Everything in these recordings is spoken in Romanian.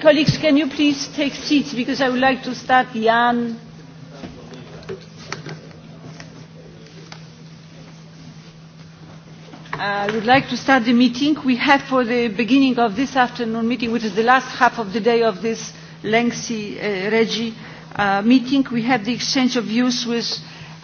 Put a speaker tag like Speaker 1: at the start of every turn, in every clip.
Speaker 1: Colleagues, can you please take seats because I would like to start Jan. Uh, I would like to start the meeting. We had for the beginning of this afternoon meeting, which is the last half of the day of this lengthy uh, Regi uh, meeting, we have the exchange of views with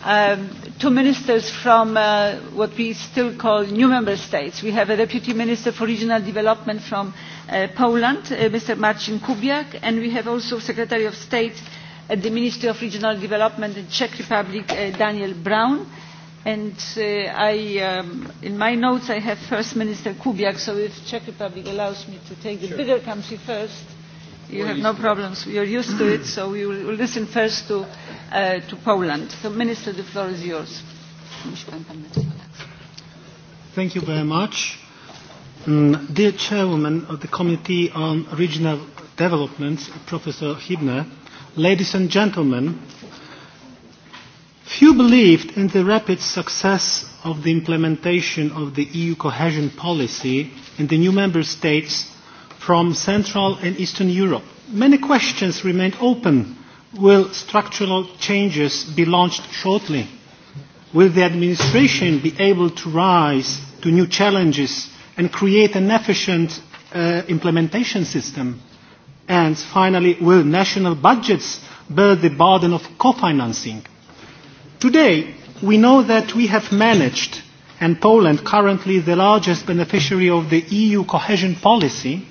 Speaker 1: um, two ministers from uh, what we still call new member states. We have a deputy minister for regional development from Uh, Poland, uh, Mr. Marcin Kubiak, and we have also Secretary of State at the Ministry of Regional Development in Czech Republic, uh, Daniel Brown. And I, um, in my notes, I have First Minister Kubiak, so if Czech Republic allows me to take the bigger country first, you have no problems. You're used to it, so we will listen first to, to Poland. So, Minister, the floor is yours.
Speaker 2: Thank you very much. Mm, dear Chairwoman of the Committee on Regional Development, Professor Hibner, ladies and gentlemen, few believed in the rapid success of the implementation of the EU cohesion policy in the new member states from Central and Eastern Europe. Many questions remained open. Will structural changes be launched shortly? Will the administration be able to rise to new challenges and create an efficient uh, implementation system. And finally, will national budgets bear the burden of co-financing? Today, we know that we have managed, and Poland, currently the largest beneficiary of the EU cohesion policy,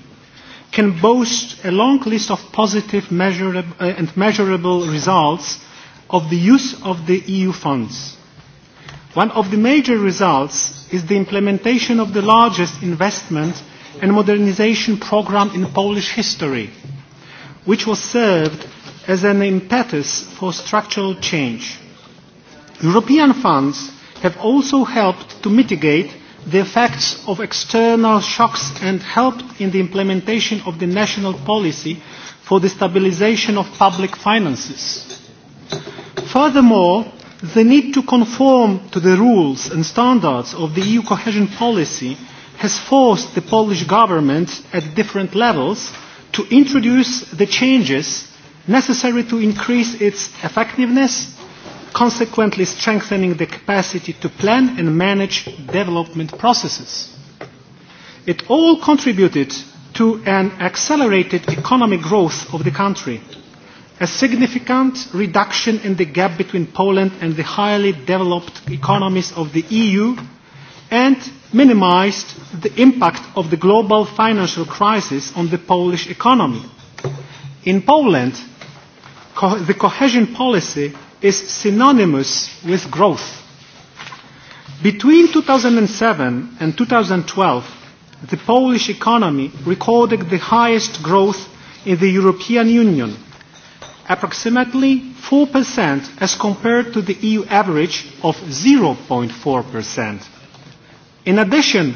Speaker 2: can boast a long list of positive measurab- uh, and measurable results of the use of the EU funds. One of the major results is the implementation of the largest investment and modernization program in Polish history, which was served as an impetus for structural change. European funds have also helped to mitigate the effects of external shocks and helped in the implementation of the national policy for the stabilization of public finances. Furthermore, the need to conform to the rules and standards of the EU cohesion policy has forced the Polish government at different levels to introduce the changes necessary to increase its effectiveness, consequently strengthening the capacity to plan and manage development processes. It all contributed to an accelerated economic growth of the country a significant reduction in the gap between Poland and the highly developed economies of the EU and minimized the impact of the global financial crisis on the Polish economy. In Poland, co the cohesion policy is synonymous with growth. Between 2007 and 2012, the Polish economy recorded the highest growth in the European Union – approximately 4% as compared to the EU average of 0.4%. In addition,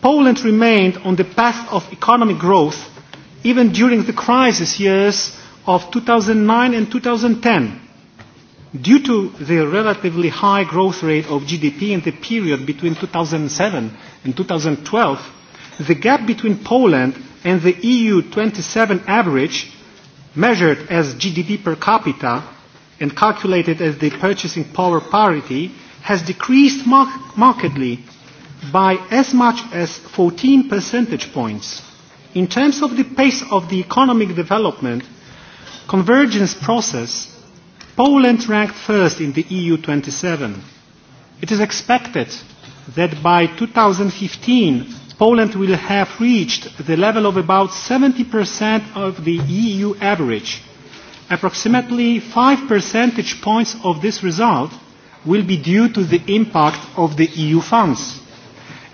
Speaker 2: Poland remained on the path of economic growth even during the crisis years of 2009 and 2010. Due to the relatively high growth rate of GDP in the period between 2007 and 2012, the gap between Poland and the EU 27 average measured as GDP per capita and calculated as the purchasing power parity, has decreased mark markedly by as much as 14 percentage points. In terms of the pace of the economic development convergence process, Poland ranked first in the EU 27. It is expected that by 2015, Poland will have reached the level of about 70% of the EU average. Approximately 5 percentage points of this result will be due to the impact of the EU funds.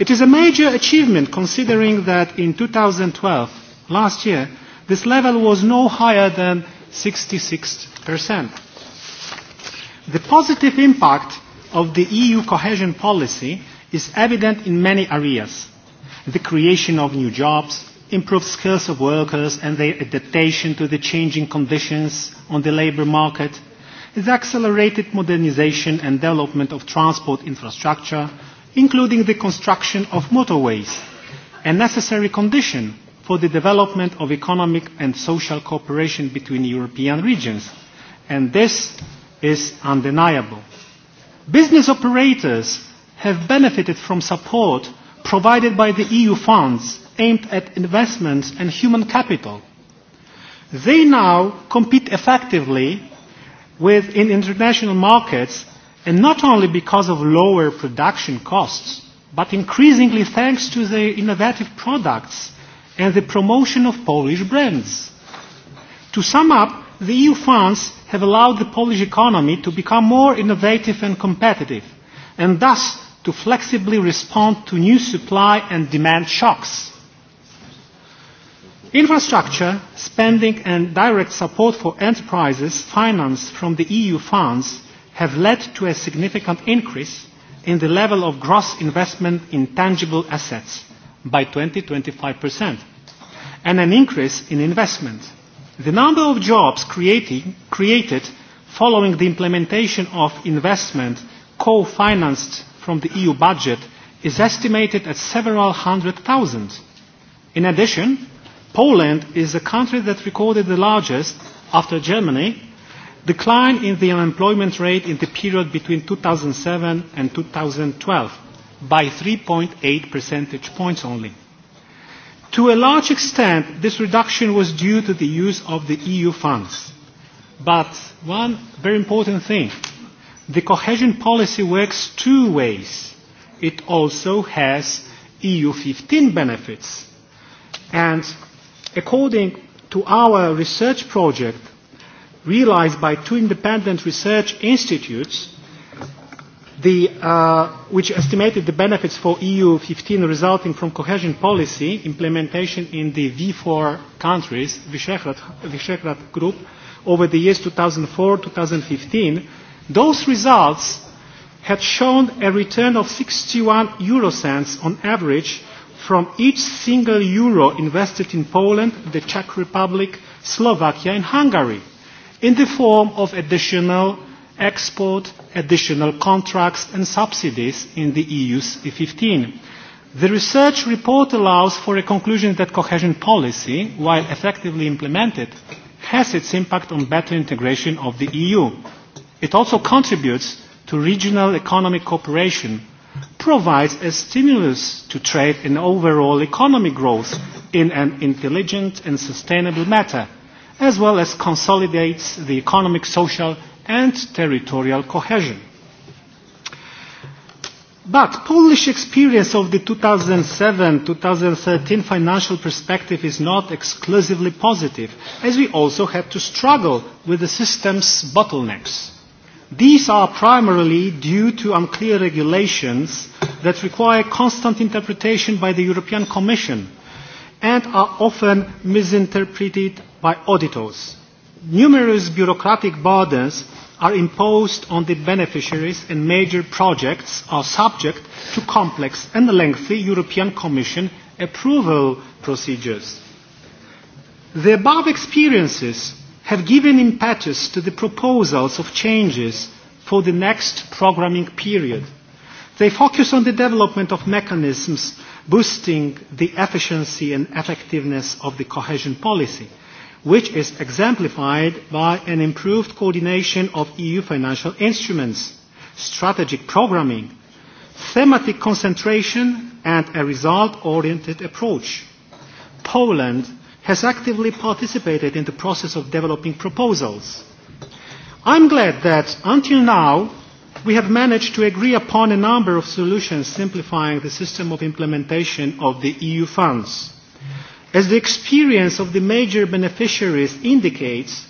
Speaker 2: It is a major achievement considering that in 2012, last year, this level was no higher than 66%. The positive impact of the EU cohesion policy is evident in many areas the creation of new jobs, improved skills of workers and their adaptation to the changing conditions on the labour market, the accelerated modernization and development of transport infrastructure, including the construction of motorways, a necessary condition for the development of economic and social cooperation between European regions. And this is undeniable. Business operators have benefited from support provided by the EU funds aimed at investments and human capital. They now compete effectively with in international markets and not only because of lower production costs, but increasingly thanks to the innovative products and the promotion of Polish brands. To sum up, the EU funds have allowed the Polish economy to become more innovative and competitive, and thus to flexibly respond to new supply and demand shocks. Infrastructure, spending and direct support for enterprises financed from the EU funds have led to a significant increase in the level of gross investment in tangible assets by 20-25% and an increase in investment. The number of jobs creating, created following the implementation of investment co-financed from the EU budget is estimated at several hundred thousand. In addition, Poland is the country that recorded the largest, after Germany, decline in the unemployment rate in the period between 2007 and 2012 by 3.8 percentage points only. To a large extent, this reduction was due to the use of the EU funds. But one very important thing, The cohesion policy works two ways. It also has EU 15 benefits. And according to our research project, realized by two independent research institutes, the, uh, which estimated the benefits for EU 15 resulting from cohesion policy implementation in the V4 countries, Visegrad, group, over the years 2004-2015, Those results had shown a return of 61 euro cents on average from each single euro invested in Poland, the Czech Republic, Slovakia and Hungary in the form of additional export, additional contracts and subsidies in the EU's 15. The research report allows for a conclusion that cohesion policy, while effectively implemented, has its impact on better integration of the EU. It also contributes to regional economic cooperation, provides a stimulus to trade and overall economic growth in an intelligent and sustainable manner, as well as consolidates the economic, social and territorial cohesion. But Polish experience of the 2007-2013 financial perspective is not exclusively positive, as we also had to struggle with the system's bottlenecks. These are primarily due to unclear regulations that require constant interpretation by the European Commission and are often misinterpreted by auditors. Numerous bureaucratic burdens are imposed on the beneficiaries and major projects are subject to complex and lengthy European Commission approval procedures. The above experiences have given impetus to the proposals of changes for the next programming period. They focus on the development of mechanisms boosting the efficiency and effectiveness of the cohesion policy, which is exemplified by an improved coordination of EU financial instruments, strategic programming, thematic concentration and a result-oriented approach. Poland has actively participated in the process of developing proposals. I'm glad that until now we have managed to agree upon a number of solutions simplifying the system of implementation of the EU funds. As the experience of the major beneficiaries indicates,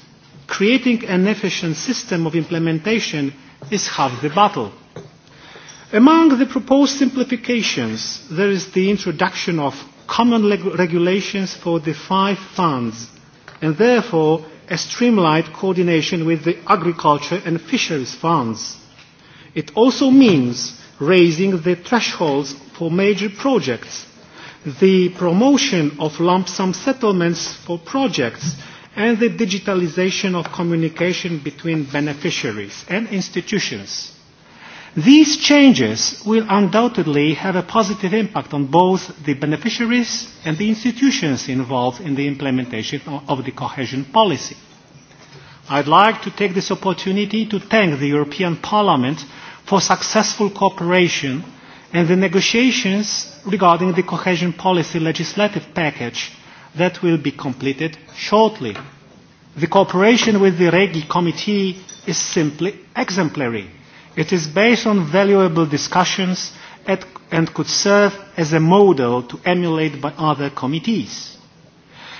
Speaker 2: creating an efficient system of implementation is half the battle. Among the proposed simplifications, there is the introduction of common regulations for the five funds and therefore a streamlined coordination with the agriculture and fisheries funds. It also means raising the thresholds for major projects, the promotion of lump sum settlements for projects, and the digitalization of communication between beneficiaries and institutions. These changes will undoubtedly have a positive impact on both the beneficiaries and the institutions involved in the implementation of the cohesion policy. I'd like to take this opportunity to thank the European Parliament for successful cooperation and the negotiations regarding the cohesion policy legislative package that will be completed shortly. The cooperation with the REGI committee is simply exemplary. It is based on valuable discussions at, and could serve as a model to emulate by other committees.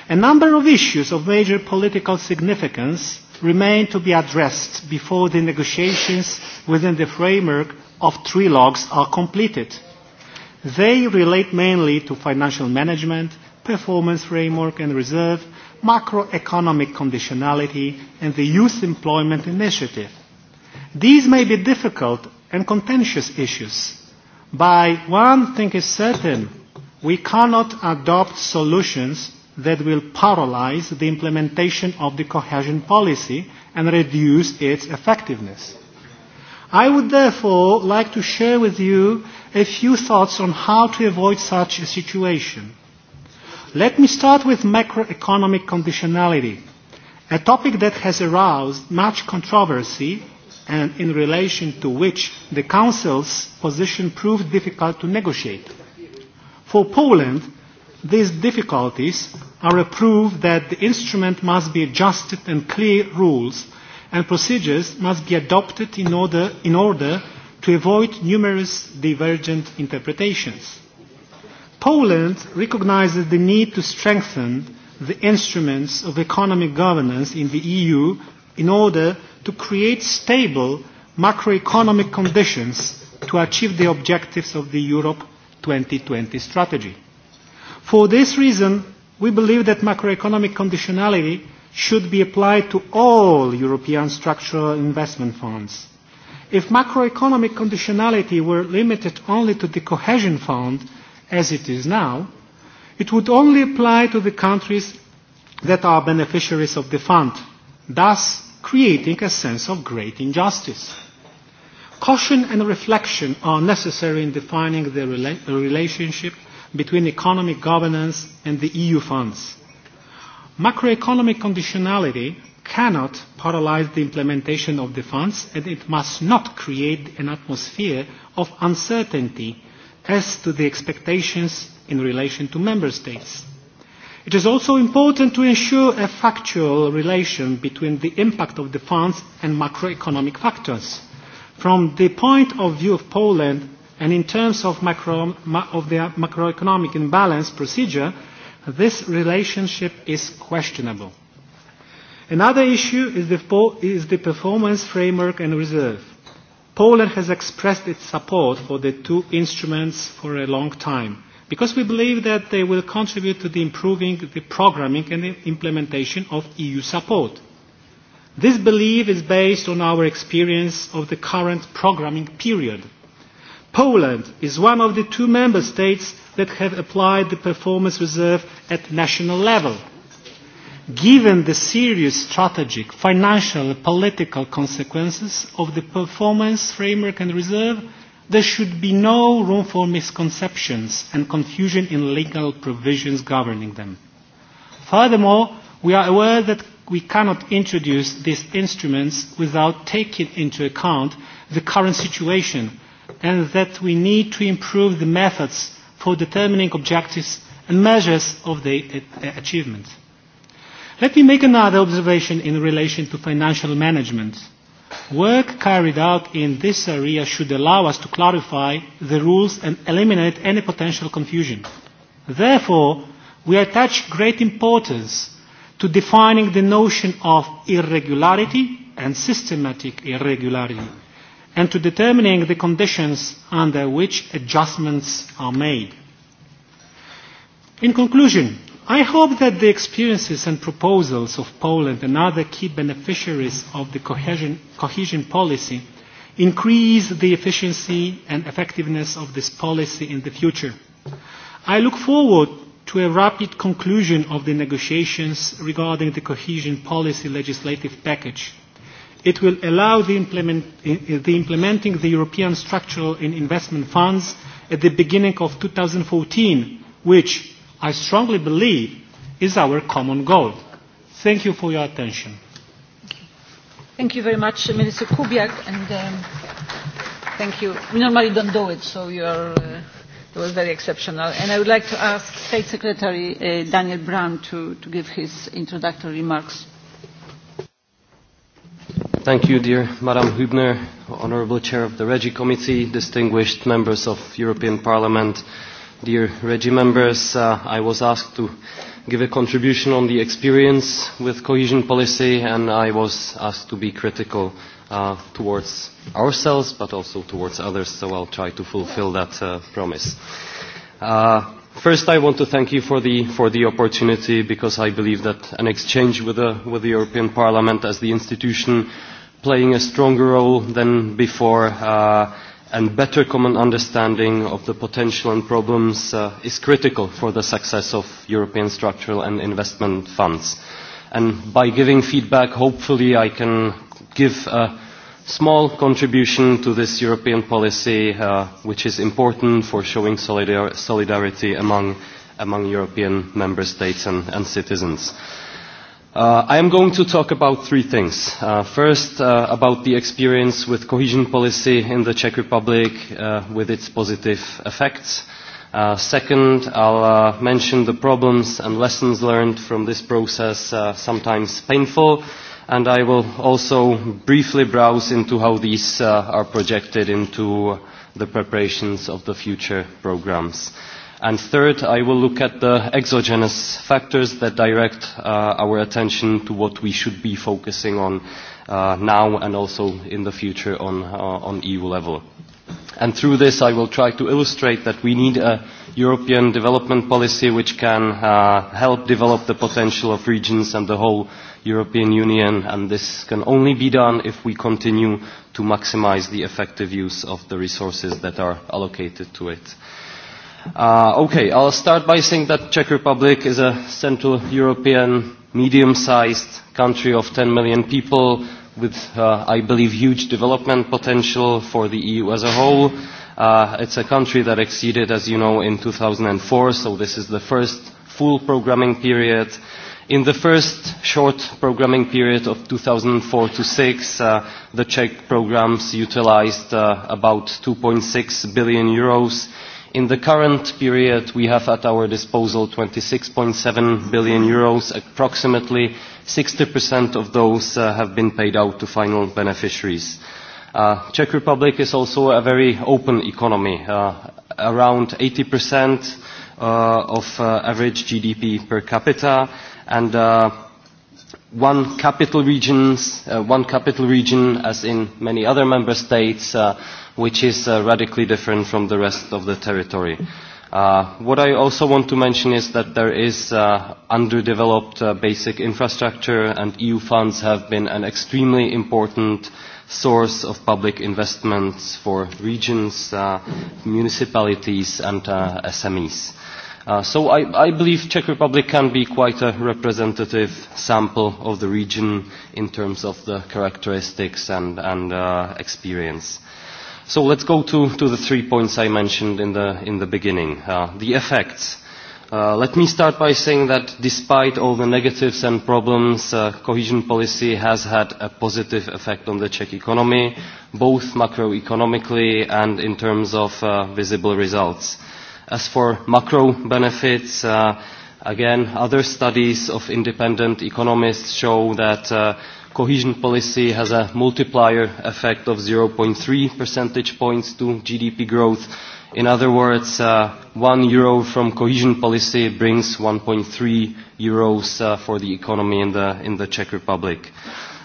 Speaker 2: A number of issues of major political significance remain to be addressed before the negotiations within the framework of trilogues are completed. They relate mainly to financial management, performance framework and reserve, macroeconomic conditionality, and the youth employment initiative. These may be difficult and contentious issues. By one thing is certain, we cannot adopt solutions that will paralyze the implementation of the cohesion policy and reduce its effectiveness. I would therefore like to share with you a few thoughts on how to avoid such a situation. Let me start with macroeconomic conditionality, a topic that has aroused much controversy and in relation to which the Council's position proved difficult to negotiate. For Poland, these difficulties are a proof that the instrument must be adjusted and clear rules and procedures must be adopted in order, in order to avoid numerous divergent interpretations. Poland recognizes the need to strengthen the instruments of economic governance in the EU in order to create stable macroeconomic conditions to achieve the objectives of the Europe 2020 strategy. For this reason, we believe that macroeconomic conditionality should be applied to all European structural investment funds. If macroeconomic conditionality were limited only to the cohesion fund, as it is now, it would only apply to the countries that are beneficiaries of the fund. Thus, creating a sense of great injustice. Caution and reflection are necessary in defining the rela relationship between economic governance and the EU funds. Macroeconomic conditionality cannot paralyze the implementation of the funds and it must not create an atmosphere of uncertainty as to the expectations in relation to member states. It is also important to ensure a factual relation between the impact of the funds and macroeconomic factors. From the point of view of Poland and in terms of, macro, of the macroeconomic imbalance procedure, this relationship is questionable. Another issue is the, is the performance framework and reserve. Poland has expressed its support for the two instruments for a long time because we believe that they will contribute to the improving the programming and the implementation of EU support. This belief is based on our experience of the current programming period. Poland is one of the two member states that have applied the performance reserve at national level. Given the serious strategic, financial, and political consequences of the performance framework and reserve, There should be no room for misconceptions and confusion in legal provisions governing them. Furthermore, we are aware that we cannot introduce these instruments without taking into account the current situation and that we need to improve the methods for determining objectives and measures of the uh, uh, achievement. Let me make another observation in relation to financial management. Work carried out in this area should allow us to clarify the rules and eliminate any potential confusion. Therefore, we attach great importance to defining the notion of irregularity and systematic irregularity, and to determining the conditions under which adjustments are made. In conclusion, I hope that the experiences and proposals of Poland and other key beneficiaries of the cohesion, cohesion policy increase the efficiency and effectiveness of this policy in the future. I look forward to a rapid conclusion of the negotiations regarding the cohesion policy legislative package. It will allow the, implement, the implementing the European structural and investment funds at the beginning of 2014, which, I strongly believe is our common goal. Thank you for your attention.
Speaker 1: Thank you very much, Minister Kubiak, and um, thank you. We normally don't do it, so you are, uh, that was very exceptional. And I would like to ask State Secretary uh, Daniel Brown to, to give his introductory remarks.
Speaker 3: Thank you, dear Madam Hübner, Honourable Chair of the Regi Committee, distinguished members of European Parliament, dear Regi members, uh, I was asked to give a contribution on the experience with cohesion policy and I was asked to be critical uh, towards ourselves but also towards others, so I'll try to fulfill that uh, promise. Uh, First, I want to thank you for the, for the opportunity because I believe that an exchange with the, with the European Parliament as the institution playing a stronger role than before uh, and better common understanding of the potential and problems uh, is critical for the success of European structural and investment funds. And by giving feedback, hopefully I can give a small contribution to this European policy, uh, which is important for showing solidar solidarity among, among European member states and, and citizens. Uh, I am going to talk about three things. Uh, first, uh, about the experience with cohesion policy in the Czech Republic uh, with its positive effects. Uh, second, I'll uh, mention the problems and lessons learned from this process, uh, sometimes painful, and I will also briefly browse into how these uh, are projected into the preparations of the future programs. Uh, And third, I will look at the exogenous factors that direct uh, our attention to what we should be focusing on uh, now and also in the future on, uh, on EU level. And through this, I will try to illustrate that we need a European development policy which can uh, help develop the potential of regions and the whole European Union, and this can only be done if we continue to maximize the effective use of the resources that are allocated to it. Uh, okay, I'll start by saying that Czech Republic is a Central European medium-sized country of 10 million people with, uh, I believe, huge development potential for the EU as a whole. Uh, it's a country that exceeded, as you know, in 2004, so this is the first full programming period. In the first short programming period of 2004 to 6, uh, the Czech programs utilized uh, about 2.6 billion euros In the current period, we have at our disposal 26.7 billion euros. Approximately 60% of those uh, have been paid out to final beneficiaries. Uh, Czech Republic is also a very open economy. Uh, around 80% uh, of uh, average GDP per capita and uh, one capital regions, uh, one capital region, as in many other member states, uh, which is uh, radically different from the rest of the territory. Uh, what I also want to mention is that there is uh, underdeveloped uh, basic infrastructure, and EU funds have been an extremely important source of public investments for regions, uh, municipalities, and uh, SMEs. Uh, so I, I believe Czech Republic can be quite a representative sample of the region in terms of the characteristics and, and uh, experience. So let's go to, to the three points I mentioned in the, in the beginning. Uh, the effects. Uh, let me start by saying that despite all the negatives and problems, uh, cohesion policy has had a positive effect on the Czech economy, both macroeconomically and in terms of uh, visible results. As for macro benefits, uh, again, other studies of independent economists show that uh, cohesion policy has a multiplier effect of 0.3 percentage points to GDP growth. In other words, uh, one euro from cohesion policy brings 1.3 euros uh, for the economy in the, in the Czech Republic.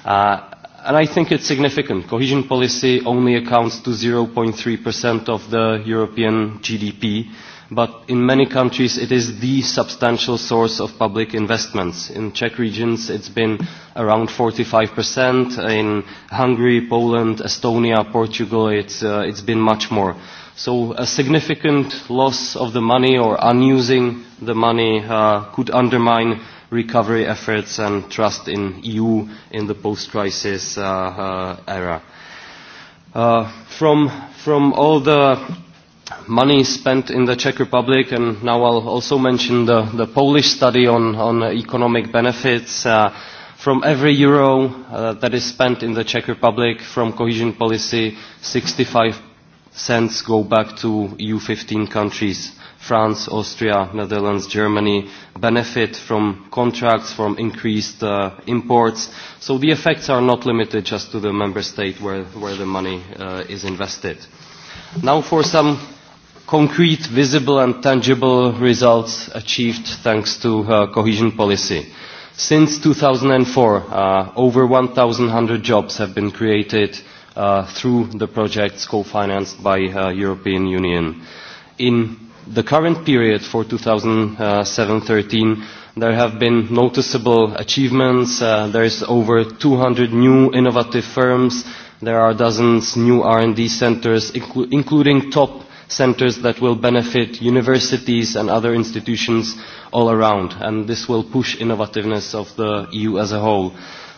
Speaker 3: Uh, and I think it's significant. Cohesion policy only accounts to 0.3% of the European GDP, but in many countries it is the substantial source of public investments. In Czech regions it's been around 45%, in Hungary, Poland, Estonia, Portugal it's, uh, it's been much more. So a significant loss of the money or unusing the money uh, could undermine recovery efforts and trust in EU in the post-crisis uh, uh, era. Uh, from, from all the money spent in the Czech Republic, and now I'll also mention the, the Polish study on, on economic benefits, uh, from every euro uh, that is spent in the Czech Republic from cohesion policy, 65 cents go back to EU 15 countries. France, Austria, Netherlands, Germany benefit from contracts, from increased uh, imports. So the effects are not limited just to the member state where, where the money uh, is invested. Now for some concrete, visible and tangible results achieved thanks to uh, cohesion policy. Since 2004, uh, over 1,100 jobs have been created uh, through the projects co-financed by uh, European Union. In the current period for 2007-13, there have been noticeable achievements. Uh, there is over 200 new innovative firms. There are dozens new R&D centers, inclu including top centers that will benefit universities and other institutions all around. And this will push innovativeness of the EU as a whole.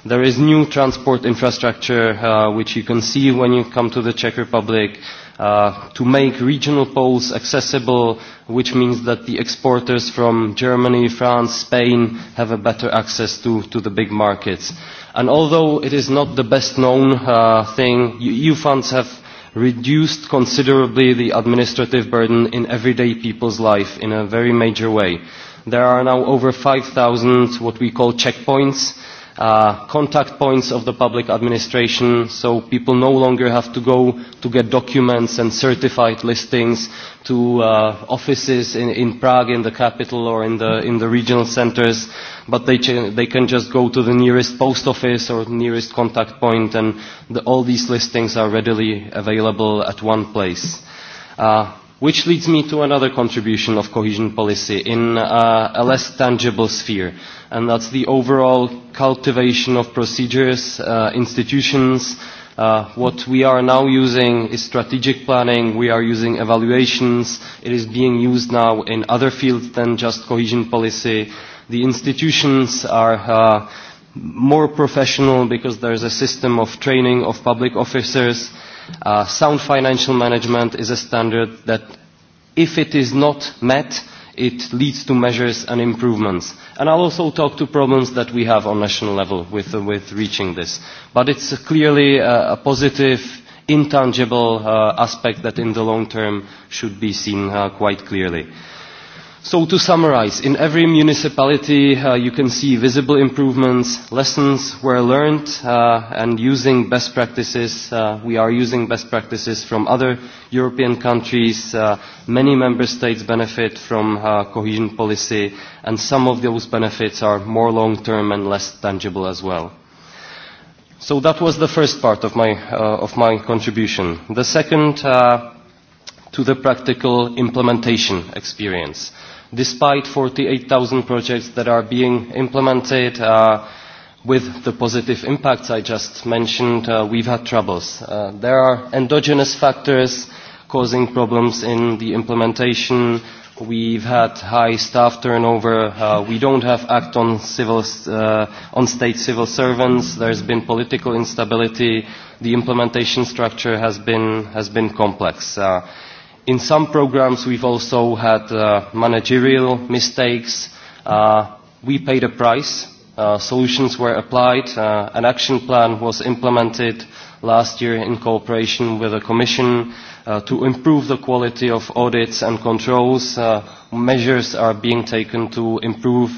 Speaker 3: There is new transport infrastructure, uh, which you can see when you come to the Czech Republic. Uh, to make regional poles accessible, which means that the exporters from Germany, France, Spain have a better access to, to the big markets. And although it is not the best known uh, thing, EU funds have reduced considerably the administrative burden in everyday people's life in a very major way. There are now over 5,000 what we call checkpoints, Uh, contact points of the public administration, so people no longer have to go to get documents and certified listings to uh, offices in, in Prague, in the capital, or in the, in the regional centers, but they, they can just go to the nearest post office or nearest contact point, and the, all these listings are readily available at one place. Uh, Which leads me to another contribution of cohesion policy in uh, a less tangible sphere and that's the overall cultivation of procedures, uh, institutions. Uh, what we are now using is strategic planning, we are using evaluations, it is being used now in other fields than just cohesion policy. The institutions are uh, more professional because there is a system of training of public officers. Uh, sound financial management is a standard that if it is not met, it leads to measures and improvements. And I'll also talk to problems that we have on national level with, uh, with reaching this. But it's clearly a, uh, a positive, intangible uh, aspect that in the long term should be seen uh, quite clearly. So to summarize, in every municipality uh, you can see visible improvements, lessons were learned, uh, and using best practices, uh, we are using best practices from other European countries. Uh, many member states benefit from uh, cohesion policy, and some of those benefits are more long-term and less tangible as well. So that was the first part of my, uh, of my contribution. The second, uh, to the practical implementation experience. Uh, despite 48,000 projects that are being implemented uh, with the positive impacts I just mentioned, uh, we've had troubles. Uh, there are endogenous factors causing problems in the implementation. We've had high staff turnover. Uh, we don't have act on, civil, uh, on state civil servants. There's been political instability. The implementation structure has been, has been complex. Uh, in some programs we've also had uh, managerial mistakes. Uh, we paid a price. Uh, solutions were applied. Uh, an action plan was implemented last year in cooperation with the Commission uh, to improve the quality of audits and controls. Uh, measures are being taken to improve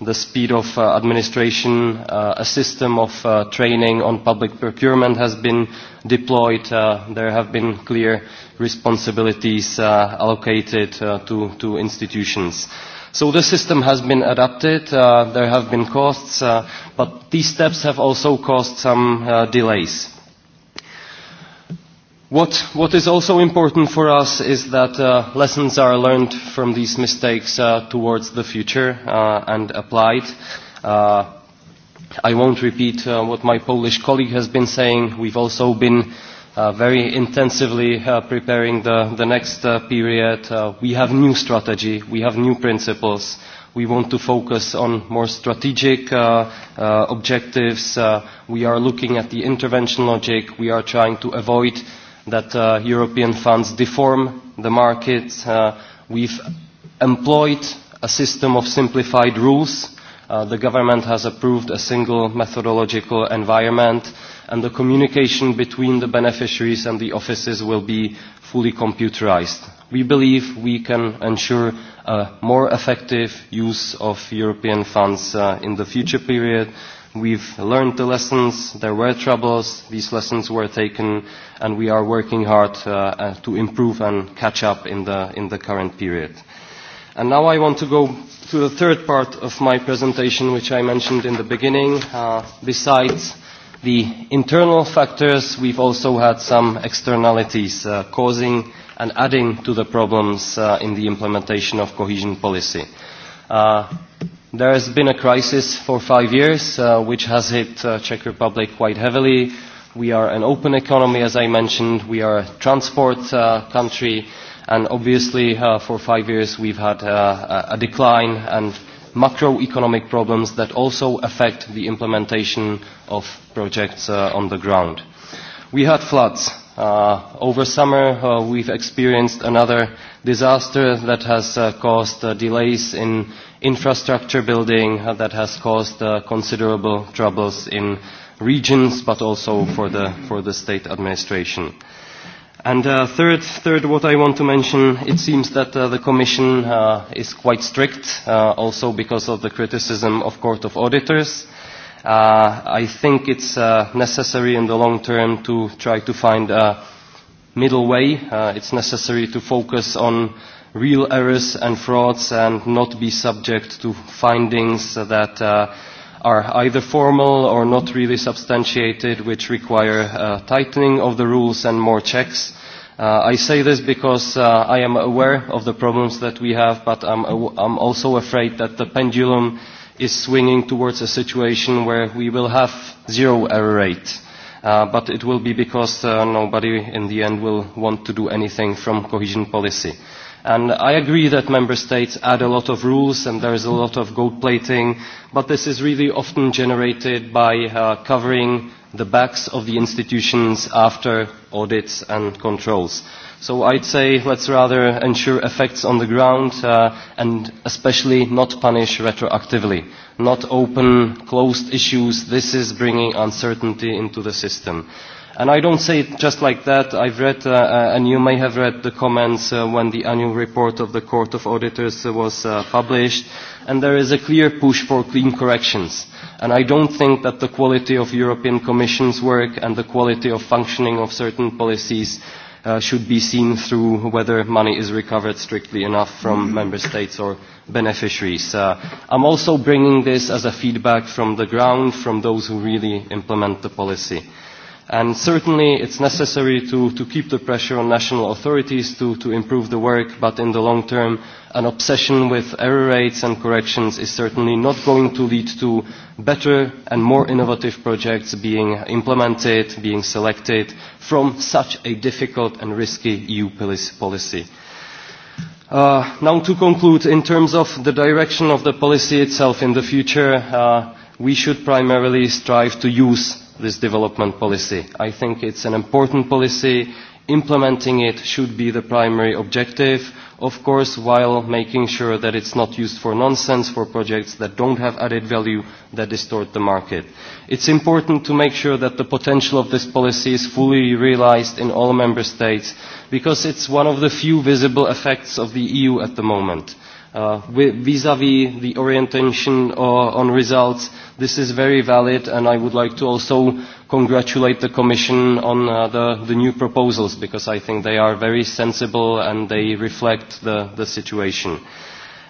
Speaker 3: the speed of uh, administration, uh, a system of uh, training on public procurement has been deployed. Uh, there have been clear responsibilities uh, allocated uh, to, to institutions. So the system has been adapted, uh, there have been costs, uh, but these steps have also caused some uh, delays. What, what is also important for us is that uh, lessons are learned from these mistakes uh, towards the future uh, and applied. Uh, I won't repeat uh, what my Polish colleague has been saying. We've also been uh, very intensively uh, preparing the, the next uh, period. Uh, we have new strategy. We have new principles. We want to focus on more strategic uh, uh, objectives. Uh, we are looking at the intervention logic. We are trying to avoid that uh, European funds deform the market. Uh, we've employed a system of simplified rules. Uh, the government has approved a single methodological environment and the communication between the beneficiaries and the offices will be fully computerized. We believe we can ensure a more effective use of European funds uh, in the future period We've learned the lessons. There were troubles. These lessons were taken, and we are working hard uh, uh, to improve and catch up in the, in the current period. And now I want to go to the third part of my presentation, which I mentioned in the beginning. Uh, besides the internal factors, we've also had some externalities uh, causing and adding to the problems uh, in the implementation of cohesion policy. Uh, There has been a crisis for five years, uh, which has hit uh, Czech Republic quite heavily. We are an open economy, as I mentioned. We are a transport uh, country, and obviously, uh, for five years, we've had uh, a decline and macroeconomic problems that also affect the implementation of projects uh, on the ground. We had floods. Uh, over summer, uh, we've experienced another disaster that has uh, caused uh, delays in infrastructure building uh, that has caused uh, considerable troubles in regions but also for the, for the state administration. And uh, third, third, what I want to mention, it seems that uh, the Commission uh, is quite strict, uh, also because of the criticism of Court of Auditors. Uh, I think it's uh, necessary in the long term to try to find a middle way. Uh, it's necessary to focus on real errors and frauds and not be subject to findings that uh, are either formal or not really substantiated, which require uh, tightening of the rules and more checks. Uh, I say this because uh, I am aware of the problems that we have, but I'm, I'm also afraid that the pendulum is swinging towards a situation where we will have zero error rate. Uh, but it will be because uh, nobody in the end will want to do anything from cohesion policy. Uh, And I agree that member states add a lot of rules and there is a lot of gold plating, but this is really often generated by uh, covering the backs of the institutions after audits and controls. So I'd say let's rather ensure effects on the ground uh, and especially not punish retroactively, not open closed issues. This is bringing uncertainty into the system. And I don't say it just like that. I've read, uh, uh, and you may have read the comments uh, when the annual report of the Court of Auditors uh, was uh, published, and there is a clear push for clean corrections. And I don't think that the quality of European Commission's work and the quality of functioning of certain policies uh, should be seen through whether money is recovered strictly enough from mm-hmm. member states or beneficiaries. Uh, I'm also bringing this as a feedback from the ground, from those who really implement the policy. And certainly it's necessary to, to keep the pressure on national authorities to, to improve the work, but in the long term, an obsession with error rates and corrections is certainly not going to lead to better and more innovative projects being implemented, being selected from such a difficult and risky EU policy. Uh, now to conclude, in terms of the direction of the policy itself in the future, uh, we should primarily strive to use this development policy. I think it's an important policy. Implementing it should be the primary objective, of course, while making sure that it's not used for nonsense, for projects that don't have added value, that distort the market. It's important to make sure that the potential of this policy is fully realized in all member states, because it's one of the few visible effects of the EU at the moment vis-à-vis uh, -vis the orientation uh, on results, this is very valid, and I would like to also congratulate the Commission on uh, the, the new proposals, because I think they are very sensible and they reflect the, the situation.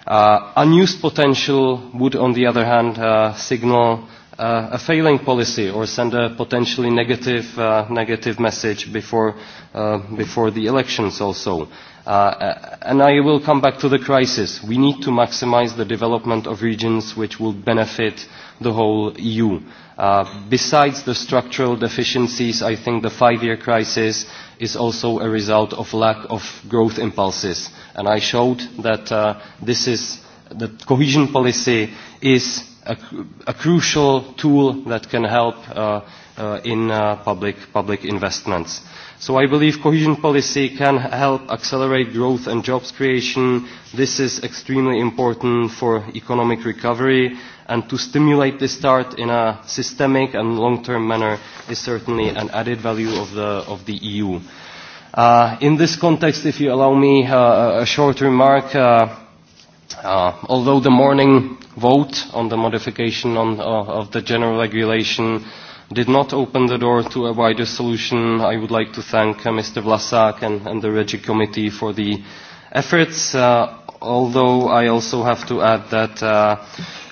Speaker 3: Uh, unused potential would, on the other hand, uh, signal uh, a failing policy or send a potentially negative, uh, negative message before, uh, before the elections also. Uh, uh, and I will come back to the crisis. We need to maximize the development of regions which will benefit the whole EU. Uh, besides the structural deficiencies, I think the five-year crisis is also a result of lack of growth impulses. And I showed that uh, this is, that cohesion policy is a, a crucial tool that can help uh, uh, in uh, public, public investments. Uh, So I believe cohesion policy can help accelerate growth and jobs creation. This is extremely important for economic recovery and to stimulate this start in a systemic and long-term manner is certainly an added value of the, of the EU. Uh, in this context, if you allow me uh, a short remark, uh, uh, although the morning vote on the modification on, uh, of the general regulation uh, did not open the door to a wider solution. I would like to thank uh, Mr. Vlasak and, and the Regi Committee for the efforts, uh, although I also have to add that uh,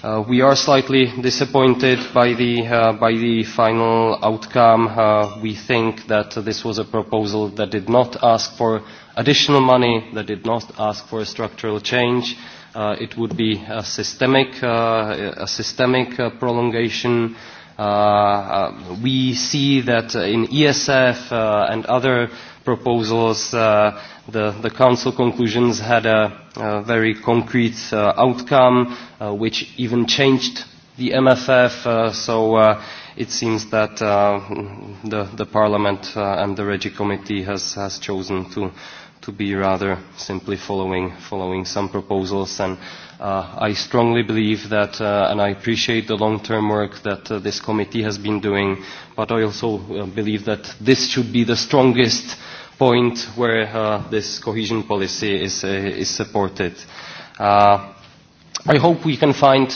Speaker 3: uh, we are slightly disappointed by the, uh, by the final outcome. Uh, we think that this was a proposal that did not ask for additional money, that did not ask for a structural change. Uh, it would be a systemic, uh, a systemic uh, prolongation Uh, uh, we see that uh, in ESF uh, and other proposals, uh, the, the Council conclusions had a, a very concrete uh, outcome, uh, which even changed the MFF. Uh, so uh, it seems that uh, the, the Parliament uh, and the Regi Committee has, has chosen to, to be rather simply following, following some proposals and Uh, I strongly believe that, uh, and I appreciate the long-term work that uh, this committee has been doing, but I also uh, believe that this should be the strongest point where uh, this cohesion policy is, uh, is supported. Uh, I hope we can find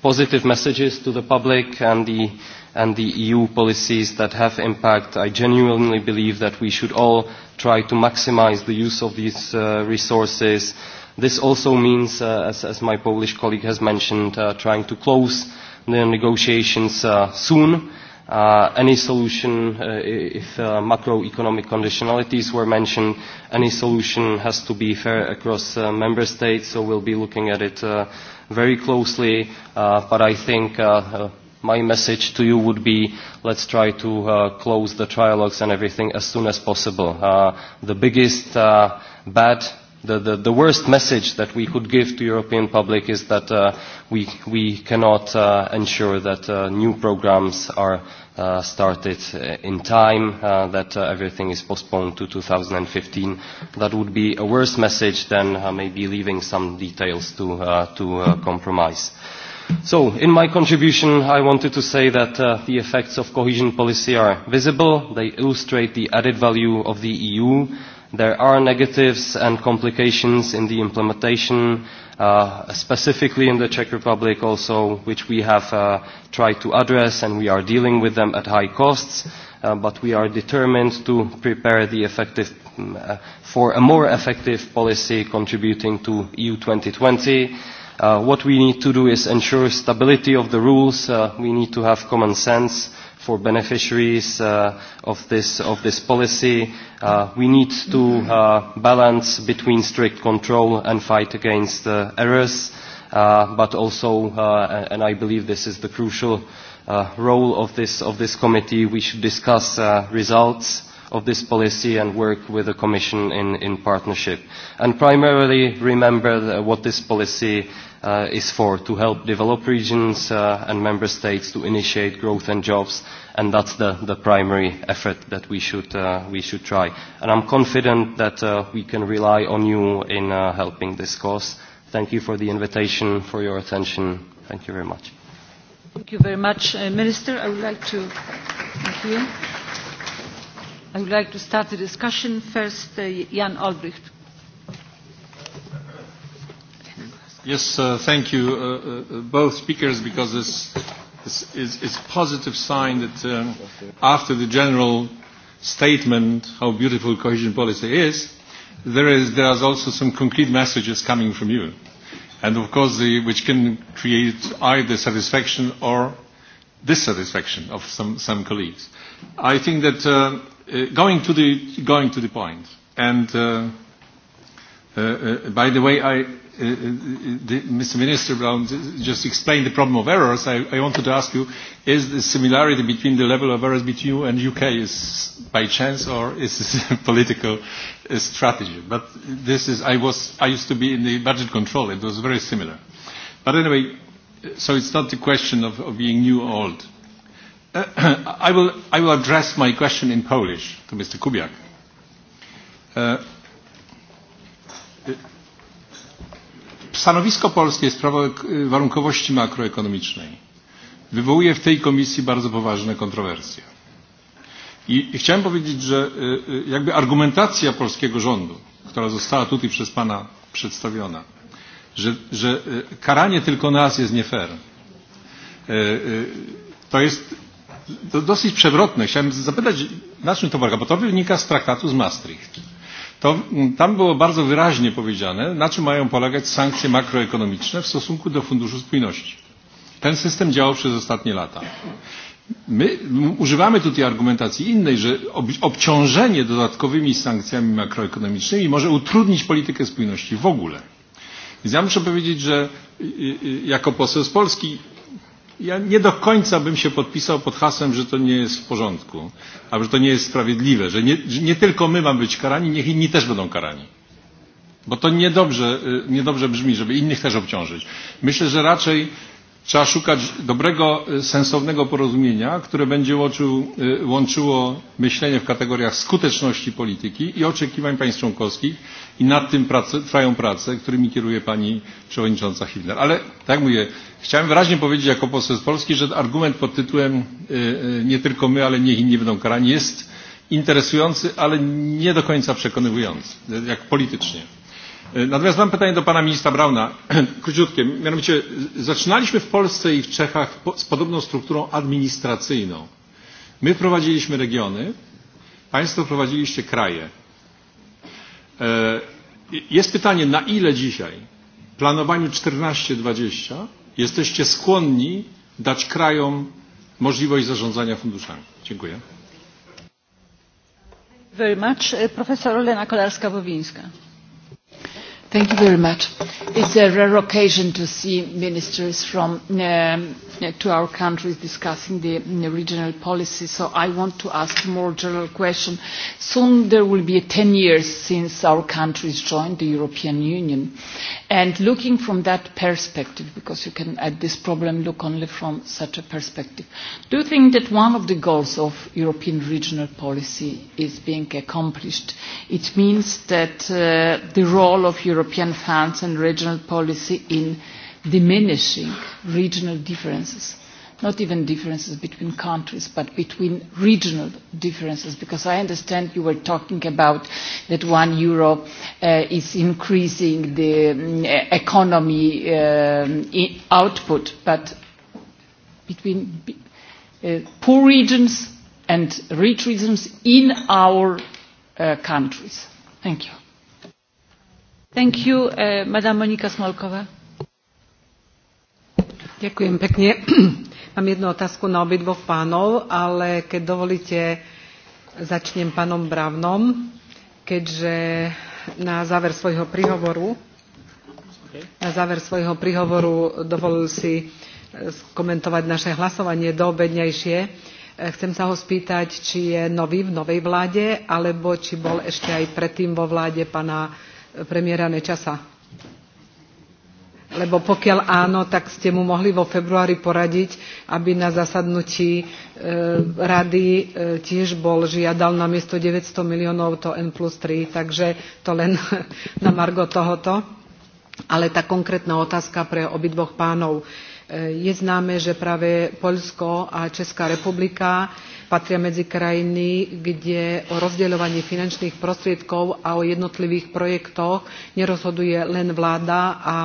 Speaker 3: positive messages to the public and the, and the EU policies that have impact. I genuinely believe that we should all try to maximize the use of these uh, resources This also means, uh, as, as my Polish colleague has mentioned, uh, trying to close the negotiations uh, soon. Uh, any solution, uh, if uh, macroeconomic conditionalities were mentioned, any solution has to be fair across uh, member states, so we'll be looking at it uh, very closely. Uh, but I think uh, uh, my message to you would be let's try to uh, close the trialogues and everything as soon as possible. Uh, the biggest uh, bad the, the, the worst message that we could give to European public is that uh, we, we cannot uh, ensure that uh, new programs are uh, started uh, in time, uh, that uh, everything is postponed to 2015. That would be a worse message than uh, maybe leaving some details to, uh, to uh, compromise. So, in my contribution, I wanted to say that uh, the effects of cohesion policy are visible. They illustrate the added value of the EU There are negatives and complications in the implementation, uh, specifically in the Czech Republic also, which we have uh, tried to address and we are dealing with them at high costs, uh, but we are determined to prepare the effective, mm, uh, for a more effective policy contributing to EU 2020. Uh, what we need to do is ensure stability of the rules. Uh, we need to have common sense. Uh, for beneficiaries uh, of, this, of this policy. Uh, we need to uh, balance between strict control and fight against uh, errors, uh, but also, uh, and I believe this is the crucial uh, role of this, of this committee, we should discuss uh, results of this policy and work with the Commission in, in partnership. And primarily remember uh, what this policy uh, is for, to help develop regions uh, and member states to initiate growth and jobs, and that's the, the primary effort that we should, uh, we should try. And I'm confident that uh, we can rely on you in uh, helping this cause. Thank you for the invitation, for your attention. Thank you very much.
Speaker 1: Thank you very much, uh, Minister. I would like to thank you. I would like to start the discussion. First, uh, Jan Albrecht.
Speaker 4: Yes, uh, thank you, uh, uh, uh both speakers, because this, is, a positive sign that um, after the general statement how beautiful cohesion policy is, there is there are also some concrete messages coming from you, and of course, the, which can create either satisfaction or dissatisfaction of some, some colleagues. I think that uh, uh going to the going to the point, and uh, uh, by the way, I the, Mr. Minister Brown just explained the problem of errors, I, I wanted to ask you, is the similarity between the level of errors between you and UK is by chance or is this a political uh, strategy? But this is, I, was, I used to be in the budget control, it was very similar. But anyway, so it's not the question of, of being new or old. Uh, I, will, I will address my question in Polish to Mr. Kubiak. Uh, Stanowisko Polski w sprawie warunkowości makroekonomicznej wywołuje w tej komisji bardzo poważne kontrowersje. I, chciałem powiedzieć, że jakby argumentacja polskiego rządu, która została tutaj przez Pana przedstawiona, że, że karanie tylko nas jest nie fair, to jest dosyć przewrotne. Chciałem zapytać, na czym to polega, bo to wynika z traktatu z Maastricht to mm, tam było bardzo wyraźnie powiedziane, na czym mają polegać sankcje makroekonomiczne w stosunku do Funduszu Spójności. Ten system działał przez ostatnie lata. My używamy tutaj argumentacji innej, że obciążenie dodatkowymi sankcjami makroekonomicznymi może utrudnić politykę spójności w ogóle. Więc ja muszę powiedzieć, że jako poseł z Polski ja nie do końca bym się podpisał pod hasłem, że to nie jest w porządku, albo że to nie jest sprawiedliwe, że nie, że nie tylko my mamy być karani, niech inni też będą karani. Bo to niedobrze, niedobrze brzmi, żeby innych też obciążyć. Myślę, że raczej trzeba szukać dobrego, sensownego porozumienia, które będzie łączył, łączyło myślenie w kategoriach skuteczności polityki i oczekiwań państw członkowskich i nad tym prace, trwają prace, którymi kieruje pani przewodnicząca Hibner. Ale tak jak mówię, Chciałem wyraźnie powiedzieć jako poseł z Polski, że argument pod tytułem nie tylko my, ale niech inni będą karani jest interesujący, ale nie do końca przekonywujący, jak politycznie. Natomiast mam pytanie do pana ministra Brauna, króciutkie. Mianowicie zaczynaliśmy w Polsce i w Czechach z podobną strukturą administracyjną. My prowadziliśmy regiony, państwo prowadziliście kraje. Jest pytanie, na ile dzisiaj w planowaniu 14-20 jesteście skłonni dać krajom możliwość zarządzania funduszami. Dziękuję.
Speaker 1: Very much.
Speaker 5: Profesor Olena Kolarska-Bowińska. Thank you very much. It's a rare occasion to see ministers from um, Uh, to our countries discussing mm, the, regional policy. So I want to ask a more general question. Soon there will be 10 years since our countries joined the European Union. And looking from that perspective, because you can at this problem look only from such a perspective, do you think that one of the goals of European regional policy is being accomplished? It means that uh, the role of European funds and regional policy in diminishing regional differences, not even differences between countries, but between regional differences, because I understand you were talking about that one euro uh, is increasing the um, economy um, output, but between uh, poor regions and rich regions in our uh,
Speaker 6: countries. Thank you.
Speaker 1: Thank you, uh, Madam Monika Smolkova.
Speaker 6: Ďakujem pekne. Mám jednu otázku na obidvoch pánov, ale keď dovolíte, začnem pánom Bravnom, keďže na záver svojho príhovoru na záver svojho príhovoru dovolil si eh, komentovať naše hlasovanie doobednejšie. Eh, chcem sa ho spýtať, či je nový v novej vláde, alebo či bol ešte aj predtým vo vláde pana eh, premiéra Nečasa lebo pokiaľ áno, tak ste mu mohli vo februári poradiť, aby na zasadnutí e, rady e, tiež bol žiadal na miesto 900 miliónov to N plus 3, takže to len na margo tohoto. Ale tá konkrétna otázka pre obidvoch pánov. E, je známe, že práve Poľsko a Česká republika patria medzi krajiny, kde o rozdeľovaní finančných prostriedkov a o jednotlivých projektoch nerozhoduje len vláda a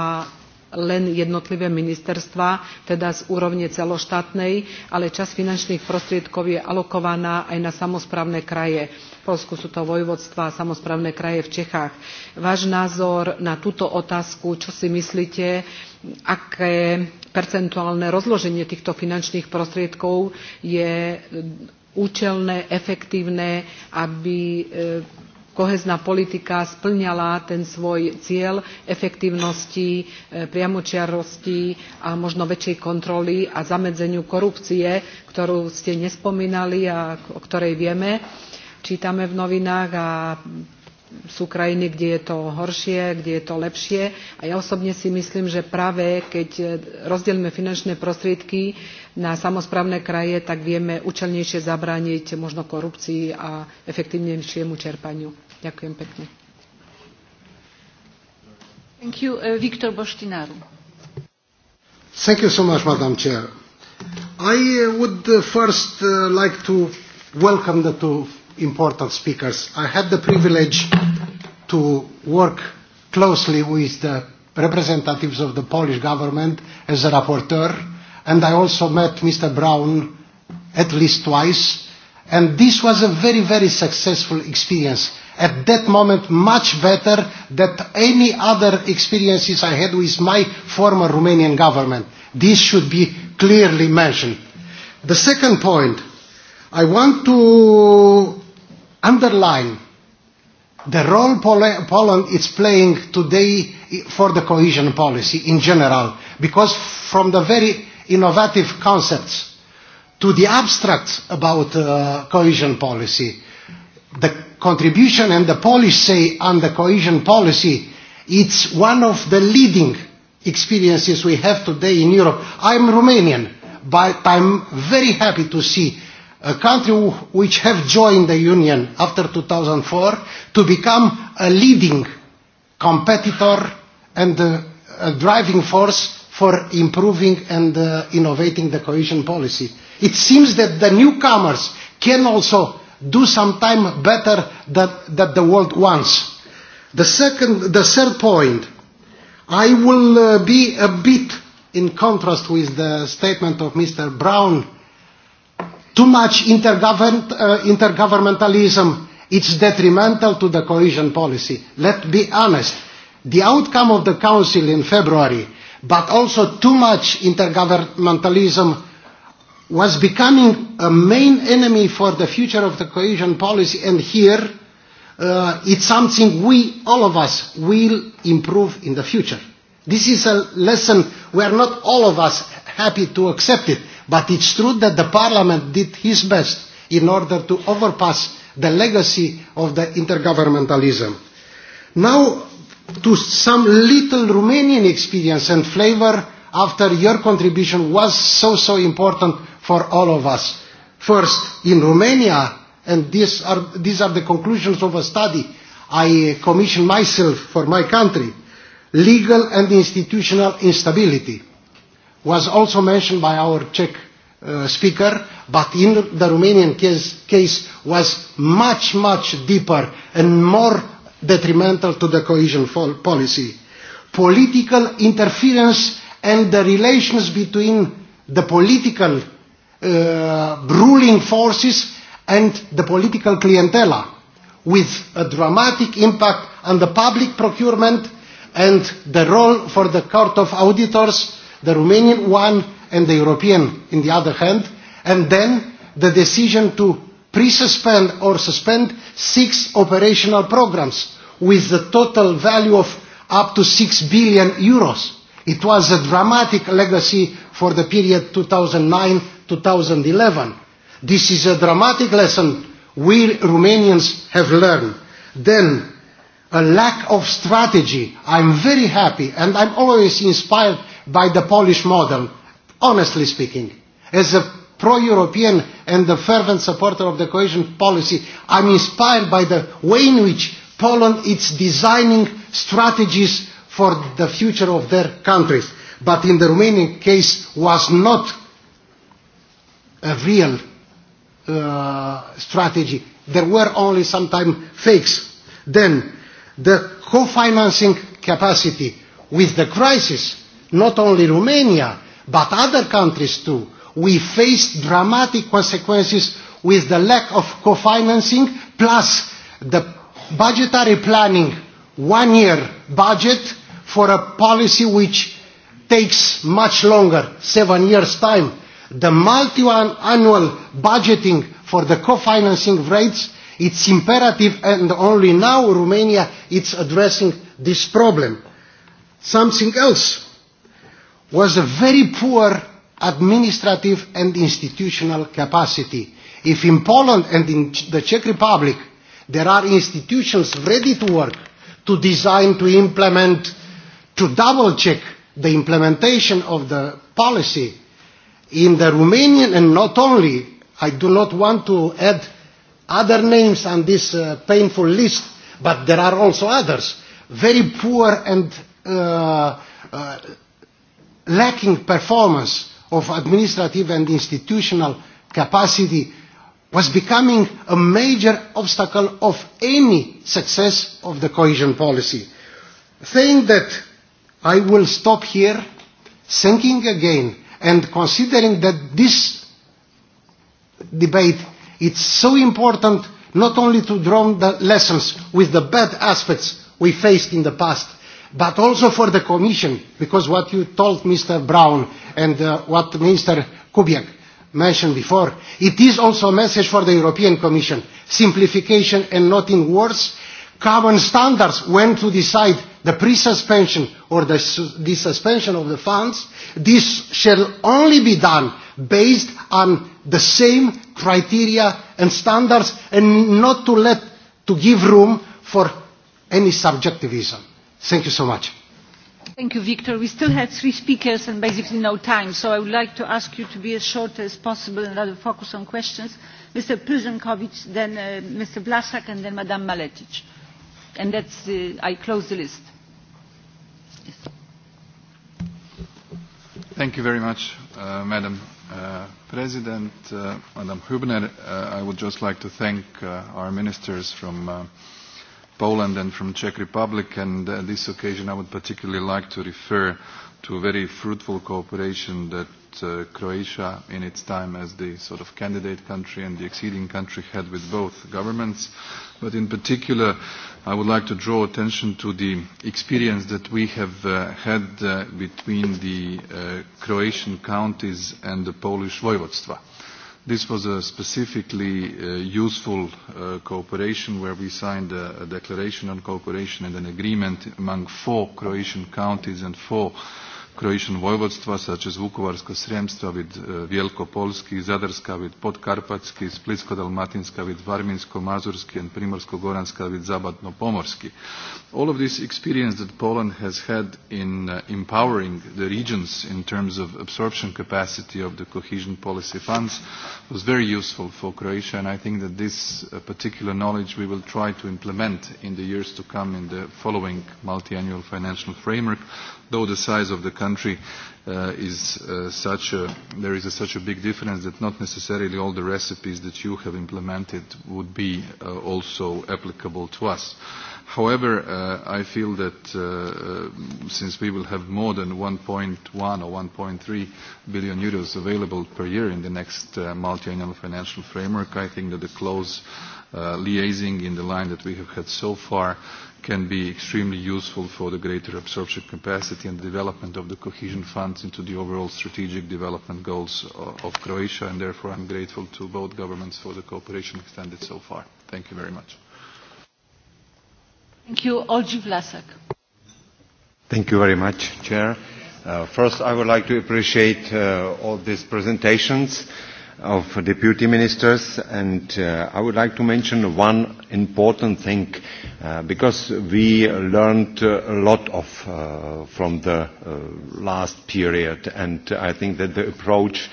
Speaker 6: len jednotlivé ministerstvá, teda z úrovne celoštátnej, ale časť finančných prostriedkov je alokovaná aj na samozprávne kraje. V Polsku sú to vojvodstva a samozprávne kraje v Čechách. Váš názor na túto otázku, čo si myslíte, aké percentuálne rozloženie týchto finančných prostriedkov je účelné, efektívne, aby kohezná politika splňala ten svoj cieľ efektívnosti, priamočiarosti a možno väčšej kontroly a zamedzeniu korupcie, ktorú ste nespomínali a o ktorej vieme, čítame v novinách a sú krajiny, kde je to horšie, kde je to lepšie. A ja osobne si myslím, že práve keď rozdelíme finančné prostriedky na samozprávne kraje, tak vieme účelnejšie zabrániť možno korupcii a efektívnejšiemu čerpaniu. Ďakujem pekne.
Speaker 1: Thank you, uh, Boštinaru.
Speaker 7: Thank you so much, Madam Chair. I uh, would uh, first uh, like to welcome the two important speakers. I had the privilege to work closely with the representatives of the Polish government as a rapporteur, and I also met Mr. Brown at least twice, and this was a very, very successful experience at that moment much better than any other experiences I had with my former Romanian government. This should be clearly mentioned. The second point, I want to underline the role Pol Poland is playing today for the cohesion policy in general, because from the very innovative concepts to the abstracts about uh, cohesion policy, the contribution and the policy on the cohesion policy, it's one of the leading experiences we have today in Europe. I'm Romanian, but I'm very happy to see a country which have joined the Union after 2004 to become a leading competitor and a, a driving force for improving and uh, innovating the cohesion policy. It seems that the newcomers can also do sometime better than, that the world wants. The, second, the third point, I will uh, be a bit in contrast with the statement of Mr. Brown. Too much intergovern, uh, intergovernmentalism, it's detrimental to the cohesion policy. Let's be honest. The outcome of the Council in February, but also too much intergovernmentalism was becoming a main enemy for the future of the cohesion policy and here uh, it's something we, all of us, will improve in the future. This is a lesson where not all of us happy to accept it, but it's true that the parliament did his best in order to overpass the legacy of the intergovernmentalism. Now to some little Romanian experience and flavor after your contribution was so, so important for all of us. First, in Romania, and these are, these are the conclusions of a study I commissioned myself for my country, legal and institutional instability was also mentioned by our Czech uh, speaker, but in the Romanian case, case was much, much deeper and more detrimental to the cohesion policy. Political interference and the relations between the political uh, ruling forces and the political clientela with a dramatic impact on the public procurement and the role for the Court of Auditors, the Romanian one and the European in the other hand, and then the decision to pre-suspend or suspend six operational programs with the total value of up to 6 billion euros. It was a dramatic legacy for the period 2009 2011. This is a dramatic lesson we Romanians have learned. Then, a lack of strategy. I'm very happy and I'm always inspired by the Polish model, honestly speaking. As a pro-European and a fervent supporter of the cohesion policy, I'm inspired by the way in which Poland is designing strategies for the future of their countries. But in the Romanian case was not a real uh, strategy. There were only sometimes fakes. Then the co-financing capacity with the crisis, not only Romania, but other countries too, we faced dramatic consequences with the lack of co-financing plus the budgetary planning one year budget for a policy which takes much longer, seven years time the multi-annual budgeting for the co-financing rates, it's imperative and only now Romania is addressing this problem. Something else was a very poor administrative and institutional capacity. If in Poland and in the Czech Republic there are institutions ready to work, to design, to implement, to double check the implementation of the policy, in the Romanian and not only, I do not want to add other names on this uh, painful list, but there are also others, very poor and uh, uh, lacking performance of administrative and institutional capacity was becoming a major obstacle of any success of the cohesion policy. Saying that I will stop here, thinking again And considering that this debate it's so important not only to draw the lessons with the bad aspects we faced in the past, but also for the Commission, because what you told Mr. Brown and uh, what Minister Kubiak mentioned before, it is also a message for the European Commission. Simplification and not in words, common standards when to decide the pre-suspension or the, the suspension of the funds, this shall only be done based on the same criteria and standards and not to let, to give room for any subjectivism. Thank you so much.
Speaker 1: Thank you, Victor. We still have three speakers and basically no time, so I would like to ask you to be as short as possible and rather focus on questions. Mr. Puzankovic, then uh, Mr. Vlasak, and then Madame Maletic. And that's, uh, I close the list.
Speaker 8: Thank you very much, uh, Madam uh, President, uh, Madam Hubner, Uh, I would just like to thank uh, our ministers from uh, Poland and from Czech Republic, and on uh, this occasion I would particularly like to refer to a very fruitful cooperation that uh, Croatia, in its time as the sort of candidate country and the exceeding country, had with both governments, but in particular I would like to draw attention to the experience that we have uh, had uh, between the uh, Croatian counties and the Polish voivodstva. This was a specifically uh, useful uh, cooperation where we signed a, a declaration on cooperation and an agreement among four Croatian counties and four Croatian vojvodstva, sad će Zvukovarsko Sremstvo, vid uh, Vjelko-Polski, Zadarska vid Podkarpatski, Splitsko-Dalmatinska vid Varminsko-Mazurski, and Primorsko-Goranska vid Zabatno-Pomorski. All of this experience that Poland has had in uh, empowering the regions in terms of absorption capacity of the cohesion policy funds was very useful for Croatia, and I think that this uh, particular knowledge we will try to implement in the years to come in the following multi-annual financial framework though the size of the country uh, is uh, such a, there is a, such a big difference that not necessarily all the recipes that you have implemented would be uh, also applicable to us. However, uh, I feel that uh, uh since we will have more than 1.1 or 1.3 billion euros available per year in the next uh, multi-annual financial framework, I think that the close uh, liaising in the line that we have had so far can be extremely useful for the greater absorption capacity and development of the cohesion funds into the overall strategic development goals uh, of Croatia, and therefore I'm grateful to both governments for the cooperation extended so far. Thank you very much.
Speaker 1: Thank you. Olgi Vlasak.
Speaker 9: Thank you very much, Chair. Uh, first, I would like to appreciate uh, all these presentations. Uh, of deputy ministers and uh, I would like to mention one important thing uh, because we learned uh, a lot of uh, from the uh, last period and I think that the approach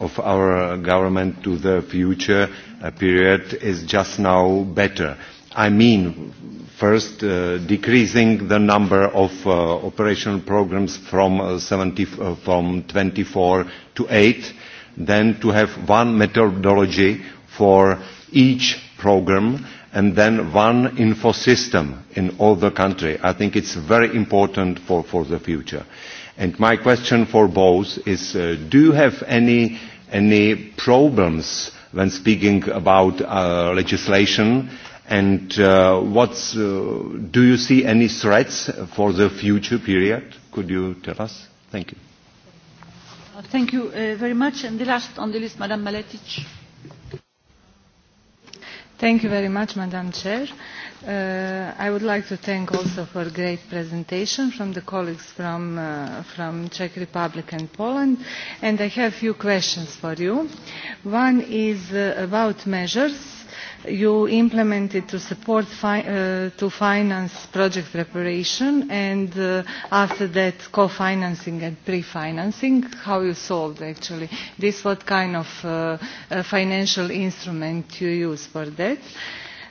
Speaker 9: of our government to the future uh, period is just now better. I mean, first, uh, decreasing the number of uh, operational programs from, uh, 70, uh, from 24 to 8 then to have one methodology for each program and then one info system in all the country. I think it's very important for, for the future. And my question for both is, uh, do you have any, any problems when speaking about uh, legislation? And uh, what's, uh, do you see any threats for the future period? Could you tell us? Thank you.
Speaker 1: Thank you uh, very much. And the last on the list, Madam Maletic.
Speaker 10: Thank you very much, Madam Chair.
Speaker 1: Uh,
Speaker 10: I would like to thank also for the great presentation from the colleagues from, uh, Czech Republic and Poland. And I have a few questions for you. One is uh, about measures you implemented to support fi uh, to finance project preparation and uh, after that co-financing and pre-financing how you solved actually this what kind of uh, uh, financial instrument you use for that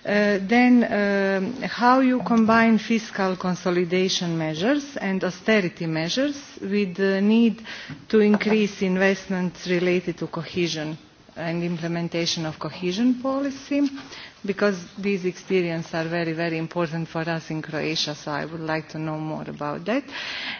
Speaker 10: uh, then uh, how you combine fiscal consolidation measures and austerity measures with the need to increase investments related to cohesion and implementation of cohesion policy because these experiences are very, very important for us in Croatia, so I would like to know more about that.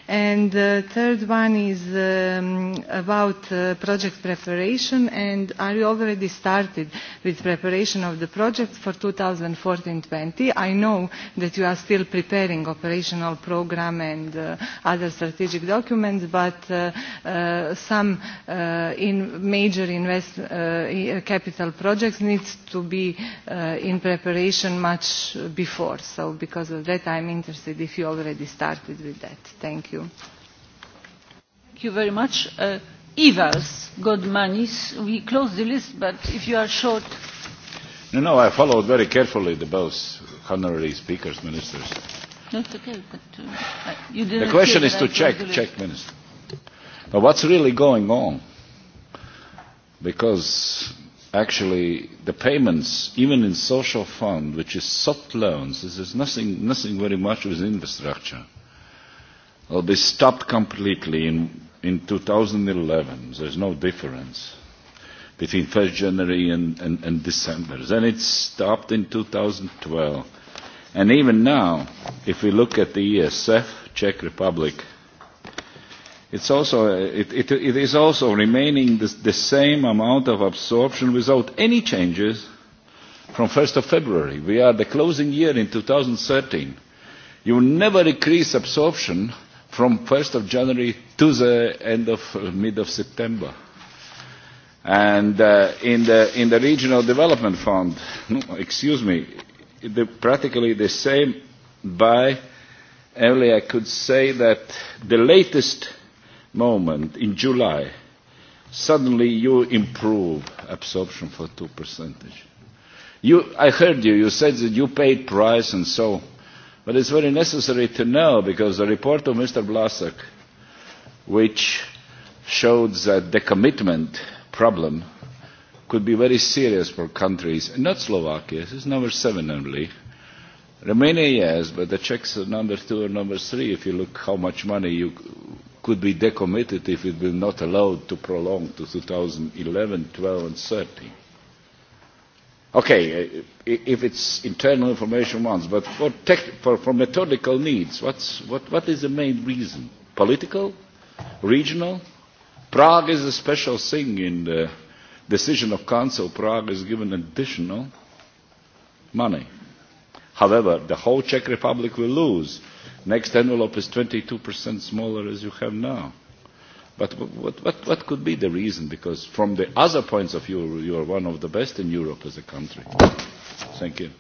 Speaker 10: And the uh, third one is um, about uh, project preparation, and are you already started with preparation of the project for 2014-20? I know that you are still preparing operational program and uh, other strategic documents, but uh, uh, some uh, in major invest, uh, capital projects needs to be uh, Uh, in preparation much before. So because of that, I'm interested if you already started with that. Thank you.
Speaker 1: Thank you very much. Uh, Ivars Godmanis, we close the list, but if you are short.
Speaker 11: No, no, I followed very carefully the both honorary speakers, ministers.
Speaker 1: Not okay, but uh, uh, you didn't The question is to check, check,
Speaker 11: minister. But what's really going on? Because actually the payments, even in social fund, which is soft loans, this is nothing, nothing very much with infrastructure, will be stopped completely in, in 2011. There's no difference between 1st January and, and, and December. Then it stopped in 2012. And even now, if we look at the ESF, Czech Republic, it's also, it, it, it is also remaining the, the same amount of absorption without any changes from 1st of February. We are the closing year in 2013. You never increase absorption from 1st of January to the end of uh, mid of September. And uh, in, the, in the Regional Development Fund, no, excuse me, the, practically the same by, only I could say that the latest moment in July, suddenly you improve absorption for two percentage. You, I heard you, you said that you paid price and so, but it's very necessary to know because the report of Mr. Blasek, which showed that the commitment problem could be very serious for countries, not Slovakia, it's number seven only. Romania, yes, but the Czechs are number two or number three if you look how much money you could be decommitted if it will not allowed to prolong to 2011, 12 and 13. Okay, if it's internal information once, but for, tech, for, for methodical needs, what's, what, what is the main reason? Political? Regional? Prague is a special thing in the decision of Council. Prague is given additional money. However, the whole Czech Republic will lose Next envelope is 22% smaller as you have now. But what, what, what could be the reason? Because from the other points of view, you are one of the best in Europe as a country. Thank you.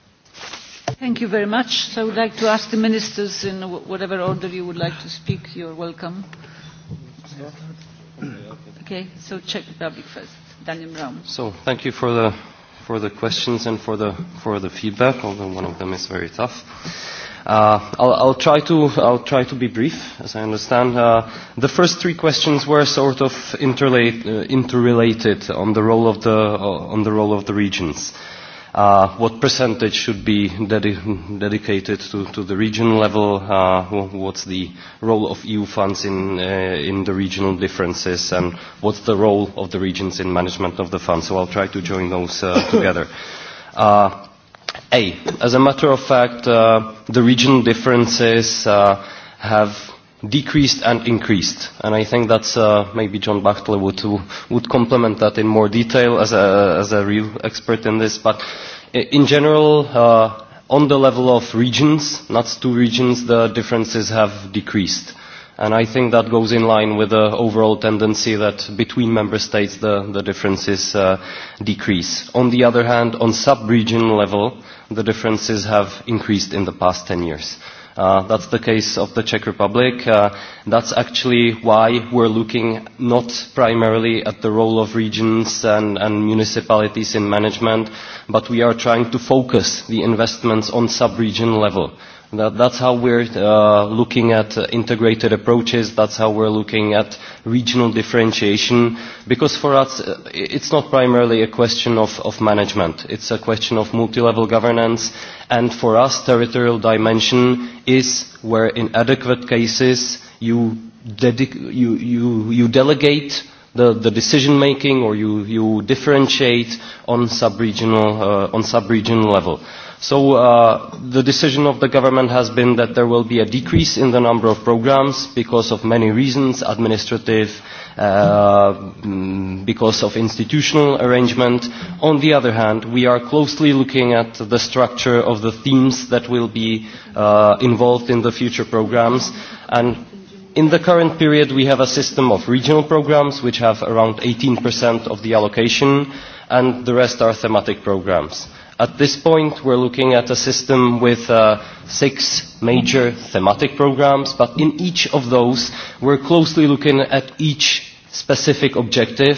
Speaker 1: Thank you very much. So I would like to ask the ministers in whatever order you would like to speak. You are welcome. Okay, so Czech Republic first. Daniel Brown.
Speaker 3: So thank you for the, for the questions and for the, for the feedback, although one of them is very tough. Uh, I'll, I'll, try to, I'll try to be brief, as I understand. Uh, the first three questions were sort of uh, interrelated on the role of the, uh, on the, role of the regions. Uh, what percentage should be ded dedicated to, to the region level? Uh, what's the role of EU funds in, uh, in the regional differences? And what's the role of the regions in management of the funds? So I'll try to join those uh, together. Uh, a, as a matter of fact, uh, the regional differences uh, have decreased and increased. And I think that's uh, maybe John Bachtler would, would complement that in more detail as a, as a real expert in this. But in general, uh, on the level of regions, not two regions, the differences have decreased. And I think that goes in line with the overall tendency that between member states the, the differences uh, decrease. On the other hand, on sub-regional level, the differences have increased in the past 10 years. Uh, that's the case of the Czech Republic. Uh, that's actually why we're looking not primarily at the role of regions and, and municipalities in management, but we are trying to focus the investments on sub-region level That, that's how we're uh, looking at uh, integrated approaches. That's how we're looking at regional differentiation. Because for us, uh, it's not primarily a question of, of management. It's a question of multi-level governance. And for us, territorial dimension is where in adequate cases you, you, you, you delegate the, the decision making or you, you differentiate on sub-regional uh, sub level. So uh, the decision of the government has been that there will be a decrease in the number of programs because of many reasons, administrative, uh, mm, because of institutional arrangement. On the other hand, we are closely looking at the structure of the themes that will be uh, involved in the future programs and In the current period, we have a system of regional programs which have around 18% of the allocation and the rest are thematic programs. At this point, we're looking at a system with uh, six major thematic programs, but in each of those, we're closely looking at each specific objective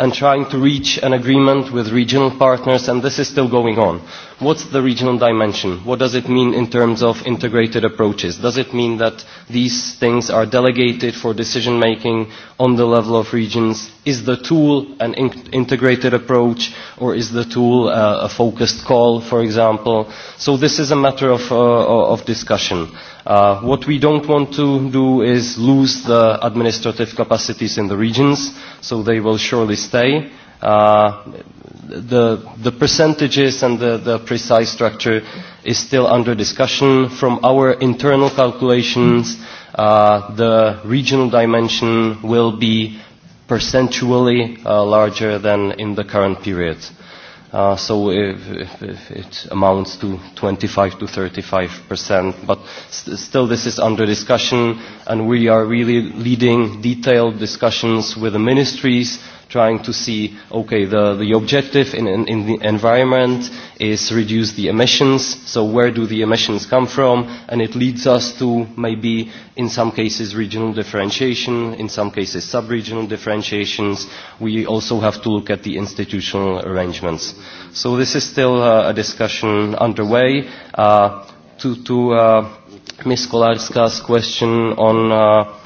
Speaker 3: and trying to reach an agreement with regional partners, and this is still going on. What's the regional dimension? What does it mean in terms of integrated approaches? Does it mean that these things are delegated for decision-making on the level of regions? Is the tool an in integrated approach, or is the tool uh, a focused call, for example? So this is a matter of, uh, of discussion. Uh, what we don't want to do is lose the administrative capacities in the regions, so they will surely stay. Uh, the, the percentages and the, the precise structure is still under discussion. From our internal calculations, uh, the regional dimension will be percentually uh, larger than in the current period. Uh, so if, if it amounts to 25 to 35 percent. But st still, this is under discussion, and we are really leading detailed discussions with the ministries trying to see, okay, the, the objective in, in, in the environment is reduce the emissions, so where do the emissions come from? And it leads us to maybe, in some cases, regional differentiation, in some cases, sub-regional differentiations. We also have to look at the institutional arrangements. So this is still uh, a discussion underway. Uh, to to uh, Ms. Kolarska's question on uh,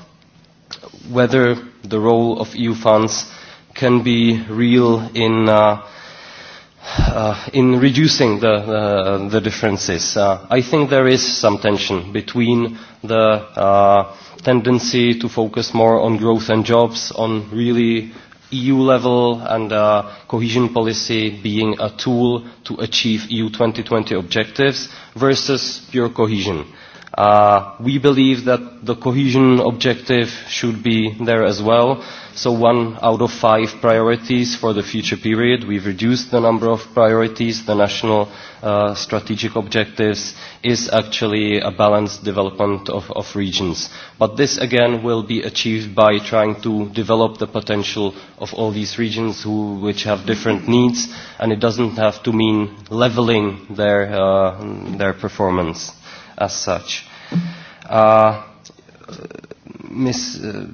Speaker 3: whether the role of EU funds can be real in uh, uh, in reducing the, uh, the differences. Uh, I think there is some tension between the uh, tendency to focus more on growth and jobs, on really EU level and uh, cohesion policy being a tool to achieve EU 2020 objectives versus pure cohesion. Uh, we believe that the cohesion objective should be there as well. So one out of five priorities for the future period. We've reduced the number of priorities. The national uh, strategic objectives is actually a balanced development of, of regions. But this again will be achieved by trying to develop the potential of all these regions who, which have different needs and it doesn't have to mean leveling their, uh, their performance as such. Uh, Ms. Uh,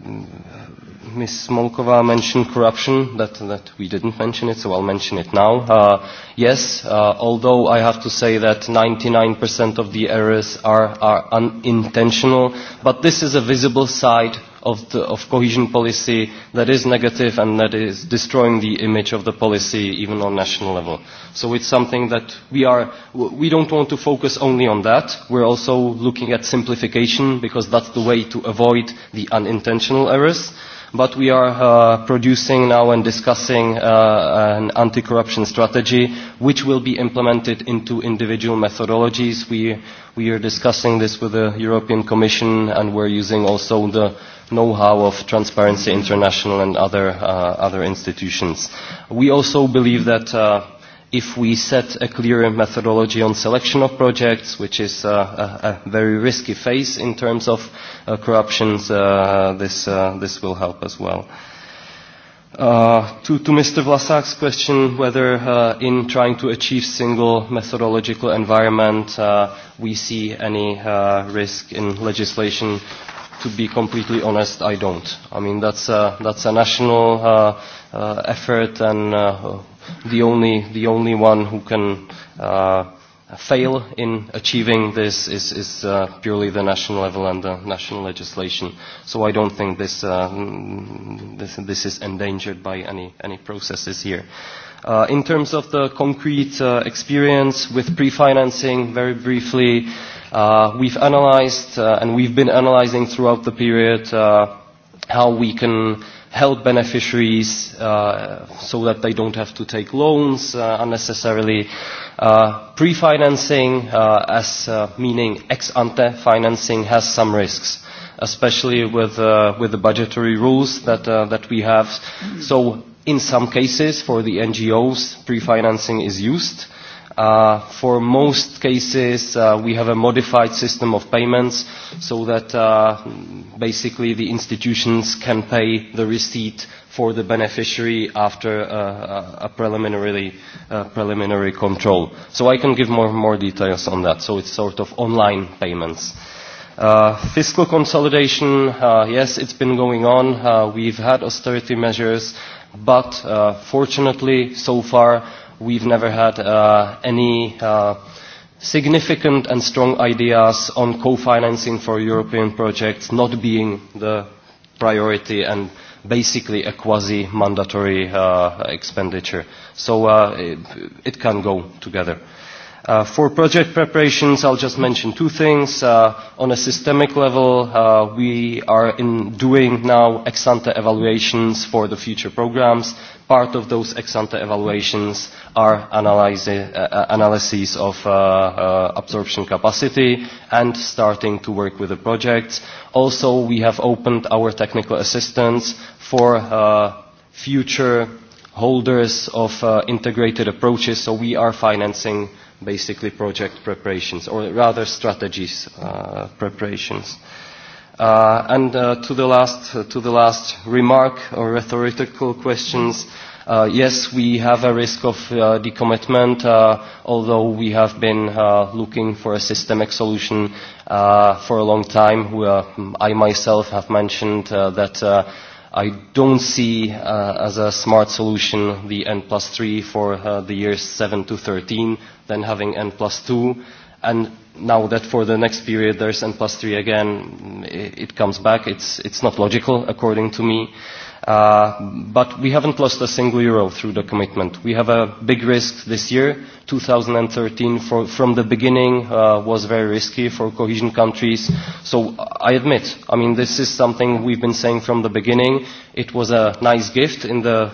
Speaker 3: Ms. Molkova mentioned corruption, that, that we didn't mention it, so I'll mention it now. Uh, yes, uh, although I have to say that 99% of the errors are, are unintentional, but this is a visible side of, the, of cohesion policy that is negative and that is destroying the image of the policy even on national level. So it's something that we are, we don't want to focus only on that. We're also looking at simplification because that's the way to avoid the unintentional errors but we are uh, producing now and discussing uh, an anti-corruption strategy which will be implemented into individual methodologies. We, we are discussing this with the European Commission and we're using also the know-how of Transparency International and other, uh, other institutions. We also believe that uh, if we set a clear methodology on selection of projects, which is uh, a, a very risky phase in terms of uh, corruptions, uh, this, uh, this will help as well. Uh, to, to Mr. Vlasak's question whether uh, in trying to achieve single methodological environment uh, we see any uh, risk in legislation to be completely honest, I don't. I mean, that's a, that's a national uh, uh, effort and uh, the, only, the only one who can uh, fail in achieving this is, is uh, purely the national level and the national legislation. So I don't think this, uh, this, this is endangered by any, any processes here. Uh, in terms of the concrete uh, experience with pre-financing, very briefly, uh, Uh, we've analyzed uh, and we've been analyzing throughout the period uh, how we can help beneficiaries uh, so that they don't have to take loans uh, unnecessarily. Uh, Pre-financing, uh, as uh, meaning ex-ante financing, has some risks especially with, uh, with the budgetary rules that, uh, that we have. So in some cases, for the NGOs, pre-financing is used. Uh, Uh, for most cases, uh, we have a modified system of payments so that uh, basically the institutions can pay the receipt for the beneficiary after uh, uh, a preliminary, uh, preliminary control. So I can give more, more details on that. So it's sort of online payments. Uh, fiscal consolidation, uh, yes, it's been going on. Uh, we've had austerity measures, but uh, fortunately, so far, we've never had uh, any uh, significant and strong ideas on co-financing for European projects not being the priority and basically a quasi-mandatory uh, expenditure. So uh, it, it can go together. Uh, for project preparations, I'll just mention two things. Uh, on a systemic level, uh, we are in doing now ex-ante evaluations for the future programs part of those ex-ante evaluations are analyze, uh, uh, analyses of uh, uh, absorption capacity and starting to work with the projects. Also, we have opened our technical assistance for uh, future holders of uh, integrated approaches, so we are financing basically project preparations, or rather strategies uh, preparations. Uh, and uh, to the last uh, to the last remark or rhetorical questions, uh, yes, we have a risk of uh, decommitment, uh, although we have been uh, looking for a systemic solution uh, for a long time. We, uh, I myself have mentioned uh, that. Uh, I don't see uh, as a smart solution the N plus 3 for uh, the years 7 to 13, then having N plus 2, and now that for the next period there's n plus 3 again, it, it comes back. It's, it's not logical, according to me. Uh, but we haven't lost a single euro through the commitment. We have a big risk this year. 2013 for, from the beginning uh, was very risky for cohesion countries. So I admit, I mean, this is something we've been saying from the beginning. It was a nice gift in the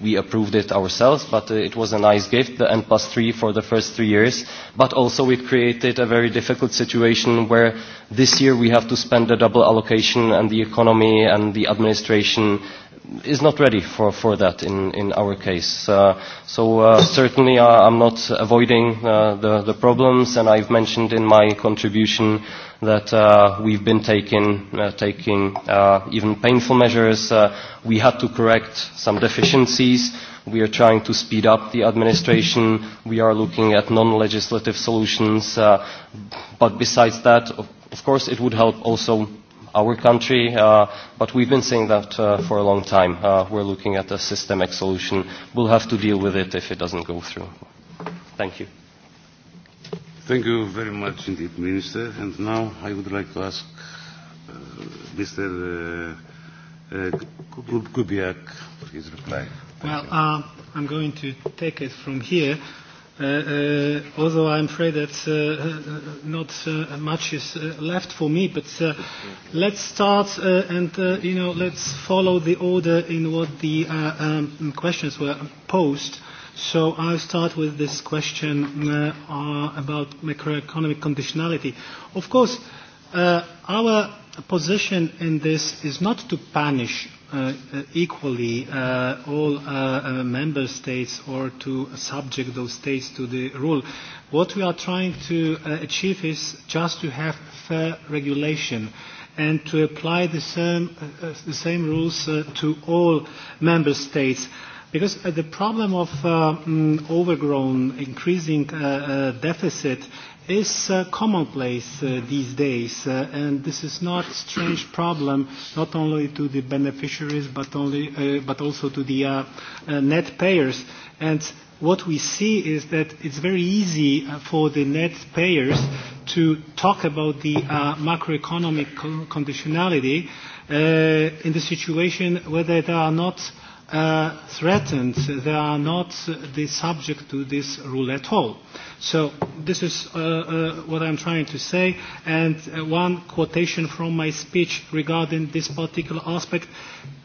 Speaker 3: we approved it ourselves, but uh, it was a nice gift, the N plus 3 for the first three years. But also it created a very difficult situation where this year we have to spend the double allocation and the economy and the administration is not ready for, for that in, in our case. Uh, so uh, certainly uh, I'm not avoiding uh, the, the problems, and I've mentioned in my contribution that uh, we've been taking, uh, taking uh, even painful measures. Uh, we had to correct some deficiencies. We are trying to speed up the administration. We are looking at non-legislative solutions. Uh, but besides that, of, of course, it would help also our country, uh, but we've been saying that uh, for a long time. Uh, we're looking at a systemic solution. We'll have to deal with it if it doesn't go through. Thank
Speaker 12: you. Thank you very much indeed, Minister. And now I would like to ask uh, Mr. Uh, uh, Kubiak for his reply.
Speaker 2: Thank well, uh, I'm going to take it from here. Uh, uh, although I'm afraid that uh, uh, not uh, much is uh, left for me, but uh, let's start uh, and uh, you know let's follow the order in what the uh, um, questions were posed. So I'll start with this question uh, uh, about macroeconomic conditionality. Of course, uh, our position in this is not to punish Uh, uh, equally uh, all uh, uh, member states or to subject those states to the rule. What we are trying to uh, achieve is just to have fair regulation and to apply the same, uh, uh the same rules uh, to all member states. Because uh, the problem of uh, mm, overgrown, increasing uh, uh, deficit is uh, commonplace uh, these days, uh, and this is not a strange problem, not only to the beneficiaries, but, only, uh, but also to the uh, uh, net payers. And what we see is that it's very easy uh, for the net payers to talk about the uh, macroeconomic conditionality uh, in the situation whether they are not uh, threatened, they are not the subject to this rule at all. Uh, So this is uh, uh, what I'm trying to say. And uh, one quotation from my speech regarding this particular aspect,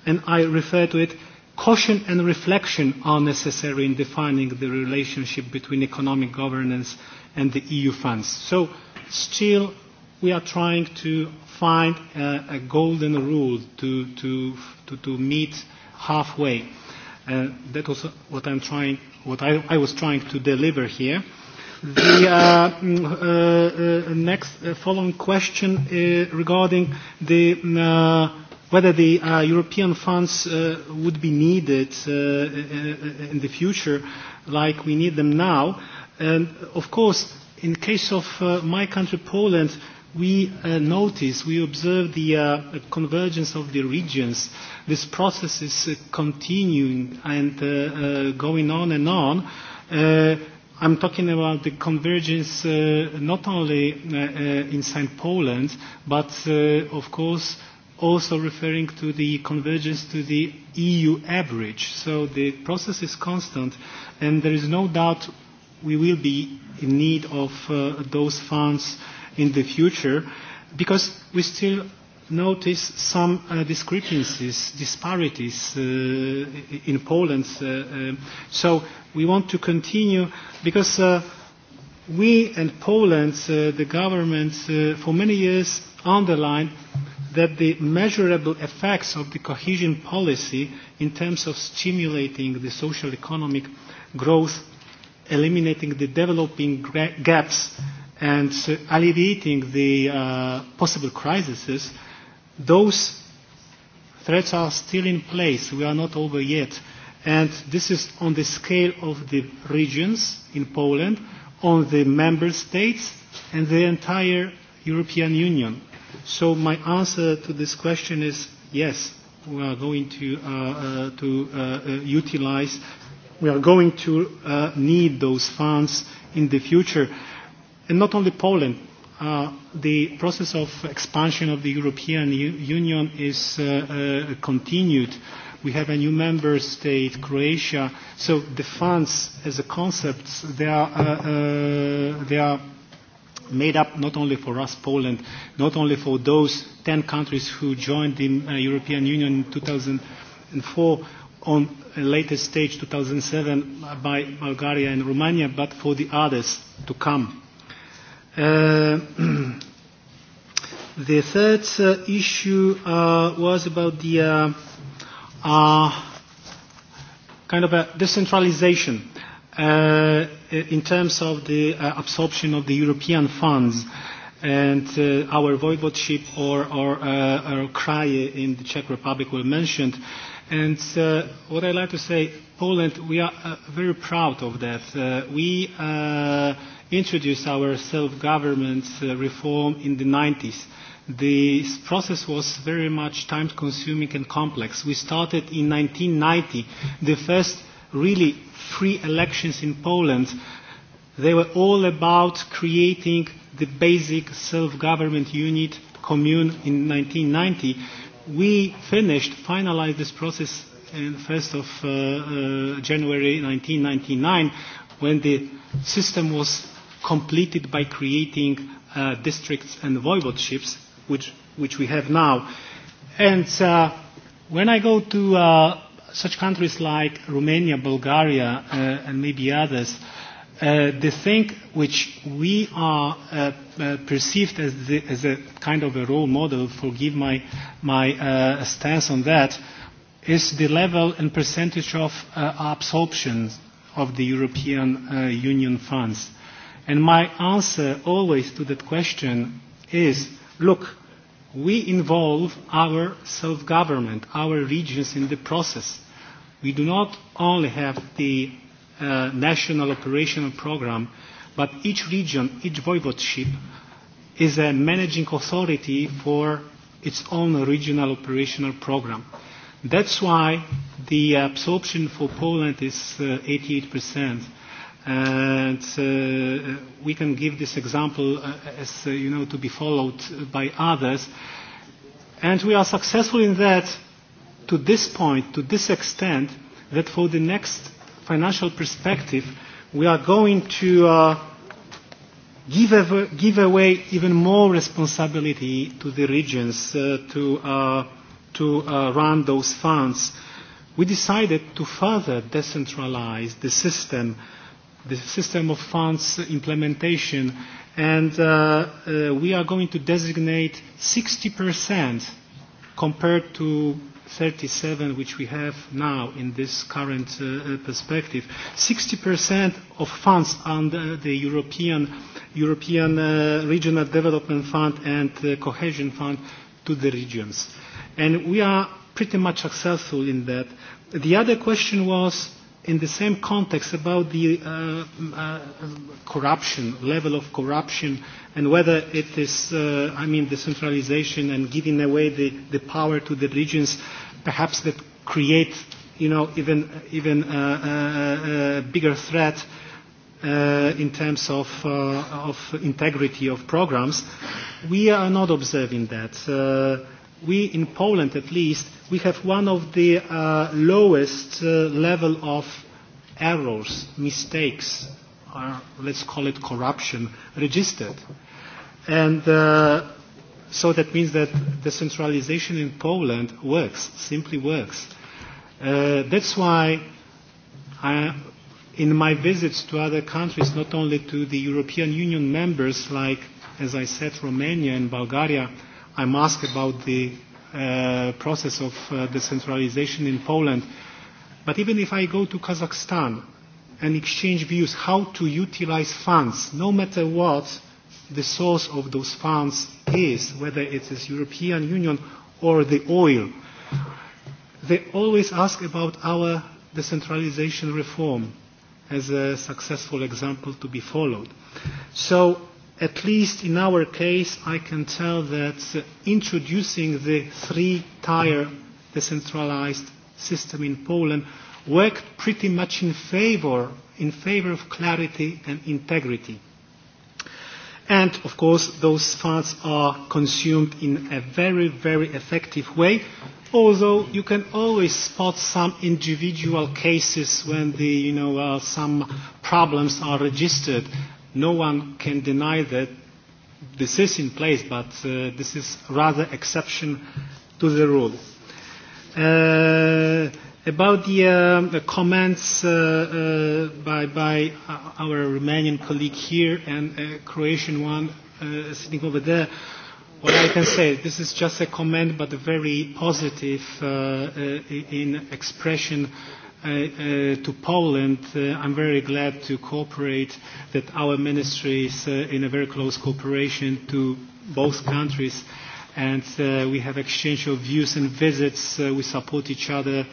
Speaker 2: and I refer to it, caution and reflection are necessary in defining the relationship between economic governance and the EU funds. So still we are trying to find a, a golden rule to, to, to, to meet halfway. Uh, that was what, I'm trying, what I, I was trying to deliver here. The uh, mm, uh, uh, next uh, following question uh, regarding the, uh, whether the uh, European funds uh, would be needed uh, uh, uh, in the future like we need them now. And of course, in case of uh, my country, Poland, we uh, notice, we observe the uh, convergence of the regions. This process is uh, continuing and uh, uh, going on and on. Uh, I'm talking about the convergence uh, not only uh, uh, inside Poland, but uh, of course also referring to the convergence to the EU average. So the process is constant, and there is no doubt we will be in need of uh, those funds in the future because we still notice some uh, discrepancies, disparities uh, in Poland. Uh, uh, so we want to continue because uh, we and Poland, uh, the government, uh, for many years underlined that the measurable effects of the cohesion policy in terms of stimulating the social economic growth, eliminating the developing gaps, and uh, alleviating the uh, possible crises those threats are still in place. We are not over yet. And this is on the scale of the regions in Poland, on the member states, and the entire European Union. So my answer to this question is yes, we are going to, uh, uh, to uh, uh, utilize, we are going to uh, need those funds in the future. And not only Poland, Uh, the process of expansion of the European U Union is uh, uh, continued. We have a new member state, Croatia. So the funds as a concept, they are, uh, uh, they are made up not only for us, Poland, not only for those 10 countries who joined the uh, European Union in 2004, on a later stage, 2007, by Bulgaria and Romania, but for the others to come. Uh, the third uh, issue uh, was about the uh, uh, kind of a decentralization uh, in terms of the uh, absorption of the European funds and uh, our voivodeship or, or, uh, or cry in the Czech Republic were mentioned. And uh, what I'd like to say, Poland, we are uh, very proud of that. Uh, we uh, introduced our self-government uh, reform in the 90s. This process was very much time-consuming and complex. We started in 1990, the first really free elections in Poland. They were all about creating the basic self-government unit, commune, in 1990. We finished, finalized this process on 1st of uh, uh, January 1999, when the system was completed by creating uh, districts and voivodeships, which, which we have now. And uh, when I go to uh, such countries like Romania, Bulgaria, uh, and maybe others, uh, the thing which we are uh, uh, perceived as, the, as a kind of a role model, forgive my, my uh, stance on that, is the level and percentage of uh, absorption of the European uh, Union funds. And my answer always to that question is, look, we involve our self-government, our regions in the process. We do not only have the uh, national operational program, but each region, each voivodeship is a managing authority for its own regional operational program. That's why the absorption for Poland is uh, 88%. And uh, we can give this example uh, as, uh, you know, to be followed by others. And we are successful in that to this point, to this extent, that for the next financial perspective, we are going to uh, give, av- give away even more responsibility to the regions uh, to, uh, to uh, run those funds. We decided to further decentralize the system uh, the system of funds implementation, and uh, uh, we are going to designate 60% compared to 37 which we have now in this current uh, uh perspective. 60% of funds under the European, European uh, Regional Development Fund and uh, Cohesion Fund to the regions. And we are pretty much successful in that. The other question was in the same context about the uh, uh, uh, corruption, level of corruption, and whether it is, uh, I mean, decentralization and giving away the, the power to the regions, perhaps that create, you know, even, even uh, uh, uh, bigger threat uh, in terms of, uh, of integrity of programs. We are not observing that. Uh, we in Poland at least, we have one of the uh, lowest uh, level of errors, mistakes, or uh, let's call it corruption, registered. And uh, so that means that the centralization in Poland works, simply works. Uh, that's why I, in my visits to other countries, not only to the European Union members like, as I said, Romania and Bulgaria, I'm asked about the uh, process of uh, decentralization in Poland. But even if I go to Kazakhstan and exchange views how to utilize funds, no matter what the source of those funds is, whether it is European Union or the oil, they always ask about our decentralization reform as a successful example to be followed. So at least in our case, I can tell that uh, introducing the three-tier decentralized system in Poland worked pretty much in favor, in favor of clarity and integrity. And of course, those funds are consumed in a very, very effective way, although you can always spot some individual cases when the, you know, uh, some problems are registered no one can deny that this is in place, but uh, this is rather exception to the rule. Uh, about the, uh, the comments uh, uh, by, by our Romanian colleague here and a Croatian one uh, sitting over there, what I can say, this is just a comment, but a very positive uh, uh, in expression uh, Uh, uh, to Poland, uh, I'm very glad to cooperate that our ministry is uh, in a very close cooperation to both countries and uh, we have exchange of views and visits. Uh, we support each other.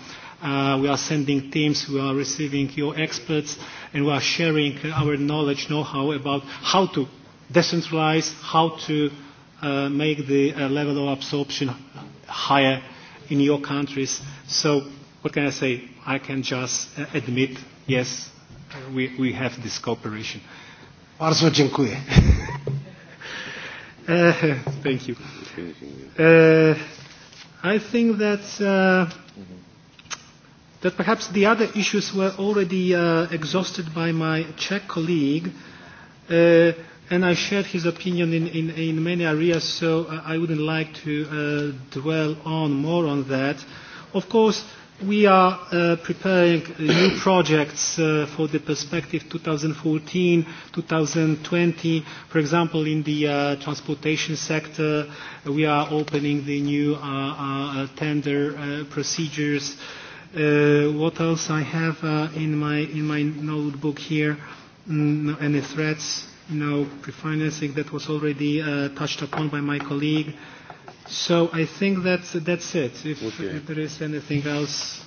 Speaker 2: Uh, we are sending teams. We are receiving your experts, and we are sharing our knowledge, know-how about how to decentralize, how to uh, make the uh, level of absorption higher in your countries. So what can I say? I can just uh, admit, yes, we, we have this cooperation. Bardzo dziękuję. uh, thank you. Uh, I think that uh, that perhaps the other issues were already uh, exhausted by my Czech colleague, uh, and I shared his opinion in, in, in many areas, so I wouldn't like to uh, dwell on more on that. Of course, we are uh, preparing new projects uh, for the perspective 2014-2020. For example, in the uh, transportation sector, we are opening the new uh, uh, uh, tender uh, procedures. Uh, what else I have uh, in my in my notebook here? Mm, any threats? No, pre-financing that was already uh, touched upon by my colleague. Uh, So I think that's, that's it. If, okay. if there is anything else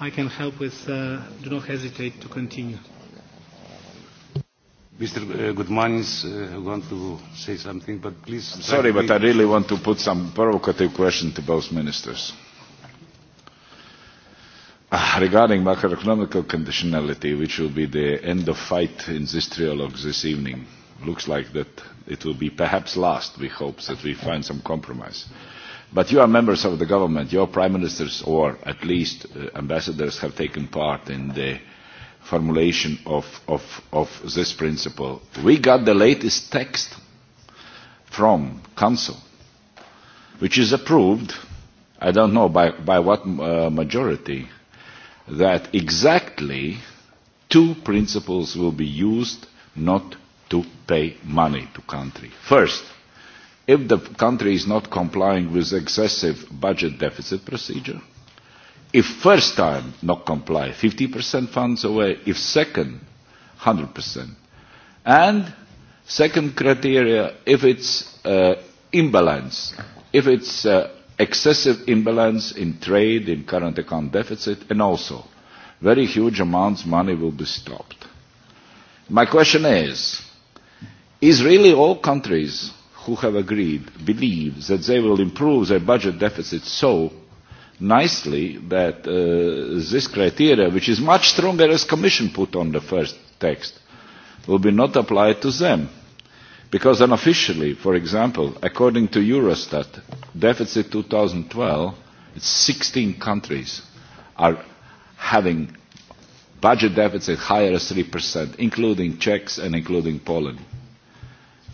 Speaker 2: I can help with, uh, do not hesitate to continue.
Speaker 12: Mr. Goodmanis uh, want to say something, but please... Sorry, but I really
Speaker 11: want to put some provocative question to both ministers. Uh, regarding macroeconomic conditionality, which will be the end of fight in this trialogue this evening, looks like that it will be perhaps last. We hope that we find some compromise. But you are members of the government. Your prime ministers or at least uh, ambassadors have taken part in the formulation of, of, of this principle. We got the latest text from Council, which is approved, I don't know by, by what uh, majority, that exactly two principles will be used, not to pay money to country. First, if the country is not complying with excessive budget deficit procedure, if first time not comply, 50% funds away, if second, 100%. And second criteria, if it's uh, imbalance, if it's uh, excessive imbalance in trade, in current account deficit, and also very huge amounts money will be stopped. My question is, Israeli all countries who have agreed believe that they will improve their budget deficit so nicely that uh, this criteria, which is much stronger as Commission put on the first text, will be not applied to them. Because unofficially, for example, according to Eurostat, deficit 2012, it's 16 countries are having budget deficit higher than 3%, including Czechs and including Poland.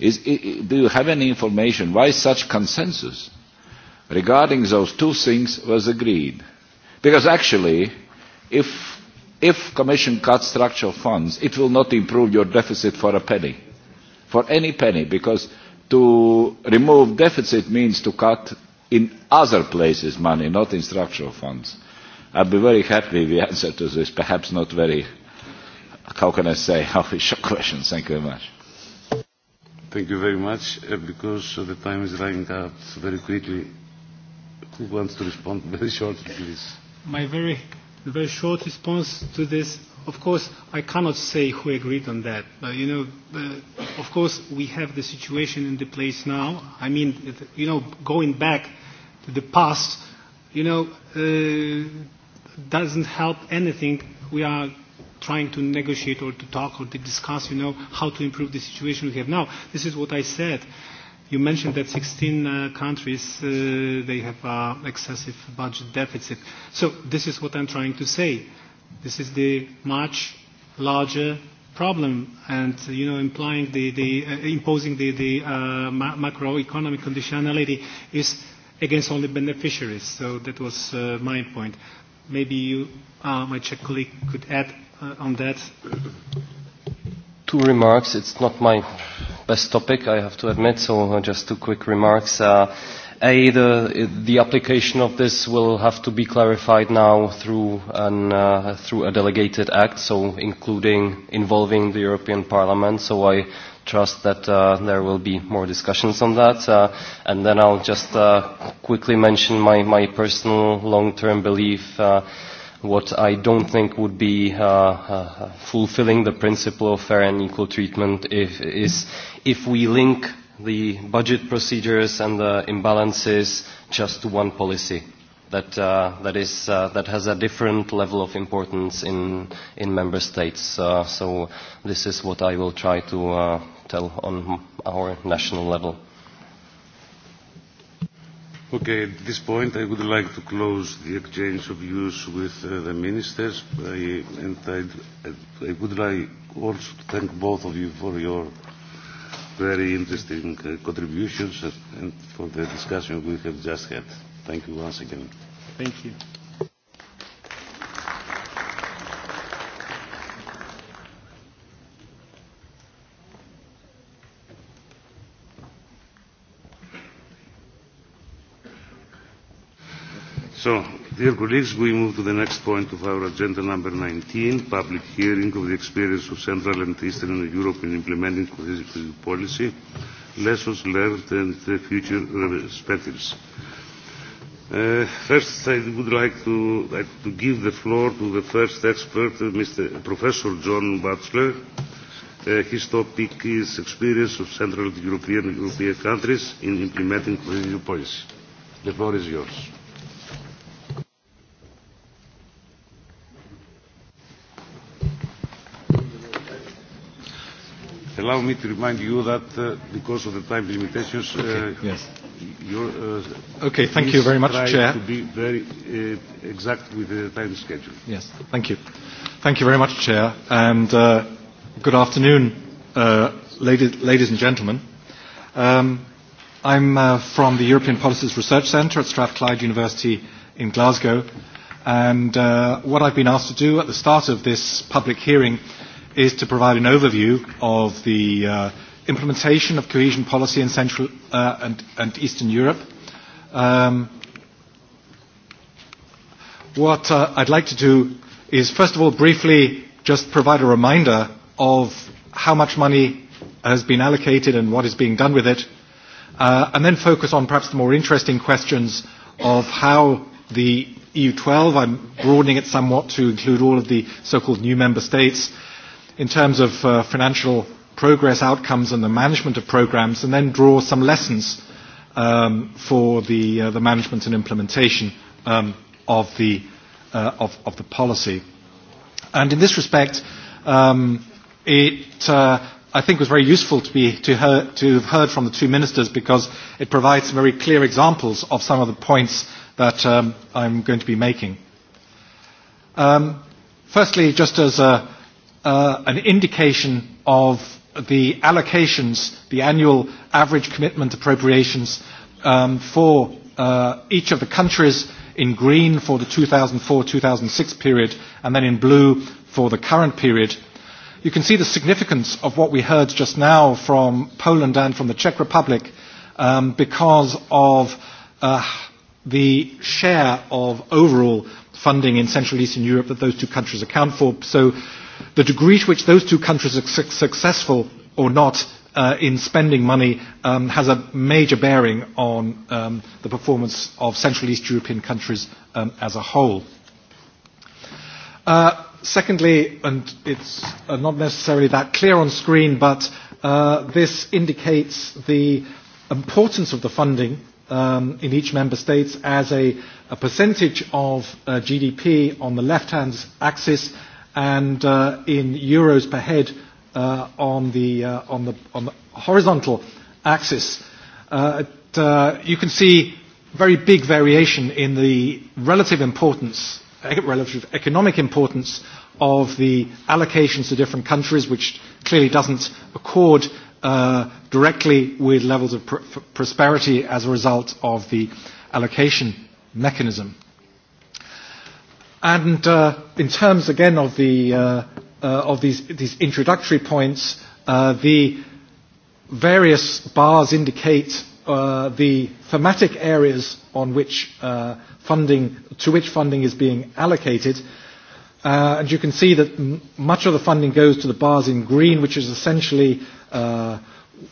Speaker 11: Is, do you have any information why such consensus regarding those two things was agreed? Because actually, if, if Commission cuts structural funds, it will not improve your deficit for a penny, for any penny, because to remove deficit means to cut in other places money, not in structural funds. I'd be very happy if the answer to this, perhaps not very, how can I say, how is your question? Thank you very much.
Speaker 12: Thank you very much. Uh, because the time is running out very quickly, who wants to respond very shortly, please?
Speaker 2: My very, very short response to this. Of course, I cannot say who agreed on that. But, you know, uh, of course, we have the situation in the place now. I mean, you know, going back to the past, you know, uh, doesn't help anything. We are trying to negotiate or to talk or to discuss, you know, how to improve the situation we have now. This is what I said. You mentioned that 16 uh, countries, uh, they have uh, excessive budget deficit. So this is what I'm trying to say. This is the much larger problem and you know implying the, the uh, imposing the, the uh, ma macroeconomic conditionality is against only beneficiaries so that was uh, my point maybe you uh, my czech colleague could add uh, on that?
Speaker 3: Two remarks. It's not my best topic, I have to admit, so uh, just two quick remarks. Uh, a, the, the application of this will have to be clarified now through, an, uh, through a delegated act, so including involving the European Parliament. So I trust that uh, there will be more discussions on that. Uh, and then I'll just uh, quickly mention my, my personal long-term belief uh, what I don't think would be uh, uh, fulfilling the principle of fair and equal treatment if, is if we link the budget procedures and the imbalances just to one policy that, uh, that, is, uh, that has a different level of importance in, in member states. Uh, so this is what I will try to uh, tell on our national level.
Speaker 12: Okay, at this point I would like to close the exchange of views with uh, the ministers I, and I, I would like also to thank both of you for your very interesting uh, contributions and for the discussion we have just had. Thank you once again. Thank you. So, dear colleagues, we move to the next point of our agenda, number 19, public hearing of the experience of Central and Eastern Europe in implementing cohesive policy, lessons learned and the future perspectives. Uh, first, I would like to, like to give the floor to the first expert, uh, Mr. Professor John Batchelor. Uh, his topic is experience of Central European European countries in implementing cohesive policy. The floor is yours. allow me to remind you that uh, because of the time limitations, okay. Uh, yes. your, uh, okay, thank you very much, try Chair. to be very uh, exact with the time schedule.
Speaker 13: Yes, thank you. Thank you very much, Chair, and uh, good afternoon, uh, ladies, ladies and gentlemen. Um, I'm uh, from the European Policies Research Centre at Strathclyde University in Glasgow, and uh, what I've been asked to do at the start of this public hearing is to provide an overview of the uh, implementation of cohesion policy in Central uh, and, and Eastern Europe. Um, what uh, I'd like to do is, first of all, briefly just provide a reminder of how much money has been allocated and what is being done with it, uh, and then focus on perhaps the more interesting questions of how the EU 12, I'm broadening it somewhat to include all of the so-called new member states, in terms of uh, financial progress outcomes and the management of programs, and then draw some lessons um, for the, uh, the management and implementation um, of, the, uh, of, of the policy. And in this respect, um, it, uh, I think, was very useful to, be, to, her, to have heard from the two ministers because it provides very clear examples of some of the points that um, I'm going to be making. Um, firstly, just as a, uh, an indication of the allocations, the annual average commitment appropriations um, for uh, each of the countries in green for the 2004-2006 period and then in blue for the current period. You can see the significance of what we heard just now from Poland and from the Czech Republic um, because of uh, the share of overall funding in Central Eastern Europe that those two countries account for. So The degree to which those two countries are su successful or not uh, in spending money um, has a major bearing on um, the performance of Central East European countries um, as a whole. Uh, secondly, and it's uh, not necessarily that clear on screen, but uh, this indicates the importance of the funding um, in each member state as a, a percentage of uh, GDP on the left-hand axis and uh, in euros per head uh, on, the, uh, on, the, on the horizontal axis. Uh, it, uh, you can see very big variation in the relative importance, relative economic importance of the allocations to different countries, which clearly doesn't accord uh, directly with levels of pr- prosperity as a result of the allocation mechanism. And uh, in terms, again, of, the, uh, uh, of these, these introductory points, uh, the various bars indicate uh, the thematic areas on which uh, funding, to which funding is being allocated. Uh, and you can see that m- much of the funding goes to the bars in green, which is essentially, uh,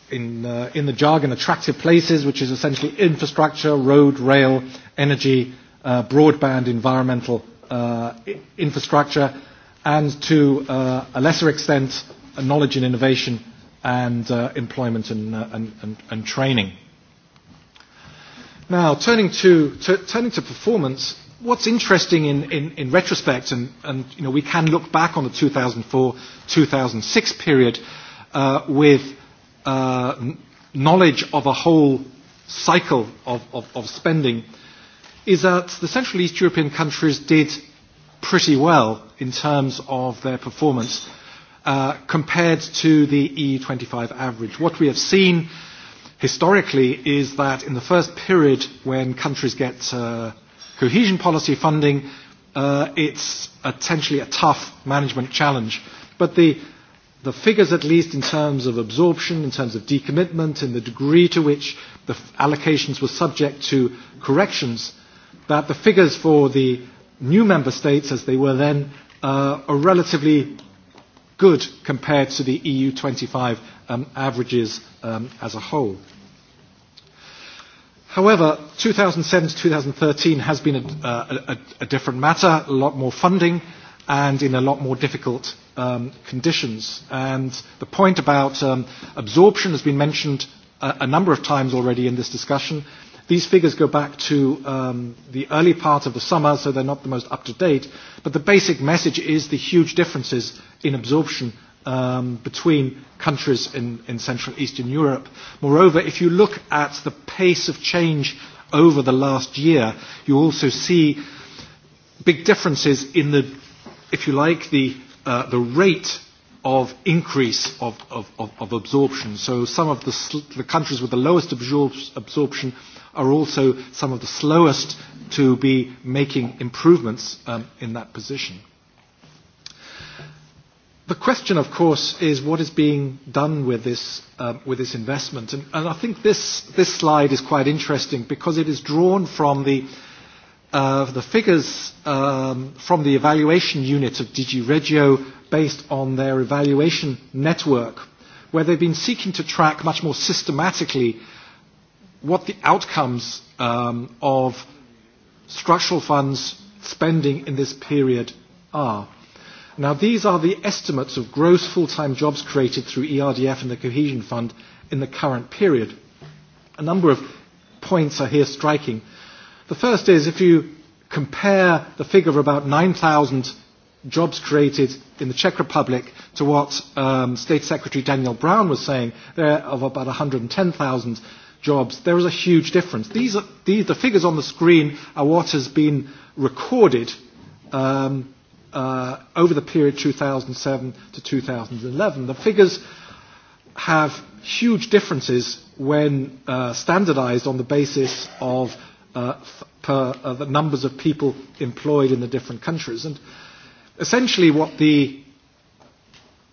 Speaker 13: in, uh, in the jargon, attractive places, which is essentially infrastructure, road, rail, energy, uh, broadband, environmental, uh, infrastructure and to uh, a lesser extent uh, knowledge and innovation and uh, employment and, uh, and, and, and training. Now, turning to, to, turning to performance, what's interesting in, in, in retrospect, and, and you know, we can look back on the 2004-2006 period uh, with uh, knowledge of a whole cycle of, of, of spending, uh, is that the Central East European countries did pretty well in terms of their performance uh, compared to the EU25 average. What we have seen historically is that in the first period when countries get uh, cohesion policy funding, uh, it's potentially a tough management challenge. But the, the figures, at least in terms of absorption, in terms of decommitment, and the degree to which the allocations were subject to corrections, that the figures for the new member states, as they were then, uh, are relatively good compared to the EU 25 um, averages um, as a whole. However, 2007 to 2013 has been a, uh, a, a, a different matter, a lot more funding, and in a lot more difficult um, conditions. And the point about um, absorption has been mentioned a, a number of times already in this discussion. These figures go back to um, the early part of the summer, so they're not the most up to date. But the basic message is the huge differences in absorption um, between countries in, in Central Eastern Europe. Moreover, if you look at the pace of change over the last year, you also see big differences in the, if you like, the, uh, the rate of increase of, of, of, of absorption. So some of the, the countries with the lowest absor- absorption are also some of the slowest to be making improvements um, in that position. The question, of course, is what is being done with this, um, with this investment. And, and I think this, this slide is quite interesting because it is drawn from the, uh, the figures um, from the evaluation unit of DG based on their evaluation network, where they've been seeking to track much more systematically what the outcomes um, of structural funds spending in this period are. Now, these are the estimates of gross full-time jobs created through ERDF and the Cohesion Fund in the current period. A number of points are here striking. The first is if you compare the figure of about 9,000 jobs created in the Czech Republic to what um, State Secretary Daniel Brown was saying, there of about 110,000 jobs, there is a huge difference. These are, the, the figures on the screen are what has been recorded um, uh, over the period 2007 to 2011. The figures have huge differences when uh, standardized on the basis of uh, per, uh, the numbers of people employed in the different countries. And essentially what the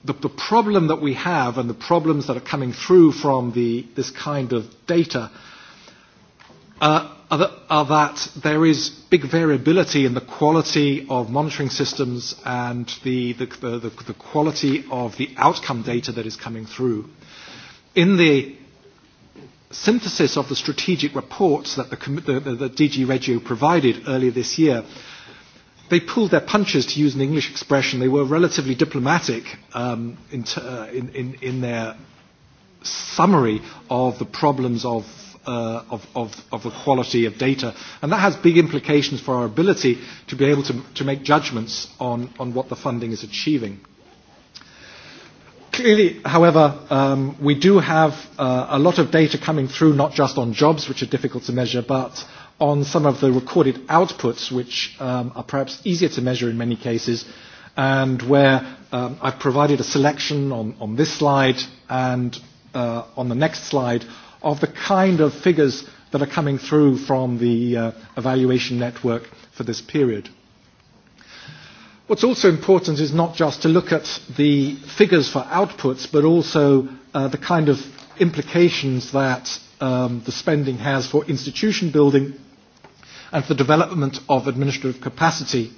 Speaker 13: the, the problem that we have and the problems that are coming through from the, this kind of data uh, are, that, are that there is big variability in the quality of monitoring systems and the, the, the, the, the quality of the outcome data that is coming through. In the synthesis of the strategic reports that the, the, the DG Regio provided earlier this year, they pulled their punches, to use an English expression. They were relatively diplomatic um, in, uh, in, in, in their summary of the problems of, uh, of, of, of the quality of data. And that has big implications for our ability to be able to, to make judgments on, on what the funding is achieving. Clearly, however, um, we do have uh, a lot of data coming through, not just on jobs, which are difficult to measure, but on some of the recorded outputs, which um, are perhaps easier to measure in many cases, and where um, I've provided a selection on, on this slide and uh, on the next slide of the kind of figures that are coming through from the uh, evaluation network for this period. What's also important is not just to look at the figures for outputs, but also uh, the kind of implications that um, the spending has for institution building and for the development of administrative capacity.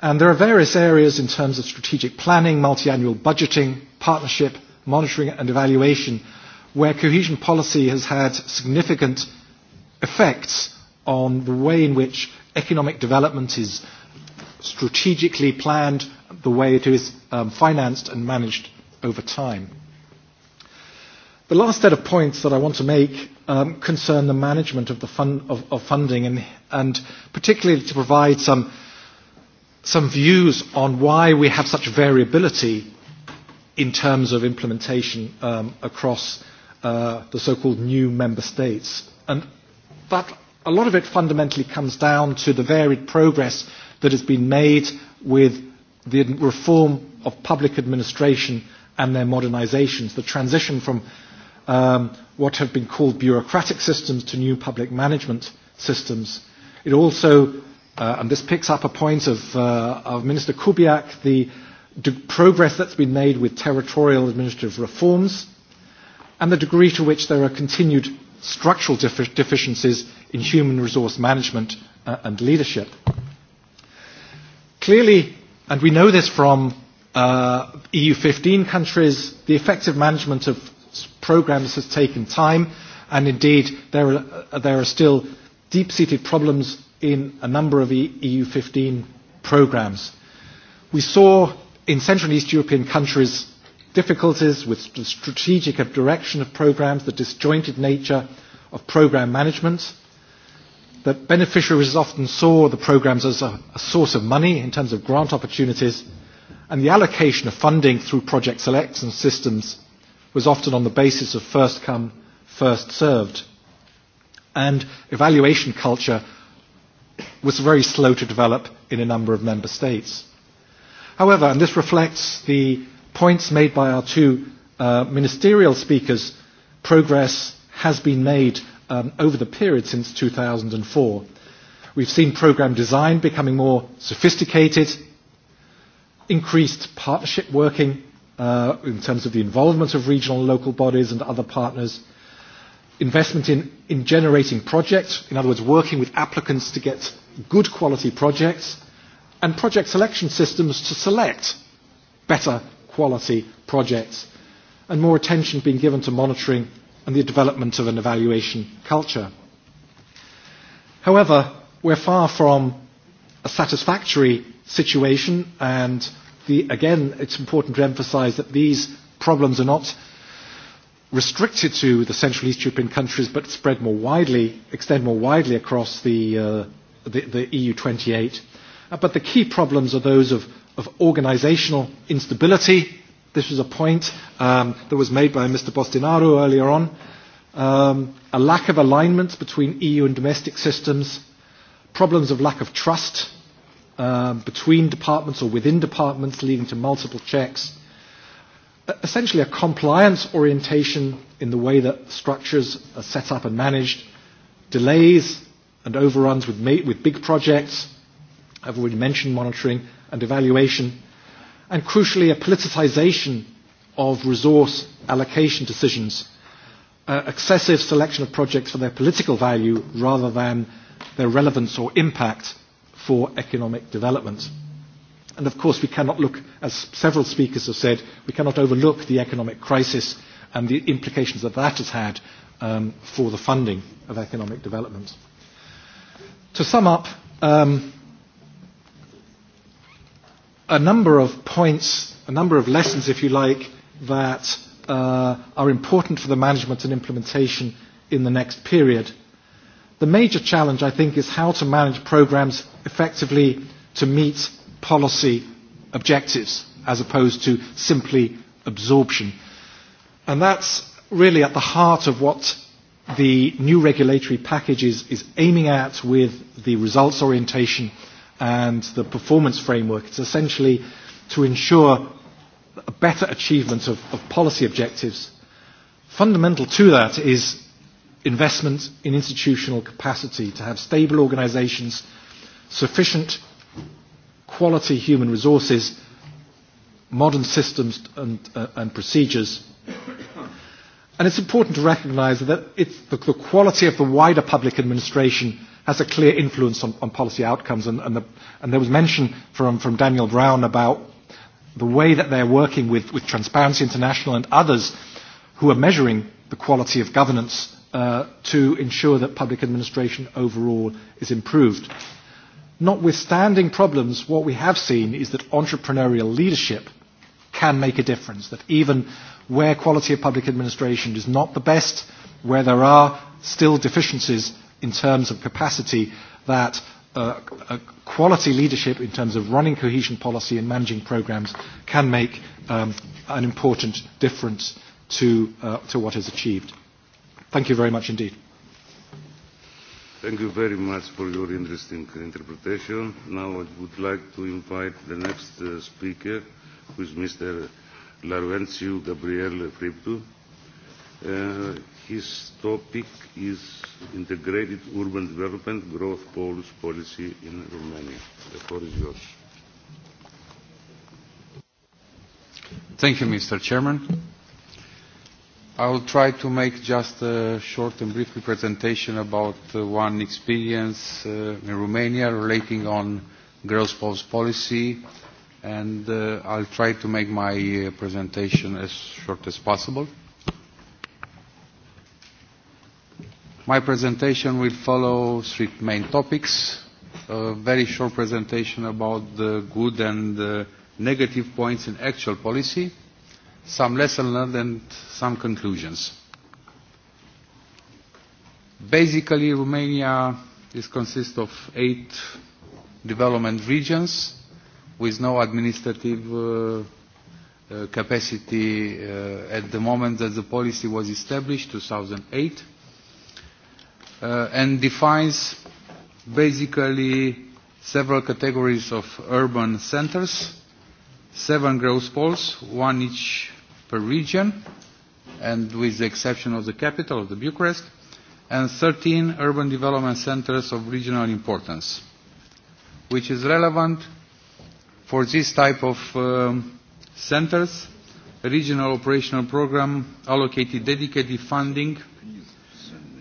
Speaker 13: And there are various areas in terms of strategic planning, multi-annual budgeting, partnership, monitoring and evaluation, where cohesion policy has had significant effects on the way in which economic development is strategically planned, the way it is um, financed and managed over time. The last set of points that I want to make um, concern the management of, the fun, of, of funding and, and particularly to provide some, some views on why we have such variability in terms of implementation um, across uh, the so-called new member states. And that, a lot of it fundamentally comes down to the varied progress that has been made with the reform of public administration and their modernizations, the transition from um, what have been called bureaucratic systems to new public management systems. It also, uh, and this picks up a point of, uh, of Minister Kubiak, the progress that's been made with territorial administrative reforms and the degree to which there are continued structural def- deficiencies in human resource management uh, and leadership. Clearly, and we know this from uh, EU 15 countries, the effective management of programs has taken time, and indeed there are, there are still deep-seated problems in a number of EU15 programs. We saw in Central and East European countries difficulties with the strategic direction of programs, the disjointed nature of program management, that beneficiaries often saw the programs as a, a source of money in terms of grant opportunities, and the allocation of funding through project selects and systems was often on the basis of first come, first served. And evaluation culture was very slow to develop in a number of member states. However, and this reflects the points made by our two uh, ministerial speakers, progress has been made um, over the period since 2004. We've seen program design becoming more sophisticated, increased partnership working, uh, in terms of the involvement of regional and local bodies and other partners, investment in, in generating projects, in other words, working with applicants to get good quality projects, and project selection systems to select better quality projects, and more attention being given to monitoring and the development of an evaluation culture. However, we're far from a satisfactory situation and the, again, it's important to emphasize that these problems are not restricted to the Central East European countries, but spread more widely, extend more widely across the, uh, the, the EU28. Uh, but the key problems are those of, of organizational instability. This was a point um, that was made by Mr. Bostinaro earlier on. Um, a lack of alignment between EU and domestic systems, problems of lack of trust, Um, between departments or within departments leading to multiple checks. Essentially a compliance orientation in the way that structures are set up and managed, delays and overruns with, ma- with big projects, I've already mentioned monitoring and evaluation, and crucially a politicization of resource allocation decisions, uh, excessive selection of projects for their political value rather than their relevance or impact for economic development. And of course, we cannot look, as several speakers have said, we cannot overlook the economic crisis and the implications that that has had um, for the funding of economic development. To sum up, um, a number of points, a number of lessons, if you like, that uh, are important for the management and implementation in the next period. The major challenge, I think, is how to manage programs effectively to meet policy objectives as opposed to simply absorption. And that's really at the heart of what the new regulatory package is, is aiming at with the results orientation and the performance framework. It's essentially to ensure a better achievement of, of policy objectives. Fundamental to that is investment in institutional capacity, to have stable organisations sufficient quality human resources, modern systems and, uh, and procedures. And it's important to recognise that it's the, the quality of the wider public administration has a clear influence on, on policy outcomes. And, and, the, and there was mention from, from Daniel Brown about the way that they're working with, with Transparency International and others who are measuring the quality of governance uh, to ensure that public administration overall is improved. Notwithstanding problems, what we have seen is that entrepreneurial leadership can make a difference, that even where quality of public administration is not the best, where there are still deficiencies in terms of capacity, that uh, quality leadership in terms of running cohesion policy and managing programs can make um, an important difference to, uh, to what is achieved. Thank you very much indeed.
Speaker 12: Thank you very much for your interesting interpretation. Now I would like to invite the next uh, speaker, who is Mr. Laurentiu Gabriel Friptu. Uh, his topic is integrated urban development growth goals policy in Romania. The floor is yours.
Speaker 14: Thank you, Mr. Chairman. I will try to make just a short and brief presentation about uh, one experience uh, in Romania relating on girls' post policy, and uh, I'll try to make my uh, presentation as short as possible. My presentation will follow three main topics. A very short presentation about the good and uh, negative points in actual policy, some lessons learned and some conclusions. Basically, Romania is consists of eight development regions with no administrative uh, uh, capacity uh, at the moment that the policy was established, 2008, uh, and defines basically several categories of urban centers seven growth poles, one each per region, and with the exception of the capital, of the Bucharest, and 13 urban development centers of regional importance, which is relevant for this type of um, centers. A regional operational program allocated dedicated funding,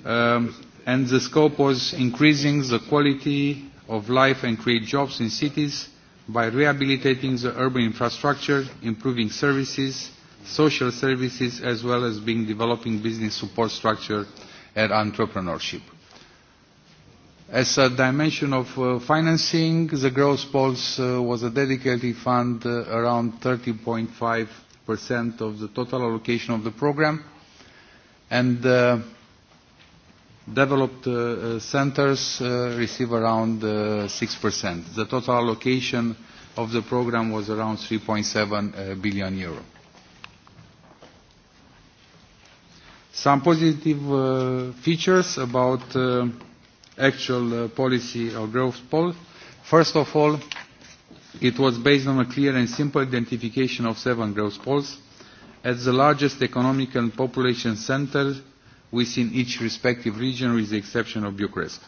Speaker 14: um, and the scope was increasing the quality of life and create jobs in cities by rehabilitating the urban infrastructure, improving services, social services, as well as being developing business support structure and entrepreneurship. As a dimension of uh, financing, the growth pulse uh, was a dedicated fund uh, around 30.5% of the total allocation of the program. And uh, Developed uh, uh, centers uh, receive around uh, 6%. The total allocation of the program was around 3.7 uh, billion euro. Some positive uh, features about uh, actual uh, policy or growth poll. First of all, it was based on a clear and simple identification of seven growth poles as the largest economic and population centers within each respective region with the exception of Bucharest.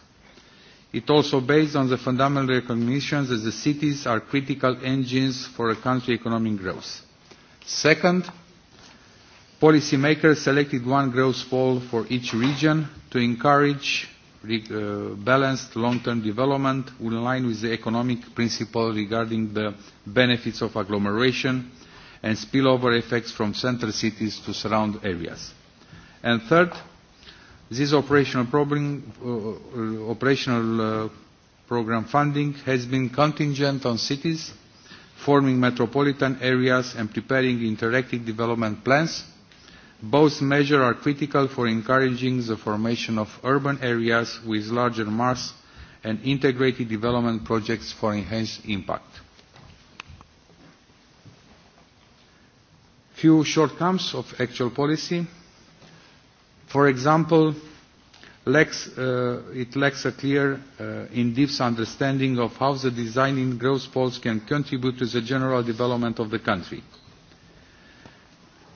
Speaker 14: It also based on the fundamental recognition that the cities are critical engines for a country's economic growth. Second, policymakers selected one growth pole for each region to encourage uh, balanced long-term development in line with the economic principle regarding the benefits of agglomeration and spillover effects from central cities to surround areas. And third, This operational, problem, uh, uh, operational uh, program funding has been contingent on cities forming metropolitan areas and preparing interactive development plans. Both measures are critical for encouraging the formation of urban areas with larger mass and integrated development projects for enhanced impact. Few shortcomings of actual policy For example, lacks, uh, it lacks a clear, uh, in-depth understanding of how the design in growth poles can contribute to the general development of the country.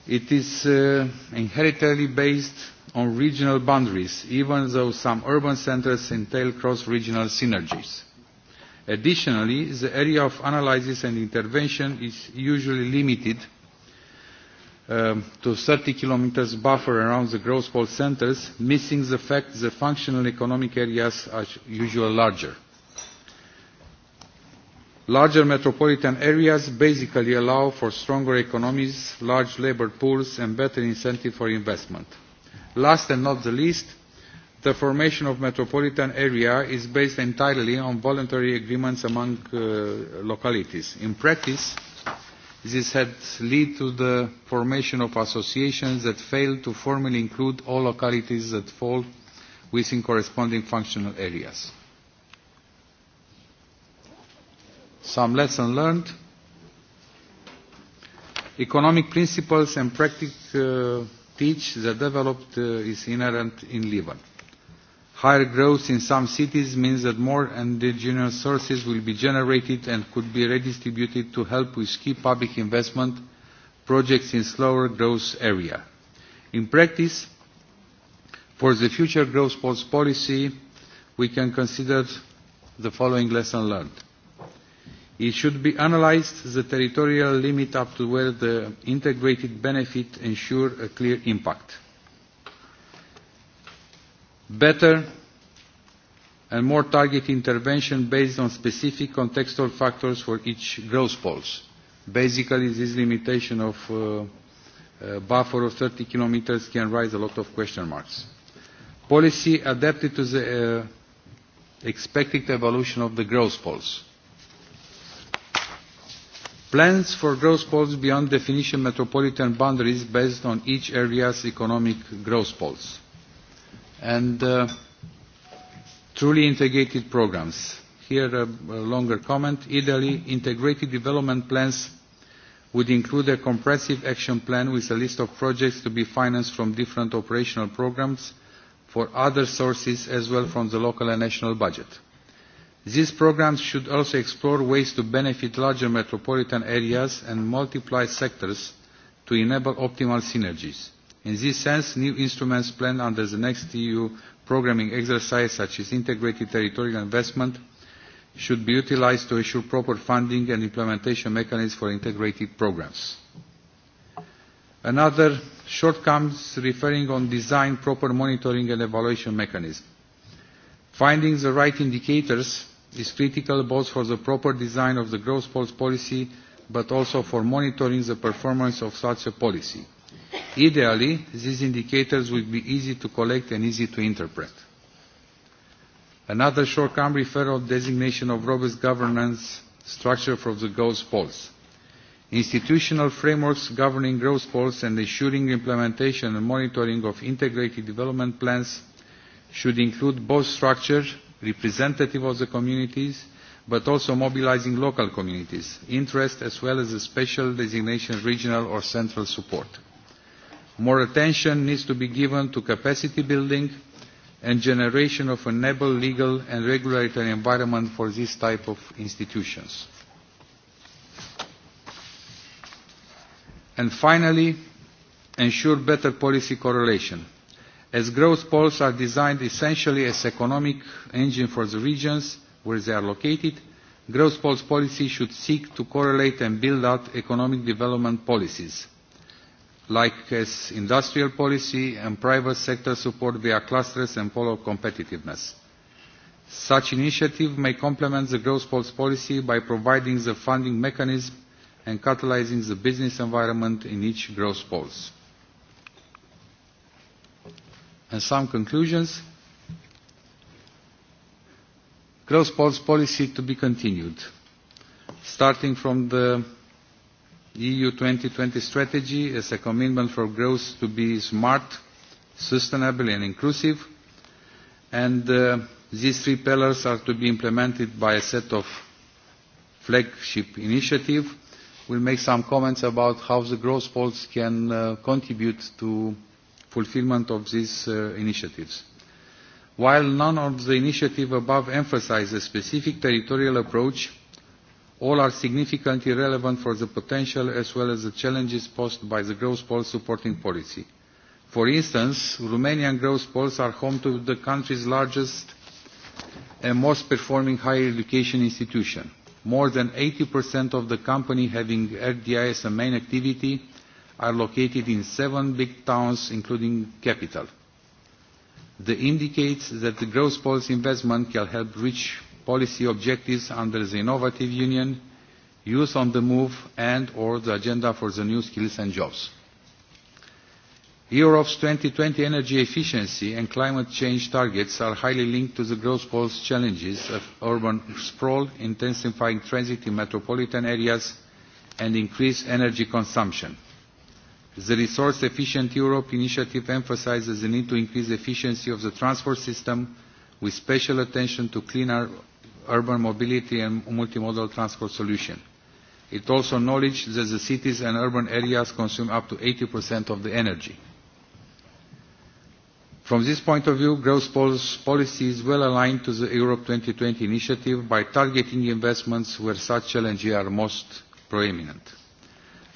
Speaker 14: It is uh, inherently based on regional boundaries, even though some urban centers entail cross-regional synergies. Additionally, the area of analysis and intervention is usually limited um, to 30 kilometers buffer around the growth pole centers, missing the fact the functional economic areas are usually larger. Larger metropolitan areas basically allow for stronger economies, large labour pools and better incentive for investment. Last and not the least, the formation of metropolitan area is based entirely on voluntary agreements among uh, localities. In practice, This had led to the formation of associations that failed to formally include all localities that fall within corresponding functional areas. Some lessons learned. Economic principles and practice uh, teach that developed uh, is inherent in Lebanon. Higher growth in some cities means that more indigenous sources will be generated and could be redistributed to help with key public investment projects in slower growth area. In practice, for the future growth policy, we can consider the following lesson learned. It should be analysed the territorial limit up to where the integrated benefit ensure a clear impact better and more targeted intervention based on specific contextual factors for each growth pulse. Basically, this limitation of uh, a uh, buffer of 30 kilometers can raise a lot of question marks. Policy adapted to the uh, expected evolution of the growth pulse. Plans for growth pulse beyond definition metropolitan boundaries based on each area's economic growth pulse and uh, truly integrated programs. Here a, a longer comment. Italy integrated development plans would include a comprehensive action plan with a list of projects to be financed from different operational programs for other sources as well from the local and national budget. These programs should also explore ways to benefit larger metropolitan areas and multiply sectors to enable optimal synergies. In this sense, new instruments planned under the next EU programming exercise, such as integrated territorial investment, should be utilized to ensure proper funding and implementation mechanisms for integrated programs. Another shortcomings referring on design, proper monitoring and evaluation mechanism. Finding the right indicators is critical both for the proper design of the growth policy but also for monitoring the performance of such a policy. Ideally, these indicators would be easy to collect and easy to interpret. Another shortcoming referral designation of robust governance structure for the growth polls. Institutional frameworks governing growth polls and ensuring implementation and monitoring of integrated development plans should include both structures representative of the communities, but also mobilizing local communities' interest as well as a special designation regional or central support. More attention needs to be given to capacity building and generation of enable legal and regulatory environment for this type of institutions. And finally, ensure better policy correlation. As growth poles are designed essentially as economic engine for the regions where they are located, growth poles policy should seek to correlate and build out economic development policies like as industrial policy and private sector support via clusters and follow competitiveness. Such initiative may complement the growth pulse policy by providing the funding mechanism and catalyzing the business environment in each growth pulse. And some conclusions. Growth pulse policy to be continued, starting from the EU 2020 strategy as a commitment for growth to be smart, sustainable and inclusive. And uh, these three pillars are to be implemented by a set of flagship initiatives. We'll make some comments about how the growth polls can uh, contribute to fulfillment of these uh, initiatives. While none of the initiative above emphasize a specific territorial approach, All are significantly relevant for the potential as well as the challenges posed by the growth pole supporting policy. For instance, Romanian growth poles are home to the country's largest and most performing higher education institution. More than 80% of the company having RDI as a main activity are located in seven big towns, including capital. This indicates that the growth policy investment can help reach policy objectives under the Innovative Union, Youth on the Move and or the Agenda for the New Skills and Jobs. Europe's 2020 energy efficiency and climate change targets are highly linked to the growth pulse challenges of urban sprawl, intensifying transit in metropolitan areas and increased energy consumption. The Resource Efficient Europe initiative emphasizes the need to increase efficiency of the transport system with special attention to cleaner urban mobility and multimodal transport solution. It also acknowledged that the cities and urban areas consume up to 80% of the energy. From this point of view, growth policy is well aligned to the Europe 2020 initiative by targeting investments where such challenges are most prominent.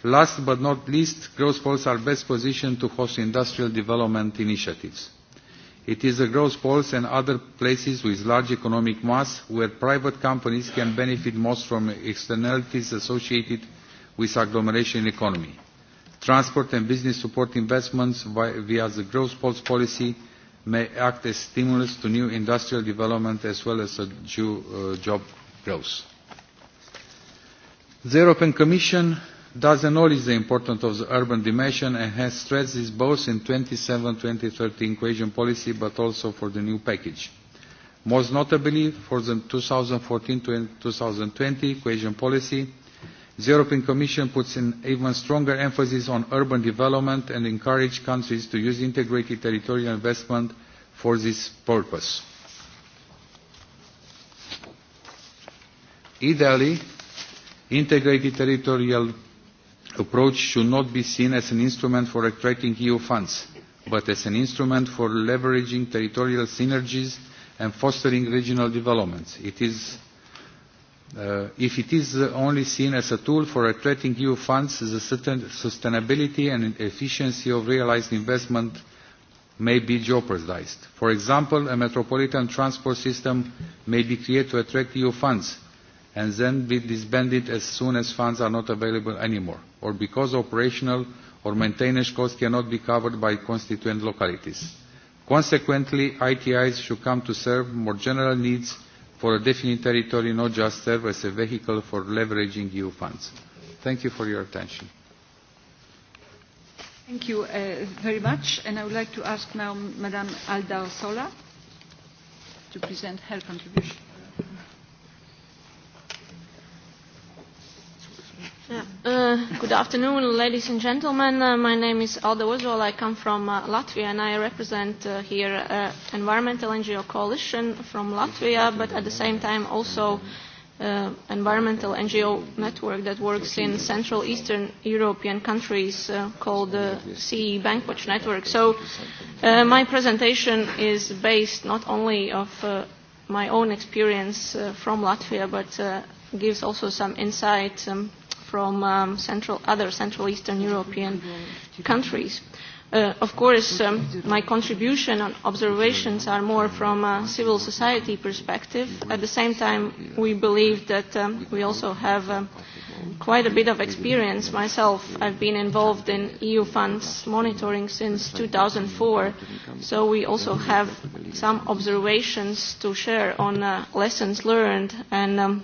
Speaker 14: Last but not least, growth poles are best positioned to host industrial development initiatives. It is the growth poles and other places with large economic mass where private companies can benefit most from externalities associated with agglomeration economy. Transport and business support investments via the growth poles policy may act as stimulus to new industrial development as well as uh, job growth. The European Commission Does acknowledge the importance of the urban dimension and has stressed this both in 27-2030 cohesion policy but also for the new package. Most notably, for the 2014-2020 cohesion policy, the European Commission puts an even stronger emphasis on urban development and encourages countries to use integrated territorial investment for this purpose. Ideally, integrated territorial approach should not be seen as an instrument for attracting EU funds, but as an instrument for leveraging territorial synergies and fostering regional developments. It is, uh, if it is only seen as a tool for attracting EU funds, the certain sustainability and efficiency of realized investment may be jeopardized. For example, a metropolitan transport system may be created to attract EU funds, and then be disbanded as soon as funds are not available anymore, or because operational or maintenance costs cannot be covered by constituent localities. Consequently, ITIs should come to serve more general needs for a definite territory, not just serve as a vehicle for leveraging EU funds. Thank you for your attention.
Speaker 1: Thank you uh, very much. And I would like to ask now Madame Alda Sola to present
Speaker 15: her contribution. Uh, good afternoon, ladies and gentlemen. Uh, my name is Alda Uzol. I come from uh, Latvia, and I represent uh, here uh, Environmental NGO Coalition from Latvia, but at the same time also uh, environmental NGO network that works in Central Eastern European countries uh, called the uh, CE Bankwatch Network. So uh, my presentation is based not only of uh, my own experience uh, from Latvia, but uh, gives also some insight um, from um, central, other Central Eastern European countries. Uh, of course, um, my contribution and observations are more from a civil society perspective. At the same time, we believe that um, we also have um, quite a bit of experience myself. I've been involved in EU funds monitoring since 2004, so we also have some observations to share on uh, lessons learned and um,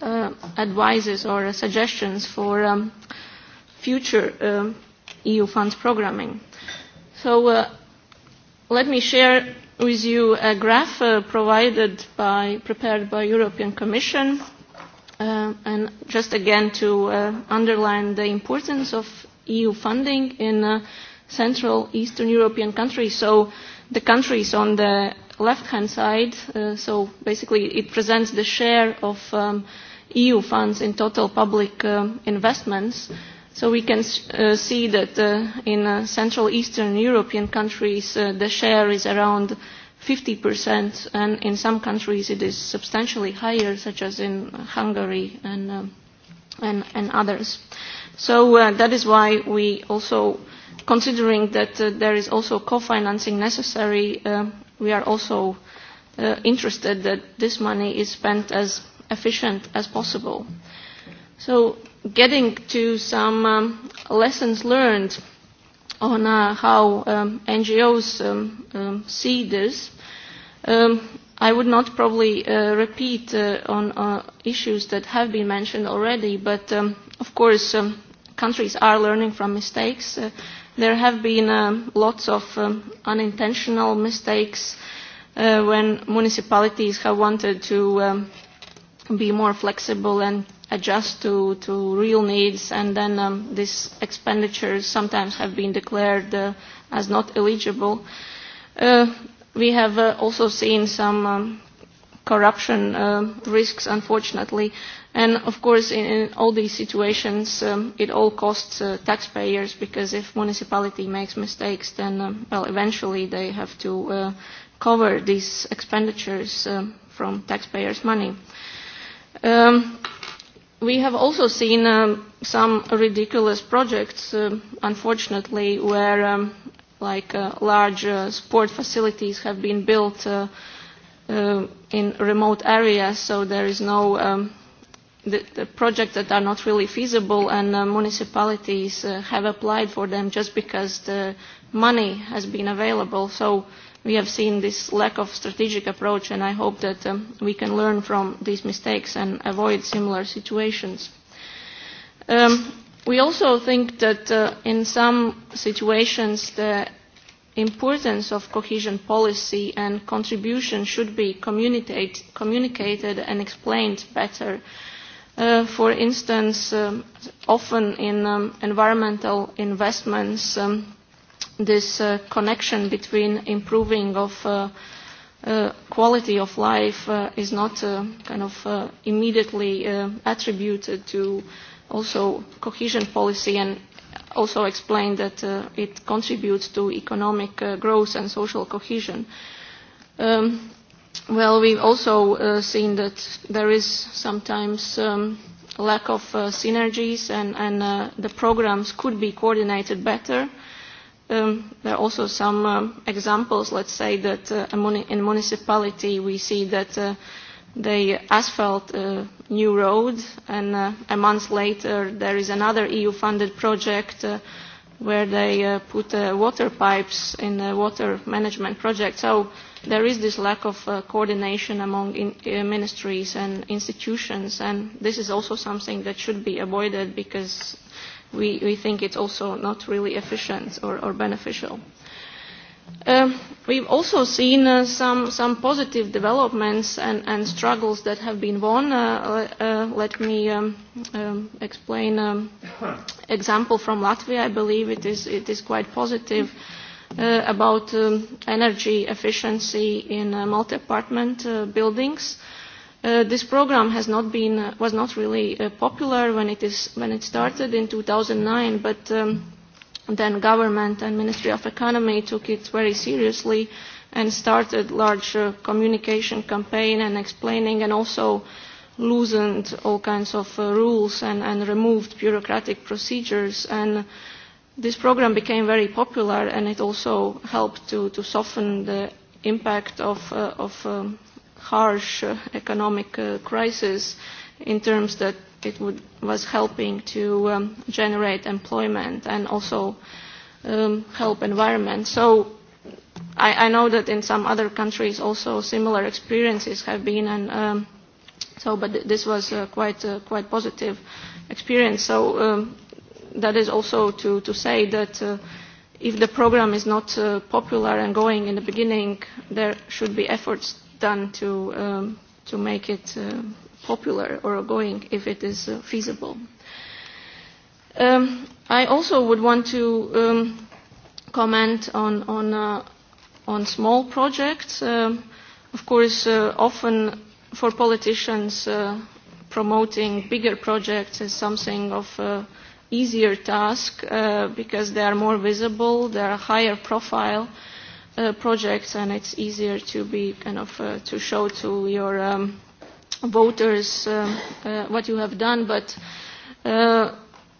Speaker 15: uh, advices or uh, suggestions for um, future uh, EU funds programming. So uh, let me share with you a graph uh, provided by, prepared by European Commission uh, and just again to uh, underline the importance of EU funding in uh, Central Eastern European countries. So the countries on the left-hand side, uh, so basically it presents the share of um, EU funds in total public um, investments. So we can uh, see that uh, in uh, Central Eastern European countries uh, the share is around 50% and in some countries it is substantially higher such as in Hungary and, uh, and, and others. So uh, that is why we also considering that uh, there is also co-financing necessary, uh, we are also uh, interested that this money is spent as efficient as possible. So getting to some um, lessons learned on uh, how um, NGOs um, um, see this, um, I would not probably uh, repeat uh, on uh, issues that have been mentioned already, but um, of course um, countries are learning from mistakes. Uh, There have been uh, lots of um, unintentional mistakes uh, when municipalities have wanted to um, be more flexible and adjust to, to real needs, and then um, these expenditures sometimes have been declared uh, as not eligible. Uh, we have uh, also seen some um, corruption uh, risks, unfortunately. And of course, in, in all these situations, um, it all costs uh, taxpayers because if municipality makes mistakes, then um, well, eventually they have to uh, cover these expenditures um, from taxpayers' money. Um, we have also seen um, some ridiculous projects, uh, unfortunately, where um, like uh, large uh, sport facilities have been built uh, uh, in remote areas, so there is no um, the, the projects that are not really feasible and uh, municipalities uh, have applied for them just because the money has been available. So we have seen this lack of strategic approach and I hope that um, we can learn from these mistakes and avoid similar situations. Um, we also think that uh, in some situations the importance of cohesion policy and contribution should be communicate, communicated and explained better Uh, for instance, um, often in um, environmental investments, um, this uh, connection between improving of uh, uh, quality of life uh, is not uh, kind of uh, immediately uh, attributed to also cohesion policy and also explained that uh, it contributes to economic uh, growth and social cohesion. Um, Well, we've also uh, seen that there is sometimes um, lack of uh, synergies and, and uh, the programs could be coordinated better. Um, there are also some um, examples, let's say that uh, in municipality we see that uh, they asphalt a uh, new road and uh, a month later there is another EU-funded project uh, where they uh, put uh, water pipes in the uh, water management project. So there is this lack of uh, coordination among in, uh, ministries and institutions, and this is also something that should be avoided because we, we think it's also not really efficient or, or beneficial. Uh, we've also seen uh, some, some positive developments and, and struggles that have been won. Uh, uh, let me um, um, explain an um, example from Latvia. I believe it is, it is quite positive uh, about um, energy efficiency in uh, multi-apartment uh, buildings. Uh, this program has not been, uh, was not really uh, popular when it, is, when it started in 2009, but um, then government and Ministry of Economy took it very seriously and started large uh, communication campaign and explaining and also loosened all kinds of uh, rules and, and removed bureaucratic procedures and this program became very popular and it also helped to, to soften the impact of, uh, of um, harsh uh, economic uh, crisis in terms that it would, was helping to um, generate employment and also um, help environment. So I, I know that in some other countries also similar experiences have been, and um, so but th this was uh, quite uh, quite positive experience. So um, that is also to, to say that. Uh, if the program is not uh, popular and going in the beginning, there should be efforts done to um, to make it uh, popular or going if it is uh, feasible. Um, I also would want to um, comment on, on, uh, on small projects. Um, of course, uh, often for politicians, uh, promoting bigger projects is something of an uh, easier task uh, because they are more visible, they are higher profile uh, projects, and it's easier to be kind of uh, to show to your um, voters uh, uh, what you have done, but uh,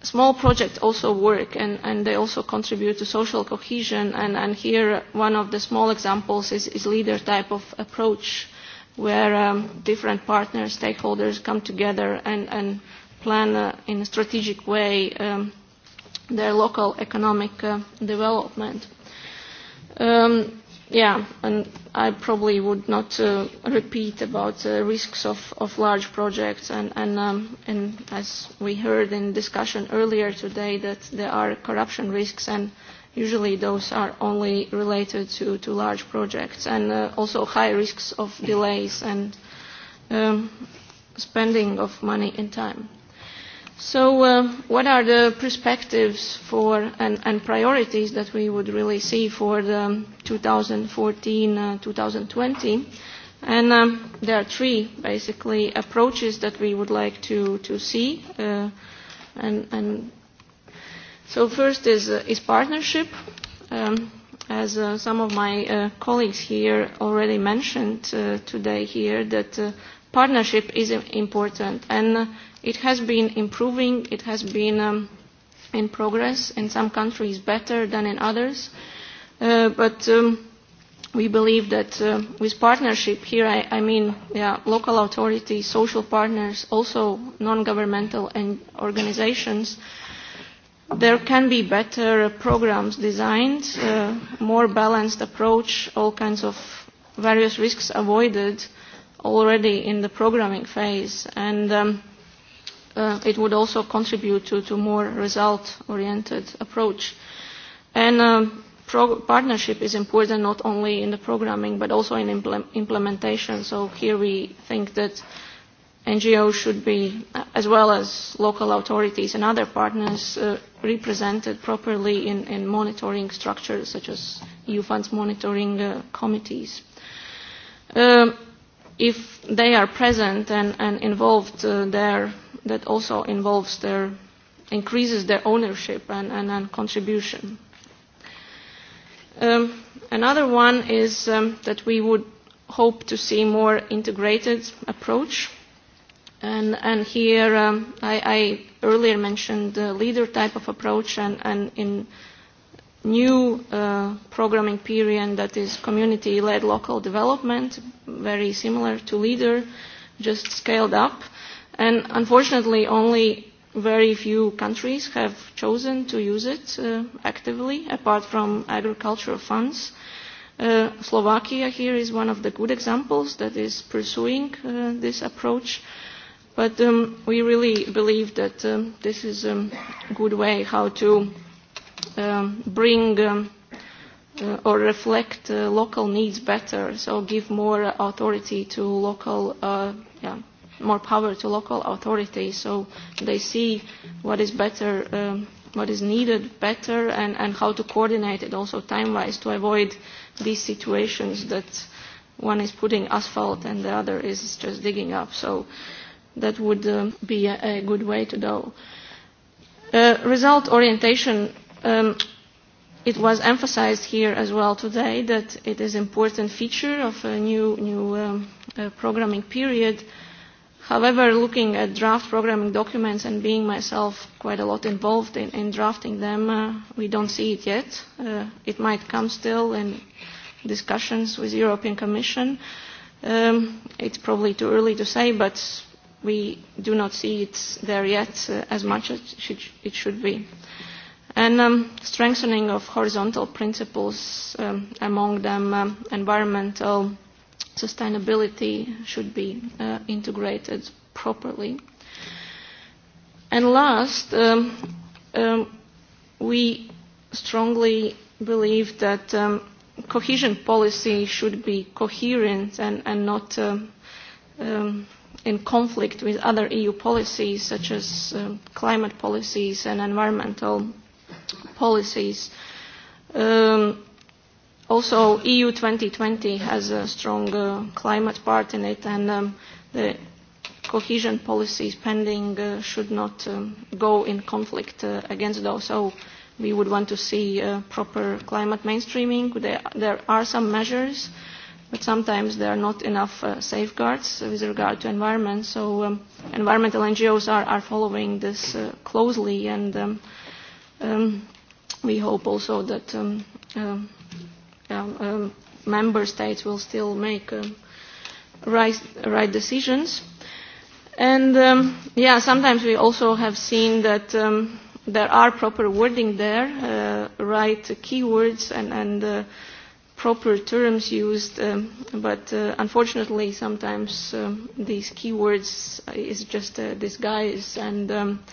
Speaker 15: small projects also work and, and they also contribute to social cohesion. And, and here uh, one of the small examples is, is leader type of approach where um, different partners, stakeholders come together and, and plan uh, in a strategic way um, their local economic uh, development. Um, yeah, and I probably would not uh, repeat about uh, risks of, of large projects, and and, um, and as we heard in discussion earlier today, that there are corruption risks, and usually those are only related to, to large projects, and uh, also high risks of delays and um, spending of money and time. So uh, what are the perspectives for and, and priorities that we would really see for the 2014-2020? Um, uh, and um, there are three, basically, approaches that we would like to, to see. Uh, and, and so first is, uh, is partnership. Um, as uh, some of my uh, colleagues here already mentioned uh, today here, that uh, partnership is important. And uh, It has been improving, it has been um, in progress, in some countries better than in others, uh, but um, we believe that uh, with partnership here, I, I mean yeah, local authorities, social partners, also non-governmental organizations, there can be better programs designed, uh, more balanced approach, all kinds of various risks avoided already in the programming phase. And um, uh, it would also contribute to, a more result-oriented approach. And um, pro partnership is important not only in the programming but also in impl implementation. So here we think that NGOs should be, uh, as well as local authorities and other partners, uh, represented properly in, in monitoring structures such as EU funds monitoring uh, committees. Uh, if they are present and, and involved, uh, their that also involves their increases their ownership and, and, and contribution. Um, another one is um, that we would hope to see more integrated approach. And, and here um, I, I earlier mentioned the leader type of approach and, and in new uh, programming period that is community-led local development, very similar to leader, just scaled up And unfortunately, only very few countries have chosen to use it uh, actively, apart from agricultural funds. Uh, Slovakia here is one of the good examples that is pursuing uh, this approach. But um, we really believe that um, this is a good way how to um, bring um, uh, or reflect uh, local needs better, so give more authority to local uh, yeah, more power to local authorities so they see what is better, um, what is needed better and, and how to coordinate it also time-wise to avoid these situations that one is putting asphalt and the other is just digging up. So that would um, be a, a good way to go. Uh, result orientation, um, it was emphasized here as well today that it is important feature of a new, new um, uh, programming period However, looking at draft programming documents and being myself quite a lot involved in, in drafting them, uh, we don't see it yet. Uh, it might come still in discussions with the European Commission. Um, it's probably too early to say, but we do not see it there yet uh, as much as it should, it should be. And um, strengthening of horizontal principles, um, among them um, environmental sustainability should be uh, integrated properly. And last, um, um, we strongly believe that um, cohesion policy should be coherent and, and not um, um, in conflict with other EU policies such as um, climate policies and environmental policies. Um, Also, EU 2020 has a strong uh, climate part in it, and um, the cohesion policies pending uh, should not um, go in conflict uh, against those. So we would want to see uh, proper climate mainstreaming. There, there are some measures, but sometimes there are not enough uh, safeguards with regard to environment. So um, environmental NGOs are, are following this uh, closely, and um, um, we hope also that um, uh, um, member states will still make um, right, right decisions. And um, yeah, sometimes we also have seen that um, there are proper wording there, uh, right keywords and, and uh, proper terms used, um, but uh, unfortunately sometimes um, these keywords is just a disguise and um,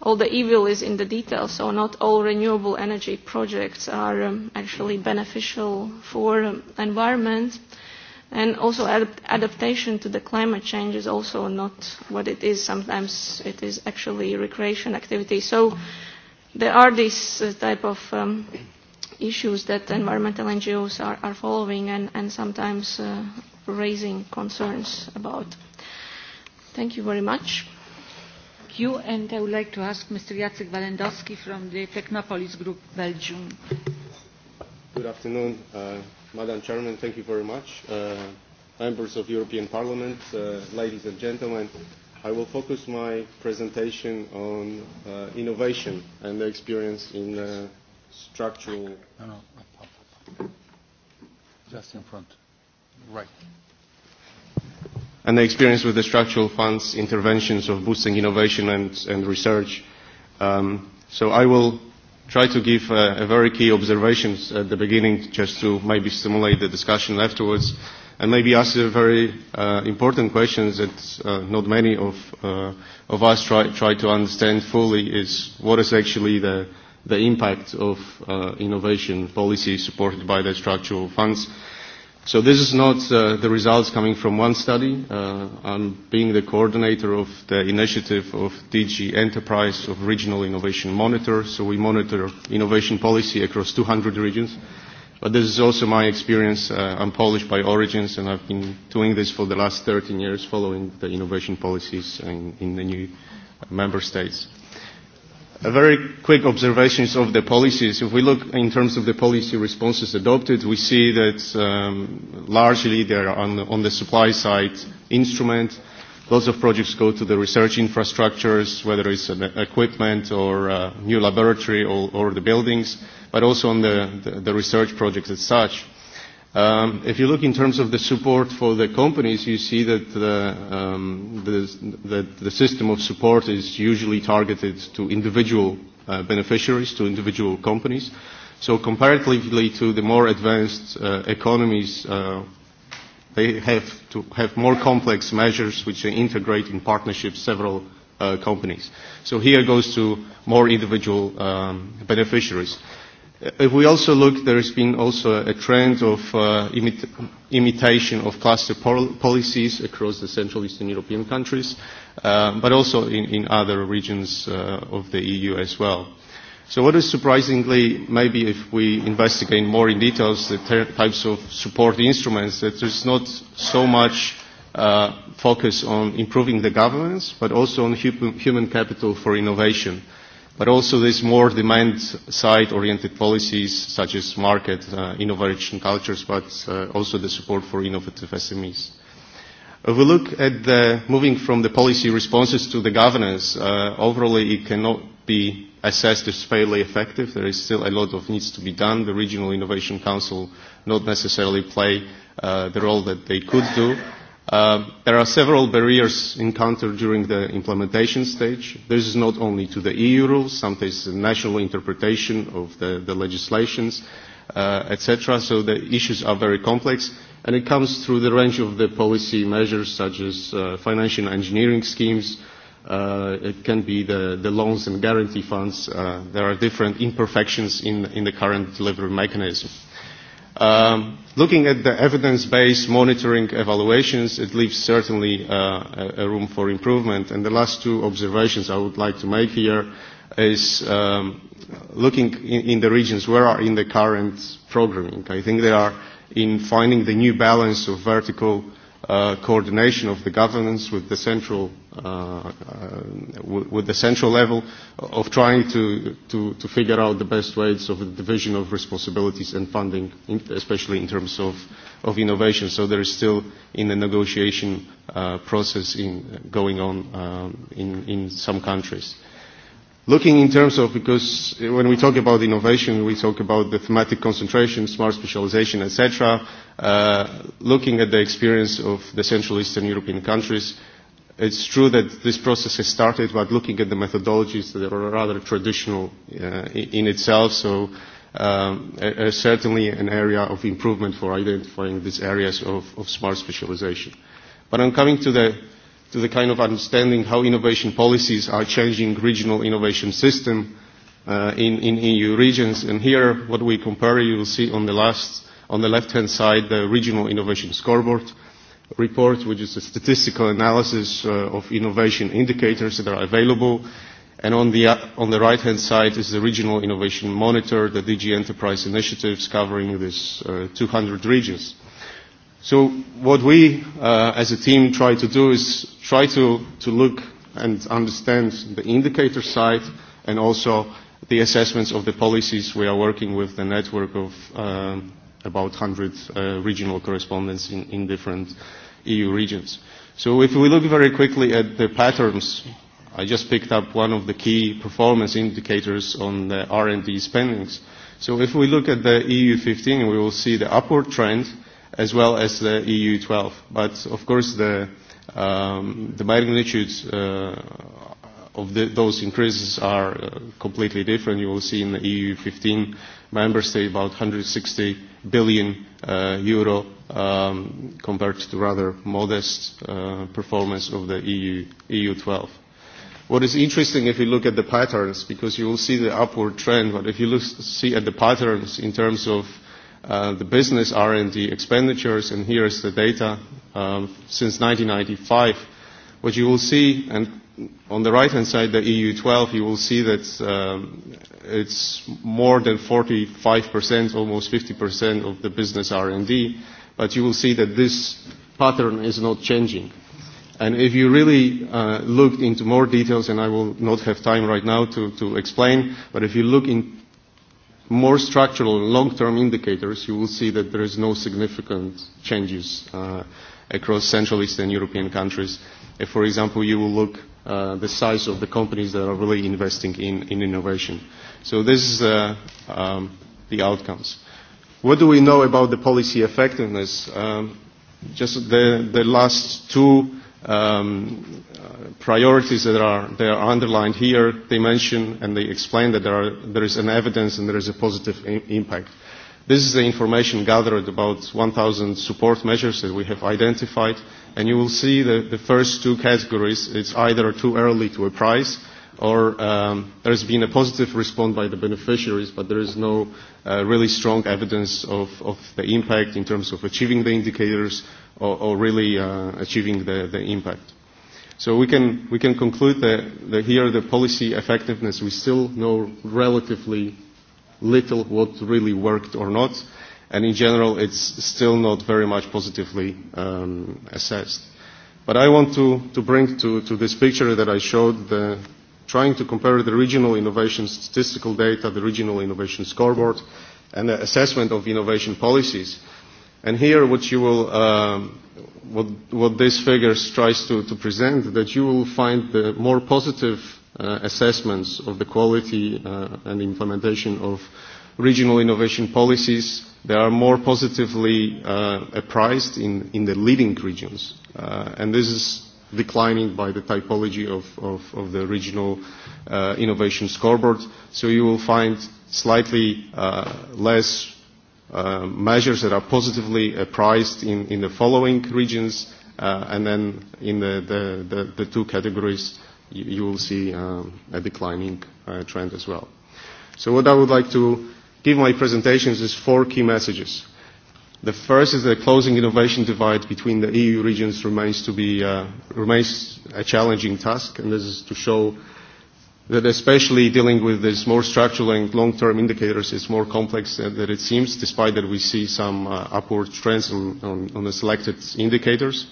Speaker 15: all the evil is in the details. so not all renewable energy projects are um, actually beneficial for um, environment. And also ad adaptation to the climate change is also not what it is. Sometimes it is actually recreation activity. So there are these uh, type of um, issues that environmental NGOs are, are following and, and sometimes uh, raising concerns about. Thank you very much you. And I would like to
Speaker 1: ask Mr. Jacek Walendowski from the Technopolis Group, Belgium.
Speaker 16: Good afternoon, uh, Madam Chairman. Thank you very much. Uh, members of European Parliament, uh, ladies and gentlemen, I will focus my presentation on uh, innovation and the experience in uh, structural... No, no,
Speaker 14: up, up, up. Just in front. Right
Speaker 16: and the experience with the structural funds interventions of boosting innovation and, and research. Um, so I will try to give a, uh, a very key observations at the beginning just to maybe stimulate the discussion afterwards and maybe ask a very uh, important questions that uh, not many of, uh, of us try, try to understand fully is what is actually the, the impact of uh, innovation policy supported by the structural funds So this is not uh, the results coming from one study. Uh, I'm being the coordinator of the initiative of DG Enterprise of Regional Innovation Monitor. So we monitor innovation policy across 200 regions. But this is also my experience. Uh, I'm Polish by origins, and I've been doing this for the last 13 years, following the innovation policies in, in the new member states. A very quick observations of the policies. If we look in terms of the policy responses adopted, we see that um, largely they are on the, on the supply side instrument. Lots of projects go to the research infrastructures, whether it's an equipment or a uh, new laboratory or, or the buildings, but also on the, the, the research projects as such. Um, if you look in terms of the support for the companies, you see that the, um, the, the, the system of support is usually targeted to individual uh, beneficiaries, to individual companies. So comparatively to the more advanced uh, economies, uh, they have to have more complex measures which they integrate in partnerships several uh, companies. So here goes to more individual um, beneficiaries. Uh, if we also look, there has been also a trend of uh, imit imitation of cluster pol policies across the Central Eastern European countries, uh, but also in, in other regions uh, of the EU as well. So what is surprisingly, maybe if we investigate more in details the types of support instruments, that there's not so much uh, focus on improving the governance, but also on human capital for innovation but also these more demand-side oriented policies such as market uh, innovation cultures, but uh, also the support for innovative SMEs. If we look at the moving from the policy responses to the governance, uh, overall it cannot be assessed as fairly effective. There is still a lot of needs to be done. The Regional Innovation Council not necessarily play uh, the role that they could do. Uh, there are several barriers encountered during the implementation stage. This is not only to the EU rules, sometimes the national interpretation of the, the legislations, uh, etc. So the issues are very complex, and it comes through the range of the policy measures such as uh, financial engineering schemes, uh, it can be the, the loans and guarantee funds. Uh, there are different imperfections in, in the current delivery mechanism. Um, looking at the evidence-based monitoring evaluations, it leaves certainly uh, a, room for improvement. And the last two observations I would like to make here is um, looking in, in the regions where are in the current programming. I think they are in finding the new balance of vertical uh, coordination of the governance with the central Uh, uh, with the central level of trying to, to, to figure out the best ways of the division of responsibilities and funding, in, especially in terms of, of innovation. So there is still in the negotiation uh, process in, going on um, in, in some countries. Looking in terms of, because when we talk about innovation, we talk about the thematic concentration, smart specialization, etc., uh, looking at the experience of the Central Eastern European countries, uh, It's true that this process has started, but looking at the methodologies that are rather traditional uh, in itself, so um, uh, certainly an area of improvement for identifying these areas of, of smart specialization. But I'm coming to the, to the kind of understanding how innovation policies are changing regional innovation system uh, in, in EU regions. And here, what we compare, you will see on the, last, on the left-hand side, the regional innovation scoreboard, uh, report, which is a statistical analysis uh, of innovation indicators that are available. And on the, uh, on the right-hand side is the Regional Innovation Monitor, the DG Enterprise initiatives covering these uh, 200 regions. So what we uh, as a team try to do is try to, to look and understand the indicator side and also the assessments of the policies we are working with the network of um, about 100 uh, regional correspondents in, in different EU regions. So if we look very quickly at the patterns, I just picked up one of the key performance indicators on the R&D spendings. So if we look at the EU15, we will see the upward trend as well as the EU12. But of course, the, um, the magnitudes uh, of the, those increases are uh, completely different. You will see in the EU15 member state about 160 billion uh, euro um, compared to rather modest uh, performance of the EU, EU 12. What is interesting if you look at the patterns, because you will see the upward trend, but if you look, see at the patterns in terms of uh, the business R&D expenditures, and here is the data um, since 1995, what you will see, and on the right-hand side, the EU12, you will see that um, it's more than 45%, almost 50% of the business R&D, but you will see that this pattern is not changing. And if you really uh, look into more details, and I will not have time right now to, to explain, but if you look in more structural long-term indicators, you will see that there is no significant changes uh, across Central Eastern European countries. If, for example, you will look uh, the size of the companies that are really investing in, in innovation. So this is uh, um, the outcomes. What do we know about the policy effectiveness? Um, just the, the last two um, uh, priorities that are, that are underlined here, they mention and they explain that there, are, there is an evidence and there is a positive I- impact. This is the information gathered about 1,000 support measures that we have identified. Uh, and you will see the, the first two categories, it's either too early to a price or um, there has been a positive response by the beneficiaries, but there is no uh, really strong evidence of, of the impact in terms of achieving the indicators or, or really uh, achieving the, the impact. So we can, we can conclude that, that here the policy effectiveness, we still know relatively little what really worked or not and in general it's still not very much positively um, assessed. But I want to, to bring to, to this picture that I showed the trying to compare the regional innovation statistical data, the regional innovation scoreboard, and the assessment of innovation policies. And here what you will, um, what, what this figure tries to, to present, that you will find the more positive uh, assessments of the quality uh, and implementation of uh, regional innovation policies they are more positively uh, apprised in, in the leading regions. Uh, and this is declining by the typology of, of, of the regional uh, innovation scoreboard. So you will find slightly uh, less uh, measures that are positively apprised in, in the following regions. Uh, and then in the, the, the, the two categories, you, you will see um, a declining uh, trend as well. So what I would like to give my presentations is four key messages. The first is that the closing innovation divide between the EU regions remains to be uh, remains a challenging task, and this is to show that especially dealing with these more structural and long-term indicators is more complex than, than it seems, despite that we see some uh, upward trends on, on, on the selected indicators.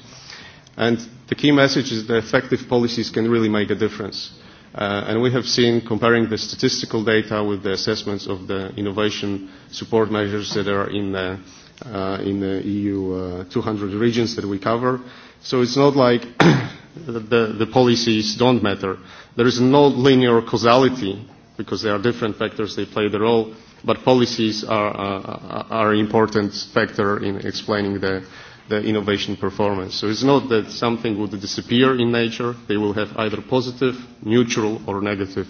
Speaker 16: And the key message is that effective policies can really make a difference. Uh, Uh, and we have seen comparing the statistical data with the assessments of the innovation support measures that are in the, uh, in the EU uh, 200 regions that we cover. So it's not like the, the policies don't matter. There is no linear causality because there are different factors, they play the role, but policies are, uh, are an important factor in explaining the, the innovation performance. So it's not that something would disappear in nature. They will have either positive, neutral, or negative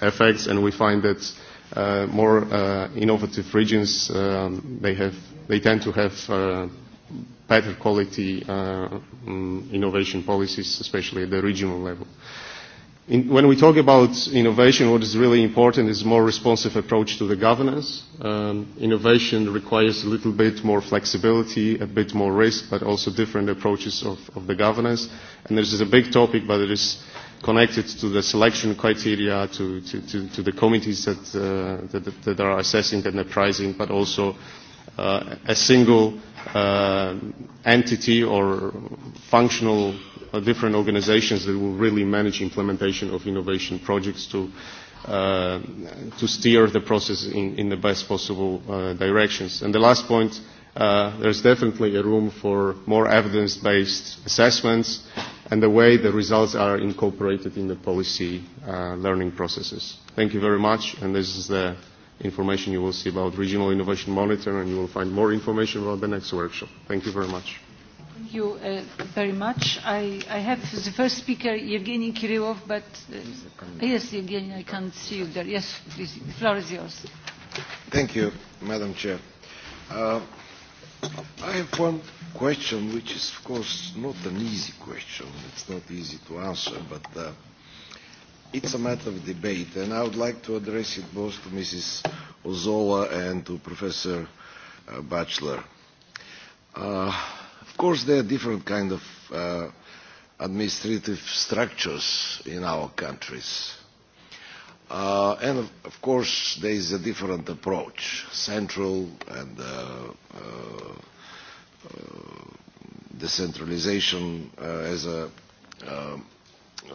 Speaker 16: effects, and we find that uh, more uh, innovative regions, um, they, have, they tend to have uh, better quality uh, mm, innovation policies, especially at the regional level. Uh, In, when we talk about innovation, what is really important is more responsive approach to the governance. Um, innovation requires a little bit more flexibility, a bit more risk, but also different approaches of, of the governance. And this is a big topic, but it is connected to the selection criteria, to, to, to, to the committees that, uh, that, that are assessing and appraising, but also uh, a single uh, entity or functional uh, different organizations that will really manage implementation of innovation projects to, uh, to steer the process in, in the best possible uh, directions. And the last point, uh, there's definitely a room for more evidence-based assessments and the way the results are incorporated in the policy uh, learning processes. Thank you very much, and this is the information you will see about Regional Innovation Monitor, and you will find more information about the next workshop. Thank you very much.
Speaker 1: Thank you uh, very much. I, I have the first speaker, Yevgeny Kirillov, but uh, yes, Yevgeny, I can't see you there. Yes, please, the floor is yours.
Speaker 17: Thank you, Madam Chair. Uh, I have one question, which is, of course, not an easy question. It's not easy to answer, but uh, it's a matter of debate, and I would like to address it both to Mrs. Ozola and to Professor uh, Bachelor. Uh, Of course, there are different kind of uh, administrative structures in our countries. Uh, and of, of course, there is a different approach, central and uh, uh, uh, decentralization uh, as a, uh,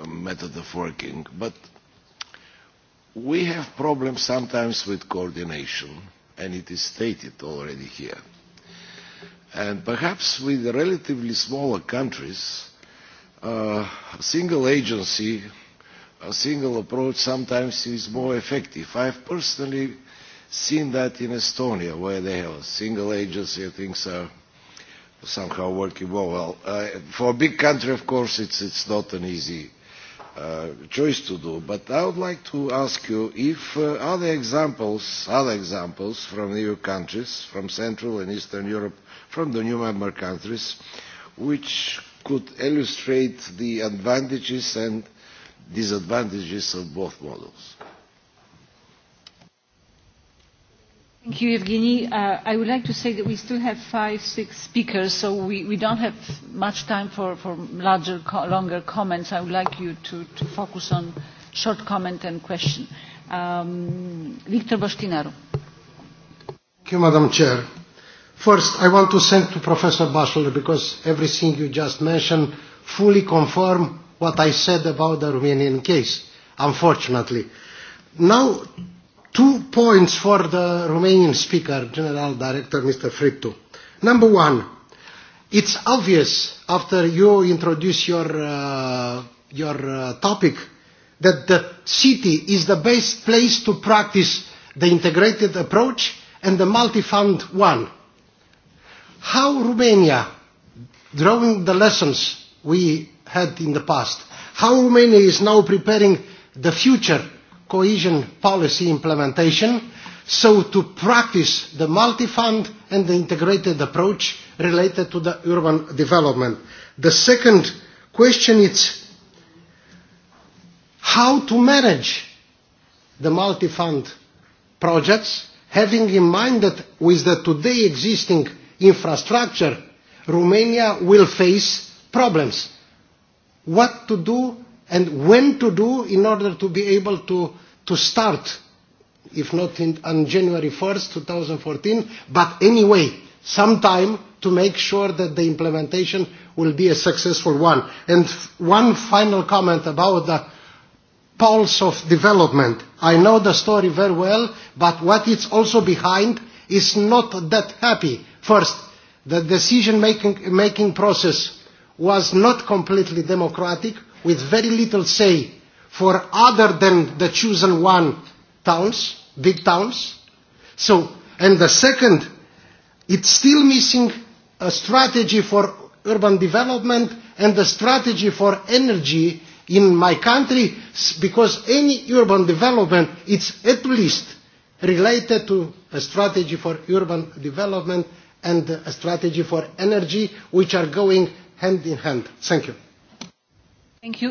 Speaker 17: a method of working. But we have problems sometimes with coordination, and it is stated already here. And perhaps with relatively smaller countries, uh, a single agency, a single approach sometimes is more effective. I've personally seen that in Estonia, where they have a single agency, things are somehow working more well. Uh, for a big country, of course, it's, it's not an easy Uh, choice to do. But I would like to ask you if uh, other examples, other examples from EU countries, from Central and Eastern Europe, from the new member countries, which could illustrate the advantages and disadvantages of both models.
Speaker 1: Thank you, Evgeny. Uh, I would like to say that we still have five, six speakers, so we, we don't have much time for, for larger, co longer comments. I would like you to, to focus on short comment and question. Um, Victor Boștinaru.
Speaker 7: Thank you, Madam Chair. First, I want to thank to Professor Bachelor because everything you just mentioned fully confirm what I said about the Romanian case, unfortunately. Now, Two points for the Romanian speaker, General Director Mr. Friptu. Number one, it's obvious after you introduce your, uh, your uh, topic that the city is the best place to practice the integrated approach and the multi-fund one. How Romania, drawing the lessons we had in the past, how Romania is now preparing the future cohesion policy implementation, so to practice the multi-fund and the integrated approach related to the urban development. The second question is how to manage the multi-fund projects, having in mind that with the today existing infrastructure, Romania will face problems. What to do and when to do in order to be able to, to start, if not in, on January 1st, 2014, but anyway, sometime to make sure that the implementation will be a successful one. And one final comment about the pulse of development. I know the story very well, but what it's also behind is not that happy. First, the decision-making making process was not completely democratic, with very little say for other than the chosen one towns, big towns. So, and the second, it's still missing a strategy for urban development and a strategy for energy in my country because any urban development it's at least related to a strategy for urban development and a strategy for energy which are going hand in hand. Thank you.
Speaker 1: Thank you,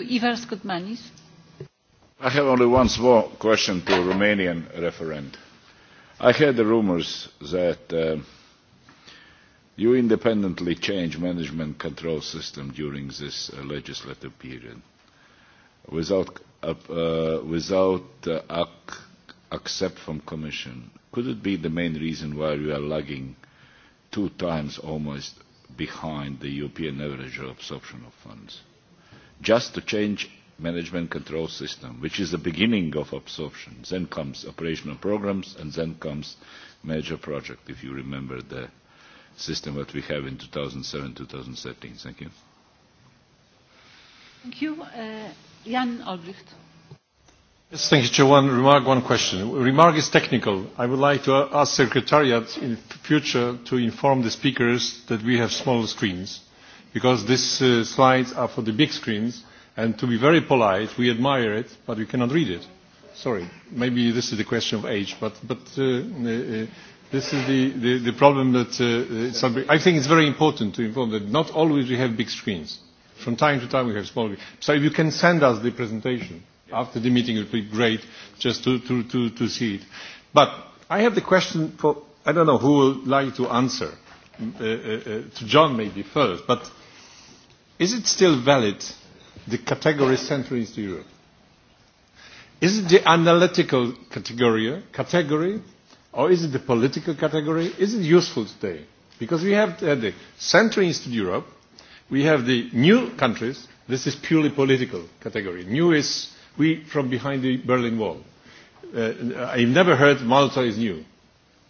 Speaker 11: I have only one small question to Romanian referendum. I heard the rumours that uh, you independently changed management control system during this uh, legislative period without, uh, uh without uh, accept from Commission. Could it be the main reason why we are lagging two times almost behind the European average of absorption of funds? just to change management control system, which is the beginning of absorption. Then comes operational programs, and then comes major project, if you remember the system that we have in 2007-2013. Thank you.
Speaker 1: Thank you. Uh, Jan Albrecht.
Speaker 4: Yes, thank you, Chair. One remark, one question. Remark is technical. I would like to ask Secretariat in future to inform the speakers that we have small screens because these uh, slides are for the big screens and to be very polite we admire it but we cannot read it sorry maybe this is the question of age but but uh, uh, uh this is the, the, the problem that uh, uh it's, I think it's very important to inform that not always we have big screens. From time to time we have small. So if you can send us the presentation after the meeting, it would be great just to, to, to, to see it. But I have the question for, I don't know who would like to answer. Uh, uh, uh, to John maybe first, but Is it still valid, the category Central East Europe? Is it the analytical category, category, or is it the political category? Is it useful today? Because we have the, uh, the Central East Europe, we have the new countries. This is purely political category. New is we from behind the Berlin Wall. Uh, I've never heard Malta is new,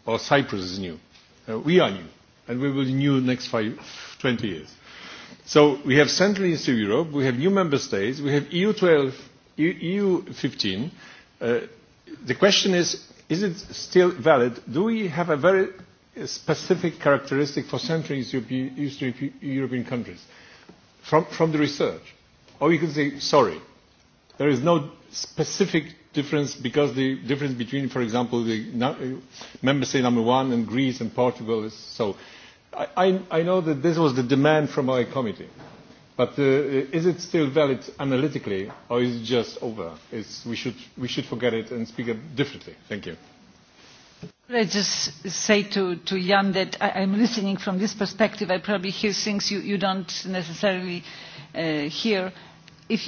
Speaker 4: or Cyprus is new. Uh, we are new, and we will be new next five, 20 years. So we have Central Eastern Europe, we have new member states, we have EU 12, EU 15. Uh, the question is, is it still valid? Do we have a very specific characteristic for Central Eastern European, countries from, from the research? Or you can say, sorry, there is no specific difference because the difference between, for example, the uh, member state number one and Greece and Portugal is so. I, I know that this was the demand from our committee, but uh, is it still valid analytically, or is it just over? It's, we, should, we should forget it and speak it differently. Thank you.
Speaker 1: I just say to, to Jan that I, I'm listening from this perspective. I probably hear things you, you don't necessarily uh, hear if,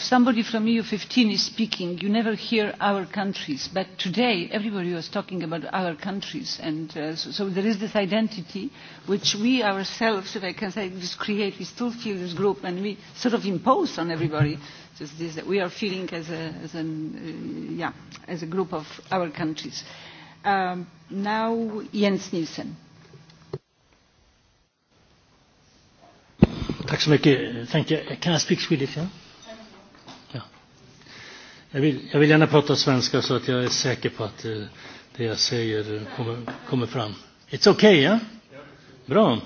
Speaker 1: somebody from EU15 is speaking, you never hear our countries. But today, everybody was talking about our countries. And uh, so, there is this identity which we ourselves, if I can say, just create. We still feel this group and we sort of impose on everybody just this that we are feeling as a, as, an, uh, yeah, as a group of our countries. Um, now, Jens Nielsen.
Speaker 18: Tack så mycket. Thank Can I speak Swedish? Yeah? Ja. Jag, vill, jag vill gärna prata svenska så att jag är säker på att uh, det jag säger kommer, kommer fram. It's okay, ja? Yeah? Bra.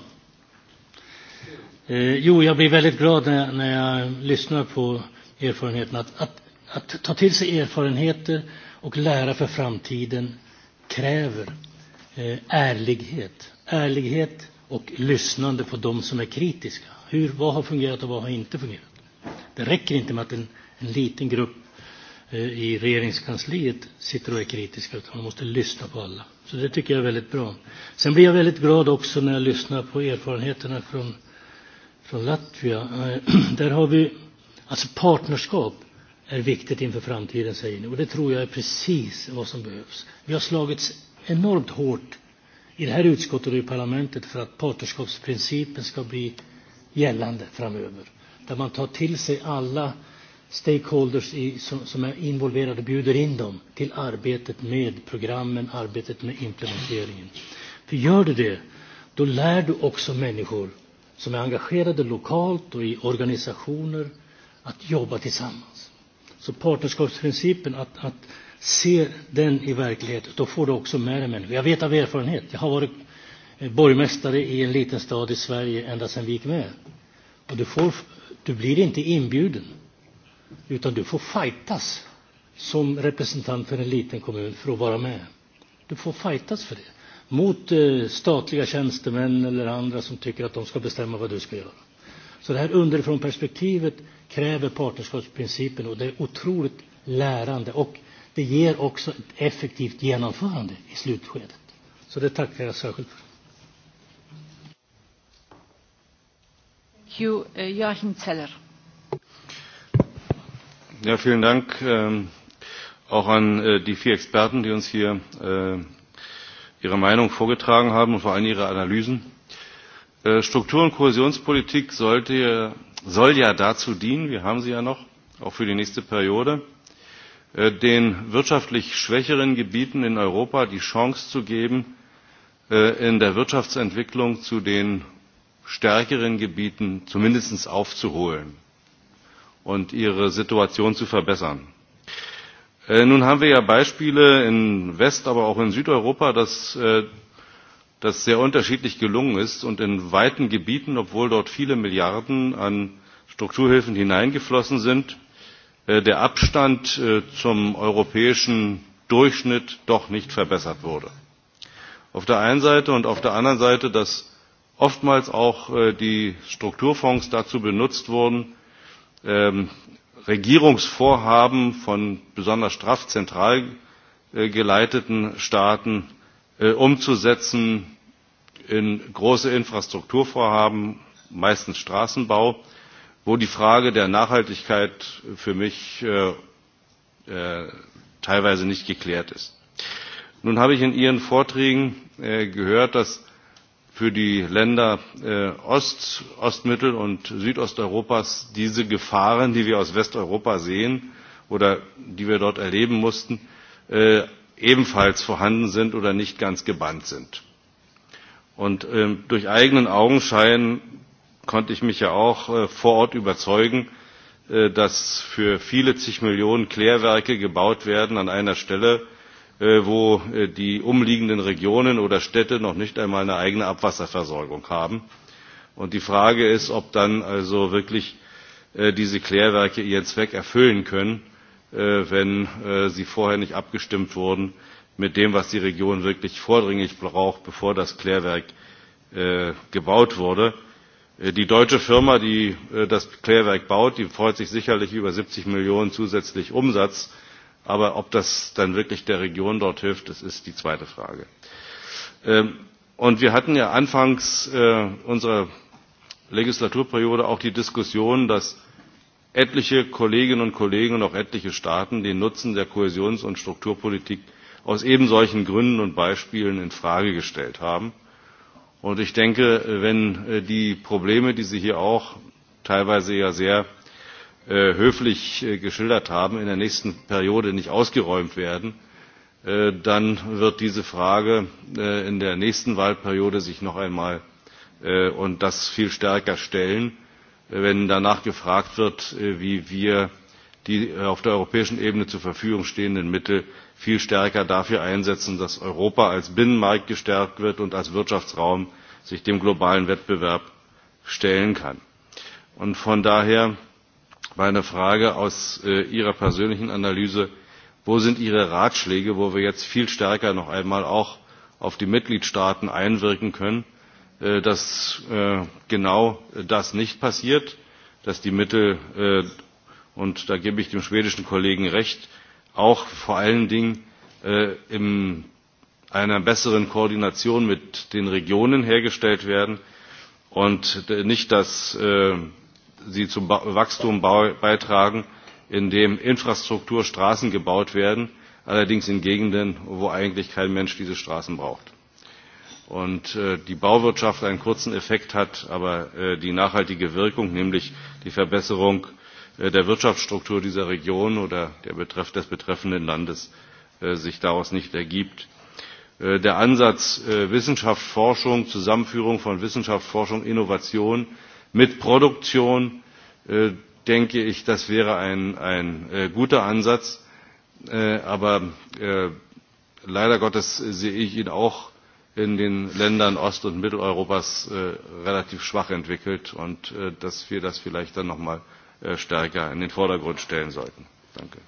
Speaker 18: Eh, jo, jag blir väldigt glad när, när jag lyssnar på erfarenheten. Att, att, att ta till sig erfarenheter och lära för framtiden kräver eh, ärlighet. Ärlighet och lyssnande på de som är kritiska. Hur, vad har fungerat och vad har inte fungerat? Det räcker inte med att en, en liten grupp eh, i regeringskansliet sitter och är kritiska, utan man måste lyssna på alla. Så det tycker jag är väldigt bra. Sen blir jag väldigt glad också när jag lyssnar på erfarenheterna från, från Latvia. Eh, där har vi, alltså partnerskap är viktigt inför framtiden, säger ni. Och det tror jag är precis vad som behövs. Vi har slagits enormt hårt i det här utskottet och i parlamentet för att partnerskapsprincipen ska bli gällande framöver. Där man tar till sig alla stakeholders i, som, som är involverade, och bjuder in dem till arbetet med programmen, arbetet med implementeringen. För gör du det, då lär du också människor som är engagerade lokalt och i organisationer att jobba tillsammans. Så partnerskapsprincipen, att, att ser den i verklighet, då får du också med dig människor. Jag vet av erfarenhet. Jag har varit eh, borgmästare i en liten stad i Sverige ända sedan vi gick med. Och du, får, du blir inte inbjuden, utan du får fightas som representant för en liten kommun för att vara med. Du får fightas för det. Mot eh, statliga tjänstemän eller andra som tycker att de ska bestämma vad du ska göra. Så det här underifrån perspektivet kräver partnerskapsprincipen och det är otroligt lärande. Och det ger också ett effektivt genomförande i slutskedet. Så det tackar jag särskilt för.
Speaker 1: Eh, Joachim Zeller.
Speaker 19: Ja, vielen Dank ähm, auch an äh, die vier Experten, die uns hier äh, ihre Meinung vorgetragen haben und vor allem ihre Analysen. Äh, Struktur- und Kohäsionspolitik sollte, soll ja dazu dienen, wir haben sie ja noch, auch für die nächste Periode, Äh, den wirtschaftlich schwächeren gebieten in europa die chance zu geben äh, in der wirtschaftsentwicklung zu den stärkeren gebieten zumindest aufzuholen und ihre situation zu verbessern. Äh, nun haben wir ja beispiele in west aber auch in südeuropa dass das sehr unterschiedlich gelungen ist und in weiten gebieten obwohl dort viele milliarden an strukturhilfen hineingeflossen sind Äh, der abstand äh, zum europäischen durchschnitt doch nicht verbessert wurde auf der einen seite und auf der anderen seite dass oftmals auch äh, die strukturfonds dazu benutzt wurden ähm, regierungsvorhaben von besonders straff zentral geleiteten staaten umzusetzen in große infrastrukturvorhaben meistens straßenbau wo die Frage der Nachhaltigkeit für mich äh, äh, teilweise nicht geklärt ist. Nun habe ich in Ihren Vorträgen äh, gehört, dass für die Länder äh, Ost, Ostmittel- und Südosteuropas diese Gefahren, die wir aus Westeuropa sehen oder die wir dort erleben mussten, äh, ebenfalls vorhanden sind oder nicht ganz gebannt sind. Und äh, durch eigenen Augenschein konnte ich mich ja auch äh, vor Ort überzeugen, äh, dass für viele zig Millionen Klärwerke gebaut werden an einer Stelle, äh, wo die umliegenden Regionen oder Städte noch nicht einmal eine eigene Abwasserversorgung haben. Und die Frage ist, ob dann also wirklich diese Klärwerke ihren Zweck erfüllen können, wenn sie vorher nicht abgestimmt wurden mit dem, was die Region wirklich vordringlich braucht, bevor das Klärwerk gebaut wurde. Äh, die deutsche firma die äh, das klärwerk baut freut sich sicherlich über siebzig millionen zusätzlichen umsatz aber ob das dann wirklich der region dort hilft das ist die zweite frage. Ähm, wir hatten ja anfangs äh, unserer legislaturperiode auch die diskussion dass etliche kolleginnen und kollegen und auch etliche staaten den nutzen der kohäsions und strukturpolitik aus eben solchen gründen und beispielen in frage gestellt haben. Und ich denke, wenn äh, die Probleme, die Sie hier auch teilweise ja sehr äh, höflich äh, geschildert haben, in der nächsten Periode nicht ausgeräumt werden, dann wird diese Frage in der nächsten Wahlperiode sich noch einmal und das viel stärker stellen, wenn danach gefragt wird, wie wir die auf der europäischen Ebene zur Verfügung stehenden Mittel viel stärker dafür einsetzen, dass Europa als Binnenmarkt gestärkt wird und als Wirtschaftsraum sich dem globalen Wettbewerb stellen kann. Und von daher meine Frage aus äh, Ihrer persönlichen Analyse, wo sind Ihre Ratschläge, wo wir jetzt viel stärker noch einmal auch auf die Mitgliedstaaten einwirken können, äh, dass äh, genau das nicht passiert, dass die Mittel, äh, und da gebe ich dem schwedischen Kollegen recht, auch vor allen Dingen äh, in einer besseren Koordination mit den Regionen hergestellt werden und nicht, dass äh, sie zum ba Wachstum beitragen, indem Infrastruktur, Straßen gebaut werden, allerdings in Gegenden, wo eigentlich kein Mensch diese Straßen braucht. Und äh, die Bauwirtschaft einen kurzen Effekt hat, aber äh, die nachhaltige Wirkung, nämlich die Verbesserung äh, Äh, der Wirtschaftsstruktur dieser Region oder der Betreff des betreffenden Landes äh, sich daraus nicht ergibt. Äh, der Ansatz Wissenschaft, Forschung, Zusammenführung von Wissenschaft, Forschung, Innovation mit Produktion, denke ich, das wäre ein, ein guter Ansatz. Aber leider Gottes sehe ich ihn auch in den Ländern Ost- und Mitteleuropas relativ schwach entwickelt und dass wir das vielleicht dann noch mal Äh, stärker in den Vordergrund stellen sollten. Danke.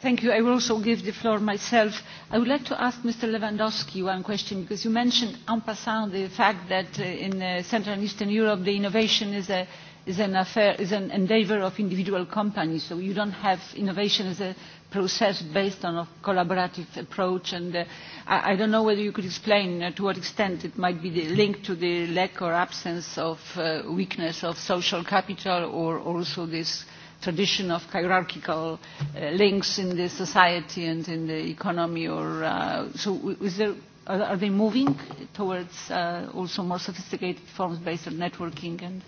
Speaker 1: Thank you. I will also give the floor myself. I would like to ask Mr. Lewandowski one question, because you mentioned en passant the fact that uh, in uh, Central and Eastern Europe the innovation is a is an, affair, is an endeavour of individual companies, so you don't have innovation as a process based on a collaborative approach. And uh, I, I don't know whether you could explain uh, to what extent it might be the linked to the lack or absence of uh, weakness of social capital or also this tradition of hierarchical uh, links in the society and in the economy. Or, uh, so is there, are, are they moving towards uh, also more sophisticated forms based on networking and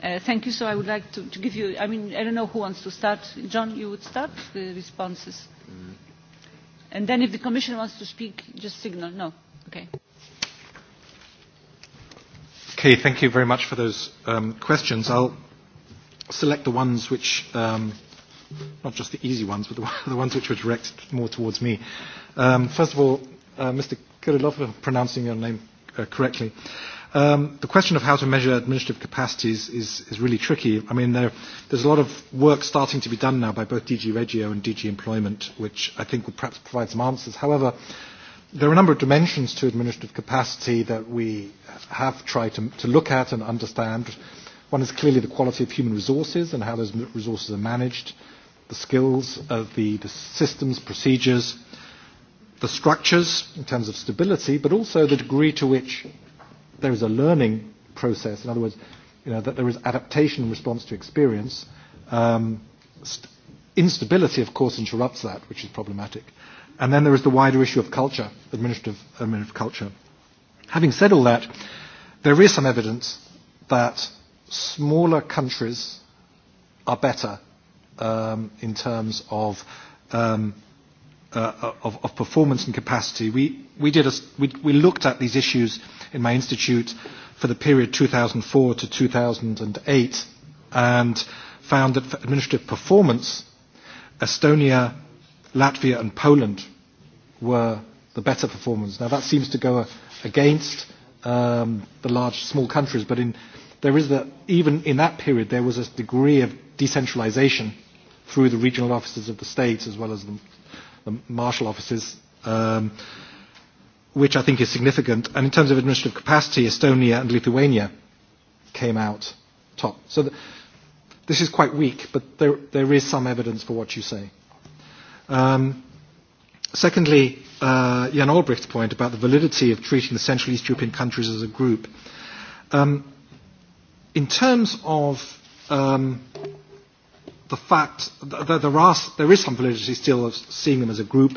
Speaker 1: Uh, thank you. So I would like to, to give you, I mean, I don't know who wants to start. John, you would start the responses. Mm. And then if the Commission wants to speak, just signal. No. Okay.
Speaker 13: Okay, thank you very much for those um, questions. I'll select the ones which, um, not just the easy ones, but the, the ones which were directed more towards me. Um, first of all, uh, Mr. Kirillov, pronouncing your name uh, correctly. Uh, Um, the question of how to measure administrative capacities is, is really tricky. I mean, there, there's a lot of work starting to be done now by both DG Regio and DG Employment, which I think would perhaps provide some answers. However, there are a number of dimensions to administrative capacity that we have tried to, to look at and understand. One is clearly the quality of human resources and how those resources are managed, the skills of the, the systems, procedures, the structures in terms of stability, but also the degree to which there is a learning process. In other words, you know, that there is adaptation in response to experience. Um, instability, of course, interrupts that, which is problematic. And then there is the wider issue of culture, administrative, administrative culture. Having said all that, there is some evidence that smaller countries are better um, in terms of, um, uh, uh of, of performance and capacity. We, we, did a, we, we looked at these issues in my institute for the period 2004 to 2008 and found that for administrative performance, Estonia, Latvia and Poland were the better performers. Now that seems to go uh, against um, the large, small countries, but in, there is that even in that period there was a degree of decentralization through the regional offices of the states as well as the, the marshal offices. Um, which I think is significant. And in terms of administrative capacity, Estonia and Lithuania came out top. So th this is quite weak, but there, there is some evidence for what you say. Um, secondly, uh, Jan Olbricht's point about the validity of treating the Central East European countries as a group. Um, in terms of um, the fact that there, are, there is some validity still of seeing them as a group,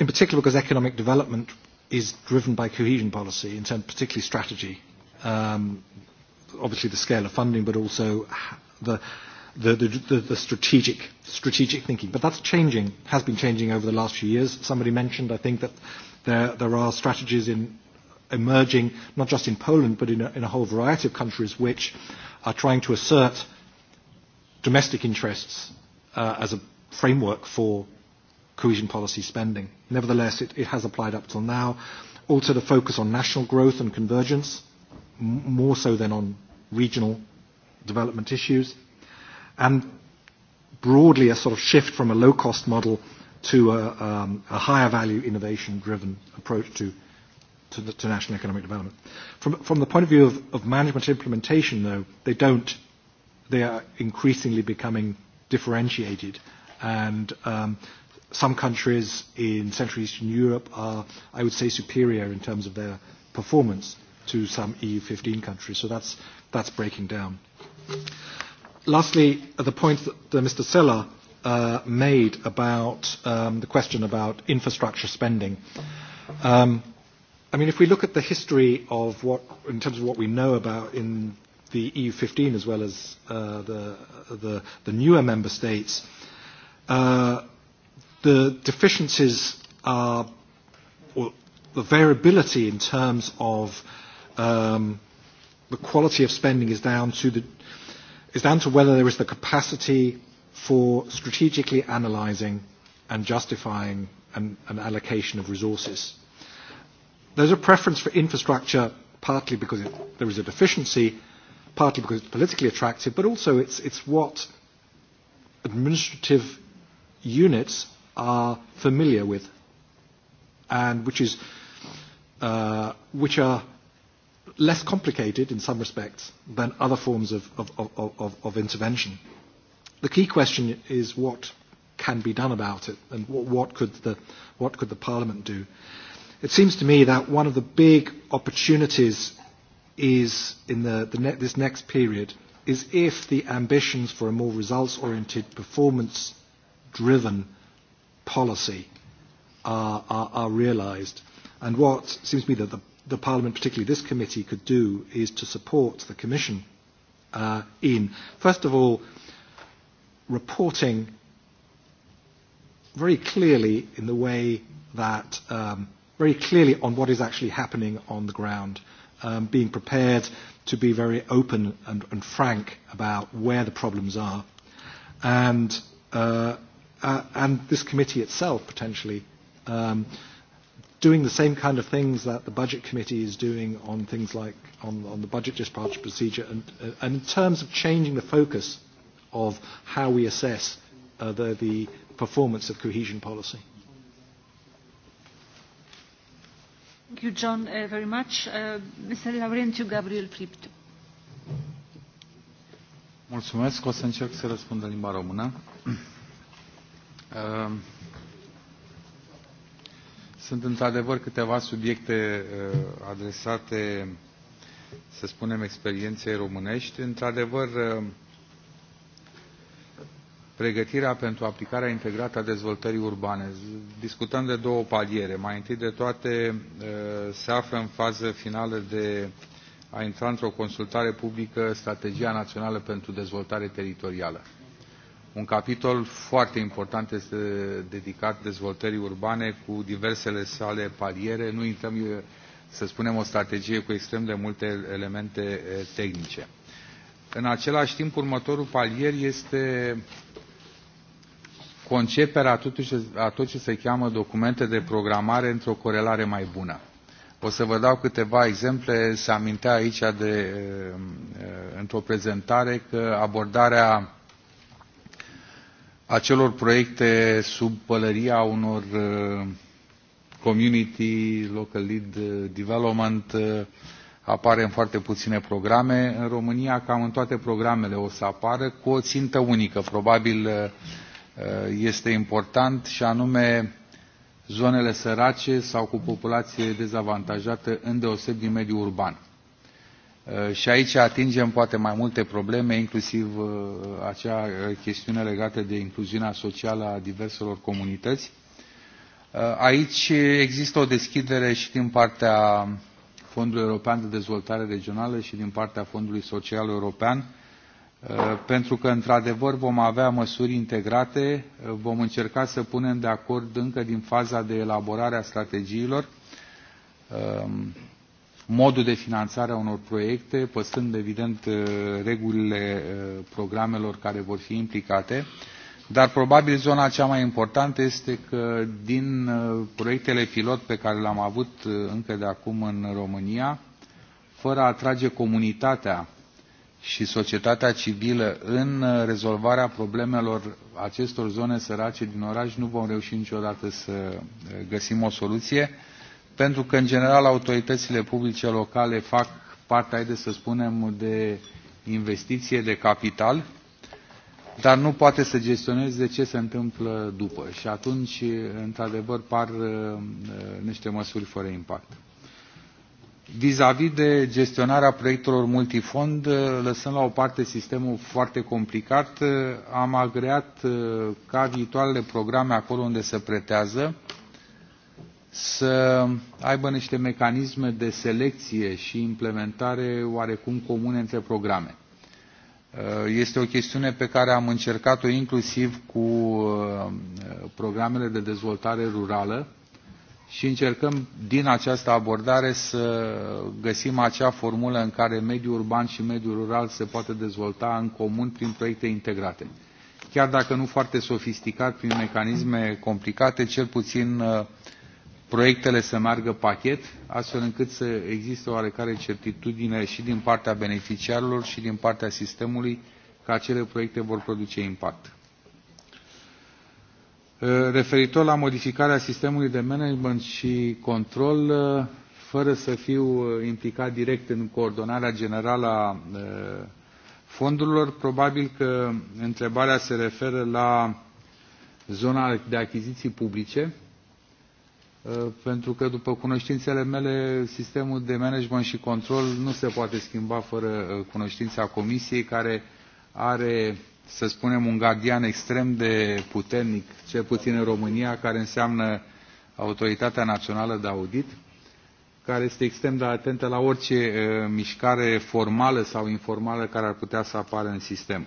Speaker 13: in particular because economic development is driven by cohesion policy, in terms particularly strategy, um, obviously the scale of funding, but also the, the, the, the strategic, strategic thinking. But that's changing, has been changing over the last few years. Somebody mentioned, I think, that there, there are strategies in emerging, not just in Poland, but in a, in a whole variety of countries, which are trying to assert domestic interests uh, as a framework for cohesion policy spending. Nevertheless, it, it has applied up till now. Also, the focus on national growth and convergence, m- more so than on regional development issues. And broadly, a sort of shift from a low cost model to a, um, a higher value innovation driven approach to, to, the, to national economic development. From, from the point of view of, of management implementation, though, they don't, they are increasingly becoming differentiated and um, some countries in Central Eastern Europe are, I would say, superior in terms of their performance to some EU15 countries. So that's, that's breaking down. Lastly, the point that Mr. Seller uh, made about um, the question about infrastructure spending. Um, I mean, if we look at the history of what, in terms of what we know about in the EU15 as well as uh, the, the, the newer member states, uh, the deficiencies are, or the variability in terms of um, the quality of spending is down to the is down to whether there is the capacity for strategically analysing and justifying an, an allocation of resources. There's a preference for infrastructure, partly because it, there is a deficiency, partly because it's politically attractive, but also it's, it's what administrative units are familiar with, and which is uh, which are less complicated in some respects than other forms of, of, of, of, of intervention. The key question is what can be done about it, and what, what could the what could the Parliament do? It seems to me that one of the big opportunities is in the, the ne- this next period is if the ambitions for a more results-oriented, performance-driven policy are, are, are realised. And what seems to me that the, the Parliament, particularly this committee, could do is to support the Commission uh, in, first of all, reporting very clearly in the way that, um, very clearly on what is actually happening on the ground, um, being prepared to be very open and, and frank about where the problems are, and uh, uh, and this committee itself potentially um, doing the same kind of things that the budget committee is doing on things like on, on the budget discharge procedure and, uh, and in terms of changing the focus of how we assess uh, the, the performance of cohesion policy.
Speaker 1: Thank you, John, uh, very much. Uh, Mr. Laurentiu Gabriel Pript.
Speaker 14: Mulțumesc. O să încerc să răspund în limba română. Ehm, sunt într-adevăr câteva subiecte eh, adresate, să spunem, experienței românești. Într-adevăr, ehm, pregătirea pentru aplicarea integrată a dezvoltării urbane. Discutăm de două paliere. Mai întâi de toate, eh, se află în fază finală de a intra într-o consultare publică strategia națională pentru dezvoltare teritorială. Un capitol foarte important este dedicat dezvoltării urbane cu diversele sale paliere. Nu intrăm, să spunem, o strategie cu extrem de multe elemente tehnice. În același timp, următorul palier este conceperea a tot ce se cheamă documente de programare într-o corelare mai bună. O să vă dau câteva exemple. Se amintea aici de, într-o prezentare că abordarea acelor proiecte sub pălăria unor uh, community local lead uh, development uh, apare în foarte puține programe. În România, cam în toate programele o să apară, cu o țintă unică. Probabil este important și anume zonele sărace sau cu populație dezavantajată, îndeosebi din mediul urban. Uh, și aici atingem poate mai multe probleme, inclusiv uh, acea uh, chestiune legată de incluziunea socială a diverselor comunități. Aici există o deschidere și din partea Fondului European de Dezvoltare Regională și din partea Fondului Social European, pentru că, într-adevăr, vom avea măsuri integrate, vom încerca să punem de acord încă din faza de elaborare a strategiilor modul de finanțare a unor proiecte, păstrând evident uh, regulile uh, programelor care vor fi implicate, dar probabil zona cea mai importantă este că din uh, proiectele pilot pe care le-am avut încă de acum în România, fără a atrage comunitatea și societatea civilă în rezolvarea problemelor acestor zone sărace din oraș, nu vom reuși niciodată să găsim o soluție pentru că, în general, autoritățile publice locale fac parte, haideți să spunem, de investiție de capital, dar nu poate să gestioneze ce se întâmplă după. Și atunci, într-adevăr, par uh, niște măsuri fără impact. Vis-a-vis -vis de gestionarea proiectelor multifond, uh, lăsând la o parte sistemul foarte complicat, uh, am agreat uh, ca viitoarele programe acolo unde se pretează să aibă niște mecanisme de selecție și implementare oarecum comune între programe. Uh, este o chestiune pe care am încercat-o inclusiv cu uh, programele de dezvoltare rurală și încercăm din această abordare să găsim acea formulă în care mediul urban și mediul rural se poate dezvolta în comun prin proiecte integrate. Chiar dacă nu foarte sofisticat, prin mecanisme complicate, cel puțin uh, proiectele să meargă pachet, astfel încât să existe o oarecare certitudine și din partea beneficiarilor și din partea sistemului că acele proiecte vor produce impact. Ă, referitor la modificarea sistemului de management și control, ă, fără să fiu ă, implicat direct în coordonarea generală a fondurilor, probabil că întrebarea se referă la zona de achiziții publice, Uh, pentru că, după cunoștințele mele, sistemul de management și control nu se poate schimba fără uh, cunoștința Comisiei, care are, să spunem, un gardian extrem de puternic, cel puțin în România, care înseamnă Autoritatea Națională de Audit, care este extrem de atentă la orice uh, mișcare formală sau informală care ar putea să apară în sistem.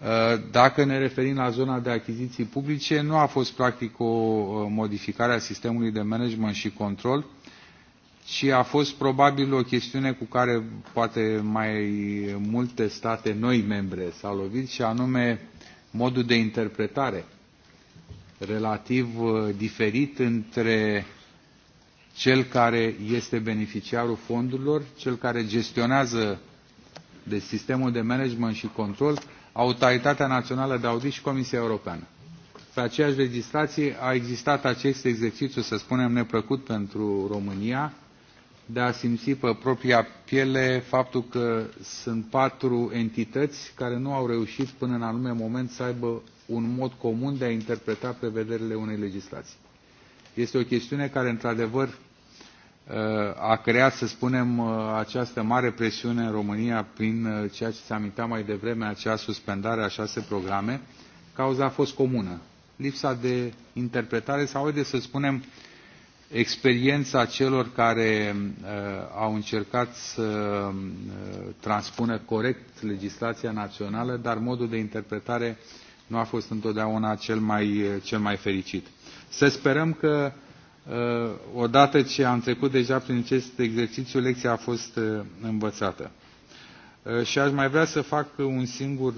Speaker 14: Uh, dacă ne referim la zona de achiziții publice, nu a fost practic o uh, modificare a sistemului de management și control, ci a fost probabil o chestiune cu care poate mai multe state noi membre s-au lovit și anume modul de interpretare relativ uh, diferit între cel care este beneficiarul fondurilor, cel care gestionează de deci, sistemul de management și control Autoritatea Națională de Audit și Comisia Europeană. Pe aceeași legislație a existat acest exercițiu, să spunem, neplăcut pentru România, de a simți pe propria piele faptul că sunt patru entități care nu au reușit până în anume moment să aibă un mod comun de a interpreta prevederile unei legislații. Este o chestiune care, într-adevăr, a creat, să spunem, uh, această mare presiune în România prin uh, ceea ce s-a amintat mai devreme, acea suspendare a șase programe, cauza a fost comună. Lipsa de interpretare sau, de să spunem, experiența celor care uh, au încercat să uh, transpună corect legislația națională, dar modul de interpretare nu a fost întotdeauna cel mai, uh, cel mai fericit. Să sperăm că Uh, odată ce am trecut deja prin acest exercițiu, lecția a fost uh, învățată. Uh, și aș mai vrea să fac un singur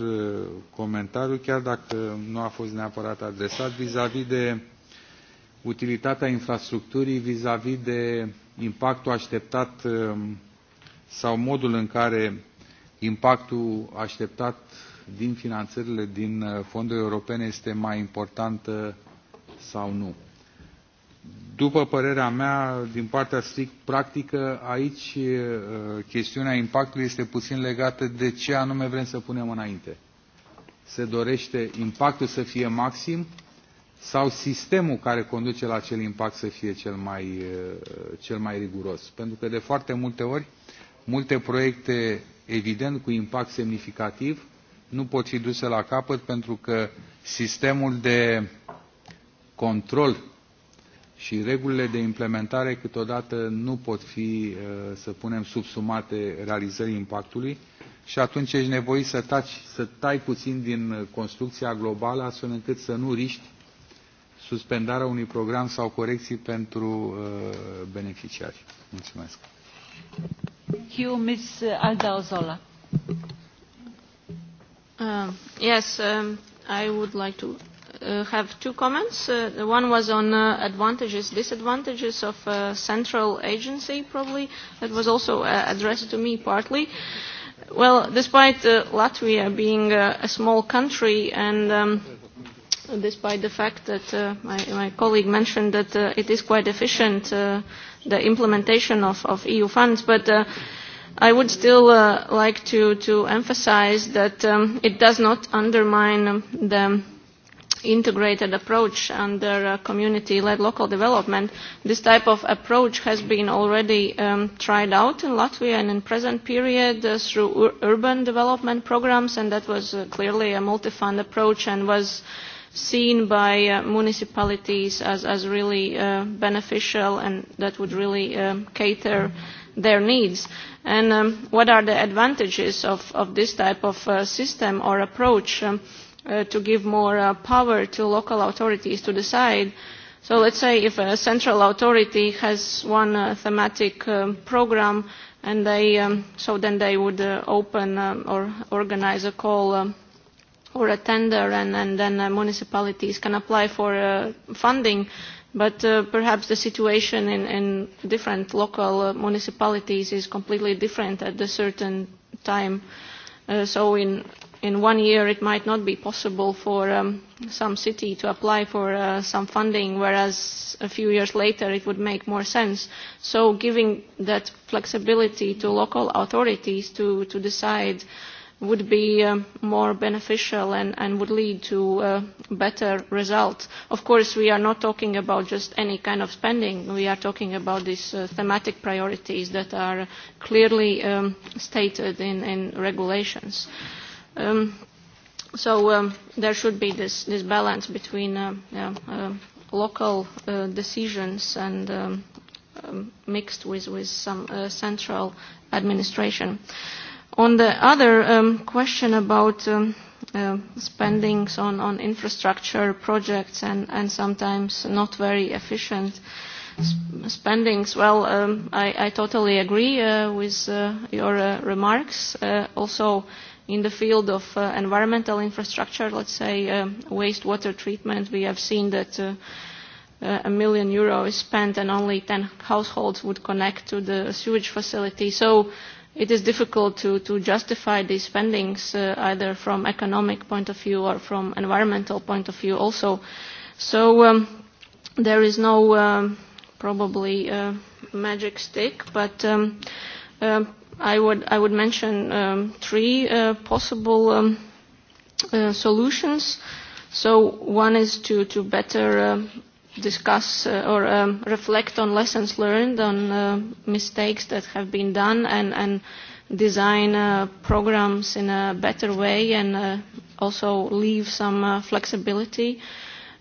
Speaker 14: comentariu, chiar dacă nu a fost neapărat adresat, vis-a-vis -vis de utilitatea infrastructurii, vis-a-vis -vis de impactul așteptat um, sau modul în care impactul așteptat din finanțările din fonduri europene este mai important sau nu. După părerea mea, din partea strict practică, aici chestiunea impactului este puțin legată de ce anume vrem să punem înainte. Se dorește impactul să fie maxim sau sistemul care conduce la acel impact să fie cel mai, cel mai riguros. Pentru că de foarte multe ori, multe proiecte, evident, cu impact semnificativ, nu pot fi duse la capăt pentru că sistemul de control și regulile de implementare câteodată nu pot fi, uh, să punem, subsumate realizării impactului și atunci ești nevoit să, taci, să tai puțin din construcția globală astfel încât să nu riști suspendarea unui program sau corecții pentru uh, beneficiari. Mulțumesc.
Speaker 15: You, Ms. Ozola. Uh, yes, um, I would like to uh, have two comments. Uh, one was on uh, advantages, disadvantages of uh, central agency, probably. That was also uh, addressed to me partly. Well, despite uh, Latvia being uh, a small country and um, despite the fact that uh, my, my colleague mentioned that uh, it is quite efficient, uh, the implementation of, of EU funds, but uh, I would still uh, like to, to emphasize that um, it does not undermine the integrated approach under uh, community-led local development. This type of approach has been already um, tried out in Latvia and in present period uh, through ur urban development programs, and that was uh, clearly a multi-fund approach and was seen by uh, municipalities as, as really uh, beneficial and that would really uh, cater their needs. And um, what are the advantages of, of this type of uh, system or approach? Um, Uh, to give more uh, power to local authorities to decide. So let's say if a central authority has one uh, thematic um, program, and they um, so then they would uh, open um, or organize a call um, or a tender, and, and then uh, municipalities can apply for uh, funding. But uh, perhaps the situation in, in different local uh, municipalities is completely different at a certain time. Uh, so in in one year it might not be possible for um, some city to apply for uh, some funding, whereas a few years later it would make more sense. So giving that flexibility to local authorities to, to decide would be uh, more beneficial and, and would lead to a uh, better results. Of course, we are not talking about just any kind of spending. We are talking about these uh, thematic priorities that are clearly um, stated in, in regulations. Uh, Um, so um, there should be this, this balance between uh, uh, local uh, decisions and um, um, mixed with, with some uh, central administration. On the other um, question about um, uh, spendings on, on infrastructure projects and, and sometimes not very efficient sp spendings, well, um, I, I totally agree uh, with uh, your uh, remarks. Uh, also, in the field of uh, environmental infrastructure, let's say uh, wastewater treatment, we have seen that uh, uh, a million euro is spent and only 10 households would connect to the sewage facility. So it is difficult to, to justify these spendings uh, either from economic point of view or from environmental point of view also. So um, there is no um, probably uh, magic stick, but um, uh, I would, I would mention um, three uh, possible um, uh, solutions. So one is to, to better uh, discuss uh, or um, reflect on lessons learned, on uh, mistakes that have been done, and, and design uh, programs in a better way and uh, also leave some uh, flexibility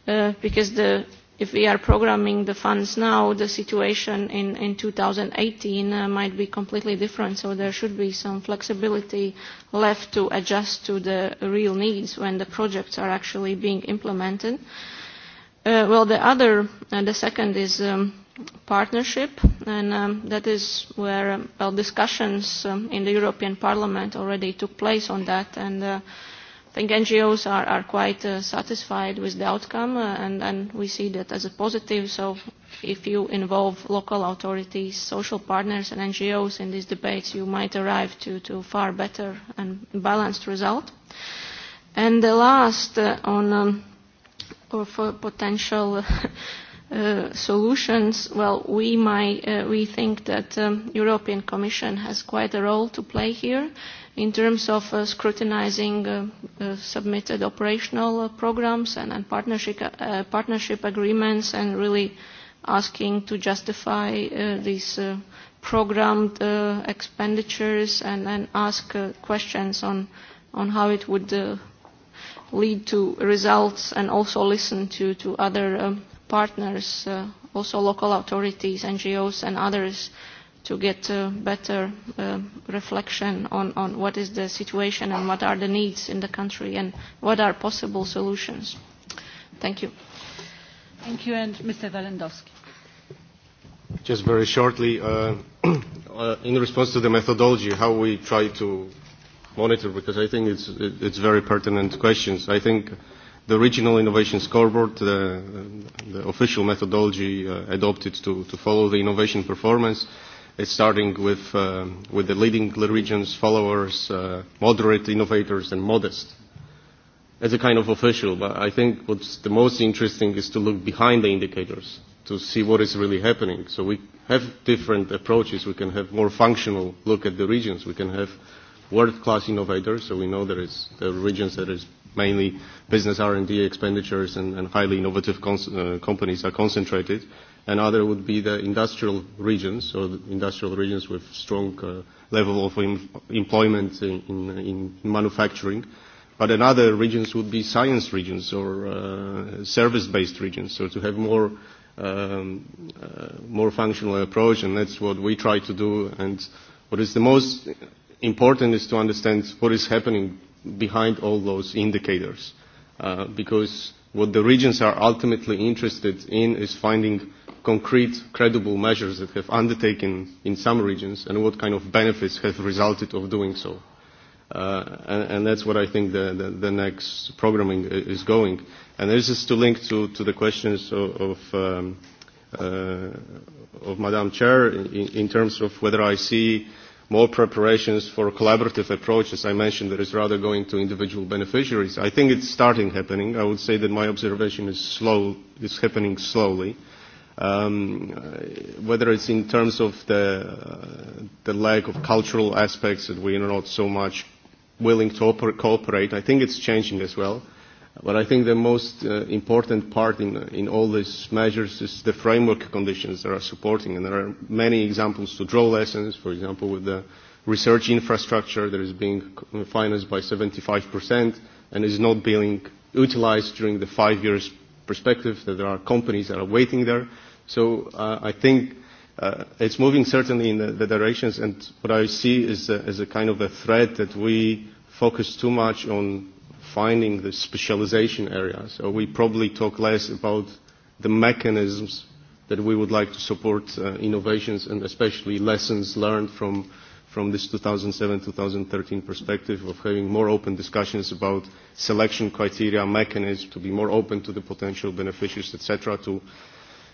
Speaker 15: uh, because the if we are programming the funds now, the situation in, in 2018 uh, might be completely different, so there should be some flexibility left to adjust to the real needs when the projects are actually being implemented. Uh, well, the other, uh, the second is um, partnership, and um, that is where um, well, discussions um, in the European Parliament already took place on that, and uh, think NGOs are, are quite uh, satisfied with the outcome, uh, and, and we see that as a positive. So if you involve local authorities, social partners, and NGOs in these debates, you might arrive to, to far better and balanced result. And the last uh, on um, or for uh, potential Uh, solutions, well, we, might, uh, we think that the um, European Commission has quite a role to play here in terms of uh, scrutinizing uh, uh, submitted operational uh, programs and, and partnership, uh, partnership agreements and really asking to justify uh, these uh, programmed uh, expenditures and, then ask uh, questions on, on how it would uh, lead to results and also listen to, to other um, partners, uh, also local authorities, NGOs and others to get a better uh, reflection on, on what is the situation and what are the needs in the country and what are possible solutions. Thank you. Thank you. And Mr. Walendowski.
Speaker 16: Just very shortly, uh, uh, in response to the methodology, how we try to monitor, because I think it's, it's very pertinent questions. I think the regional innovation scoreboard, the, the official methodology uh, adopted to, to follow the innovation performance, uh, It's starting with, uh, with the leading regions, followers, uh, moderate innovators, and modest as a kind of official. But I think what's the most interesting is to look behind the indicators to see what is really happening. So we have different approaches. We can have more functional look at the regions. We can have world-class innovators. So we know there is the regions that is mainly business R&D expenditures and, and highly innovative cons- uh, companies are concentrated. Another would be the industrial regions, or the industrial regions with strong uh, level of em employment in, in, in manufacturing. But another regions would be science regions or uh, service-based regions, so to have more um, uh, more functional approach, and that's what we try to do. And what is the most important is to understand what is happening behind all those indicators, uh, because what the regions are ultimately interested in is finding concrete, credible measures that have undertaken in some regions and what kind of benefits have resulted of doing so. Uh, and, and that's what I think the, the, the next programming is going. And this is to link to, to the questions of, of, um, uh, of Madam Chair in, in terms of whether I see more preparations for a collaborative approach, as I mentioned, that is rather going to individual beneficiaries. I think it's starting happening. I would say that my observation is slow, is happening slowly. Uh, um, whether it's in terms of the, uh, the lack of cultural aspects that we are not so much willing to cooperate. I think it's changing as well. But I think the most uh, important part in, in all these measures is the framework conditions that are supporting. And there are many examples to draw lessons, for example, with the research infrastructure that is being financed by 75% and is not being utilized during the five years perspective, that there are companies that are waiting there. So uh, I think uh, it's moving certainly in the, the directions, and what I see is a, is a kind of a threat that we focus too much on finding the specialization area. So we probably talk less about the mechanisms that we would like to support uh, innovations and especially lessons learned from uh, from this 2007-2013 perspective of having more open discussions about selection criteria, mechanisms, to be more open to the potential beneficiaries, etc., to,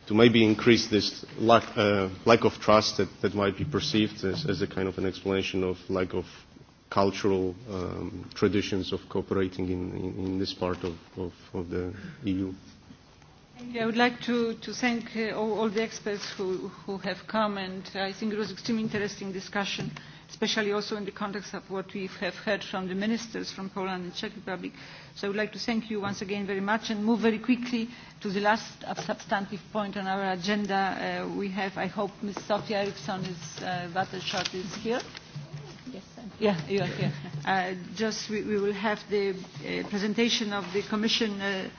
Speaker 16: to maybe increase this lack, uh, lack of trust that, that might be perceived as, as a kind of an explanation of lack of cultural um, traditions of cooperating in, in, in this part of, of, of the EU.
Speaker 1: I would like to, to thank uh, all, all the experts who, who have come, and I think it was an extremely interesting discussion especially also in the context of what we have heard from the ministers from Poland and Czech Republic. So I would like to thank you once again very much and move very quickly to the last substantive point on our agenda. Uh, we have, I hope, Ms. Sofia Eriksson is, uh, is here. Yes,
Speaker 10: yeah, you are here.
Speaker 1: Uh, just we, we will have the uh, presentation of the Commission uh,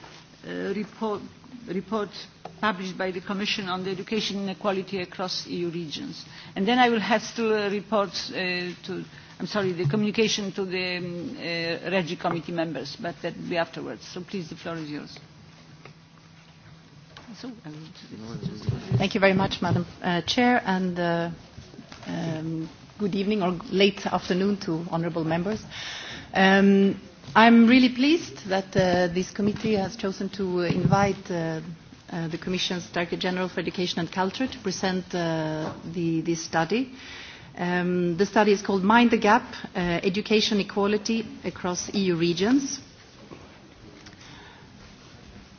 Speaker 1: uh, report report published by the Commission on the education inequality across EU regions. And then I will have still a uh, report uh, to, I'm sorry, the communication to the um, uh, REGI committee members, but that will be afterwards. So please, the floor is yours.
Speaker 20: Thank you very much, Madam uh, Chair, and uh, um, good evening or late afternoon to honourable members. Um, I'm really pleased that uh, this committee has chosen to uh, invite uh, uh, the Commission's Director General for Education and Culture to present uh, the, this study. Um, the study is called Mind the Gap, uh, Education Equality Across EU Regions.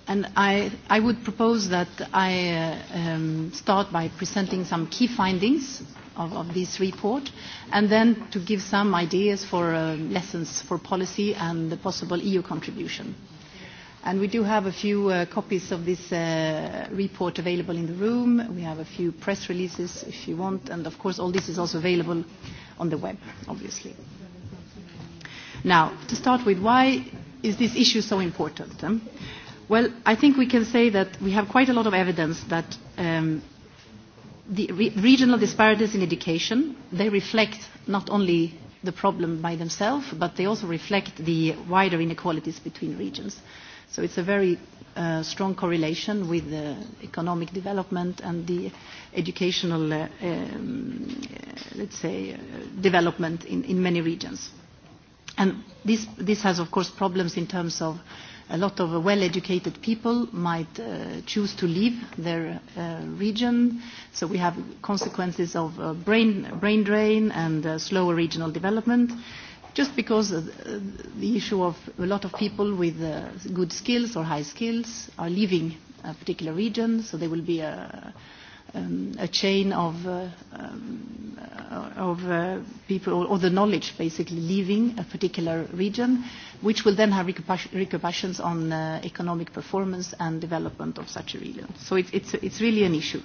Speaker 20: And I, I would propose that I uh, um, start by presenting some key findings of, of this report, and then to give some ideas for uh, lessons for policy and the possible EU contribution. And we do have a few uh, copies of this uh, report available in the room. We have a few press releases if you want, and of course all this is also available on the web, obviously. Now, to start with, why is this issue so important? Um, well, I think we can say that we have quite a lot of evidence that um, the re regional disparities in education, they reflect not only the problem by themselves, but they also reflect the wider inequalities between regions. So it's a very uh, strong correlation with the economic development and the educational, uh, um, uh, let's say, uh, development in, in many regions. And this, this has, of course, problems in terms of uh, a lot of well-educated people might uh, choose to leave their uh, region. So we have consequences of uh, brain, brain drain and uh, slower regional development just because uh, the issue of a lot of people with uh, good skills or high skills are leaving a uh, particular region, so there will be a uh, um, a chain of, uh, um, of uh, people or, the knowledge basically leaving a particular region, which will then have repercussions on uh, economic performance and development of such a region. So it, it's, it's really an issue.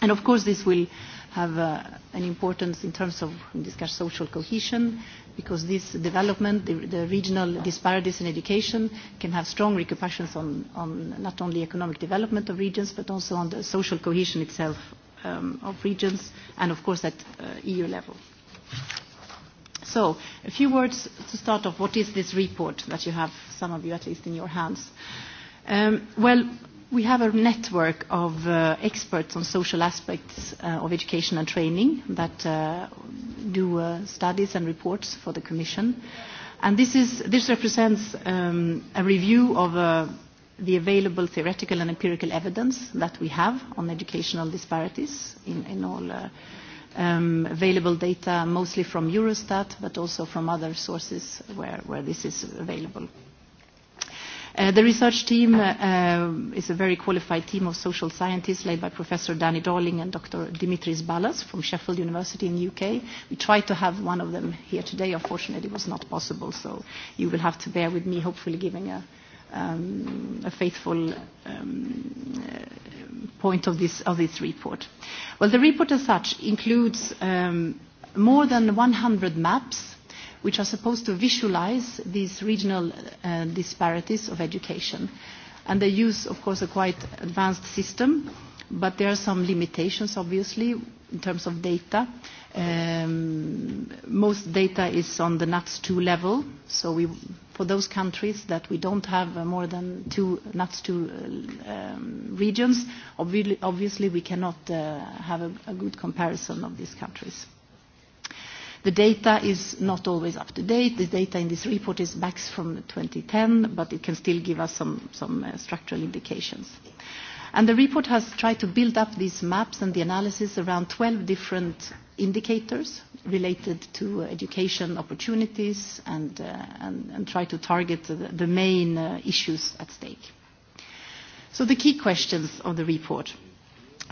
Speaker 20: And of course this will have uh, an importance in terms of, we discuss social cohesion, because this development, the, the regional disparities in education can have strong repercussions on, on not only economic development of regions, but also on the social cohesion itself um, of regions, and of course at uh, EU level. So, a few words to start off. What is this report that you have, some of you at least, in your hands? Um, well, We have a network of uh, experts on social aspects uh, of education and training that uh, do uh, studies and reports for the Commission. And this, is, this represents um, a review of uh, the available theoretical and empirical evidence that we have on educational disparities in, in all uh, um, available data, mostly from Eurostat, but also from other sources where, where this is available. Uh, the research team uh, uh, is a very qualified team of social scientists led by Professor Danny Darling and Dr. Dimitris Ballas from Sheffield University in UK. We tried to have one of them here today. Unfortunately, it was not possible, so you will have to bear with me, hopefully giving a, um, a faithful um, uh, point of this, of this report. Well, the report as such includes um, more than 100 maps which are supposed to visualize these regional uh, disparities of education. And they use, of course, a quite advanced system, but there are some limitations, obviously, in terms of data. Um, most data is on the NUTS 2 level, so we, for those countries that we don't have uh, more than two NUTS 2 um, regions, obvi obviously we cannot uh, have a, a good comparison of these countries. The data is not always up to date. The data in this report is back from 2010, but it can still give us some, some uh, structural indications. And the report has tried to build up these maps and the analysis around 12 different indicators related to education opportunities and, uh, and, and try to target the, the main uh, issues at stake. So the key questions of the report.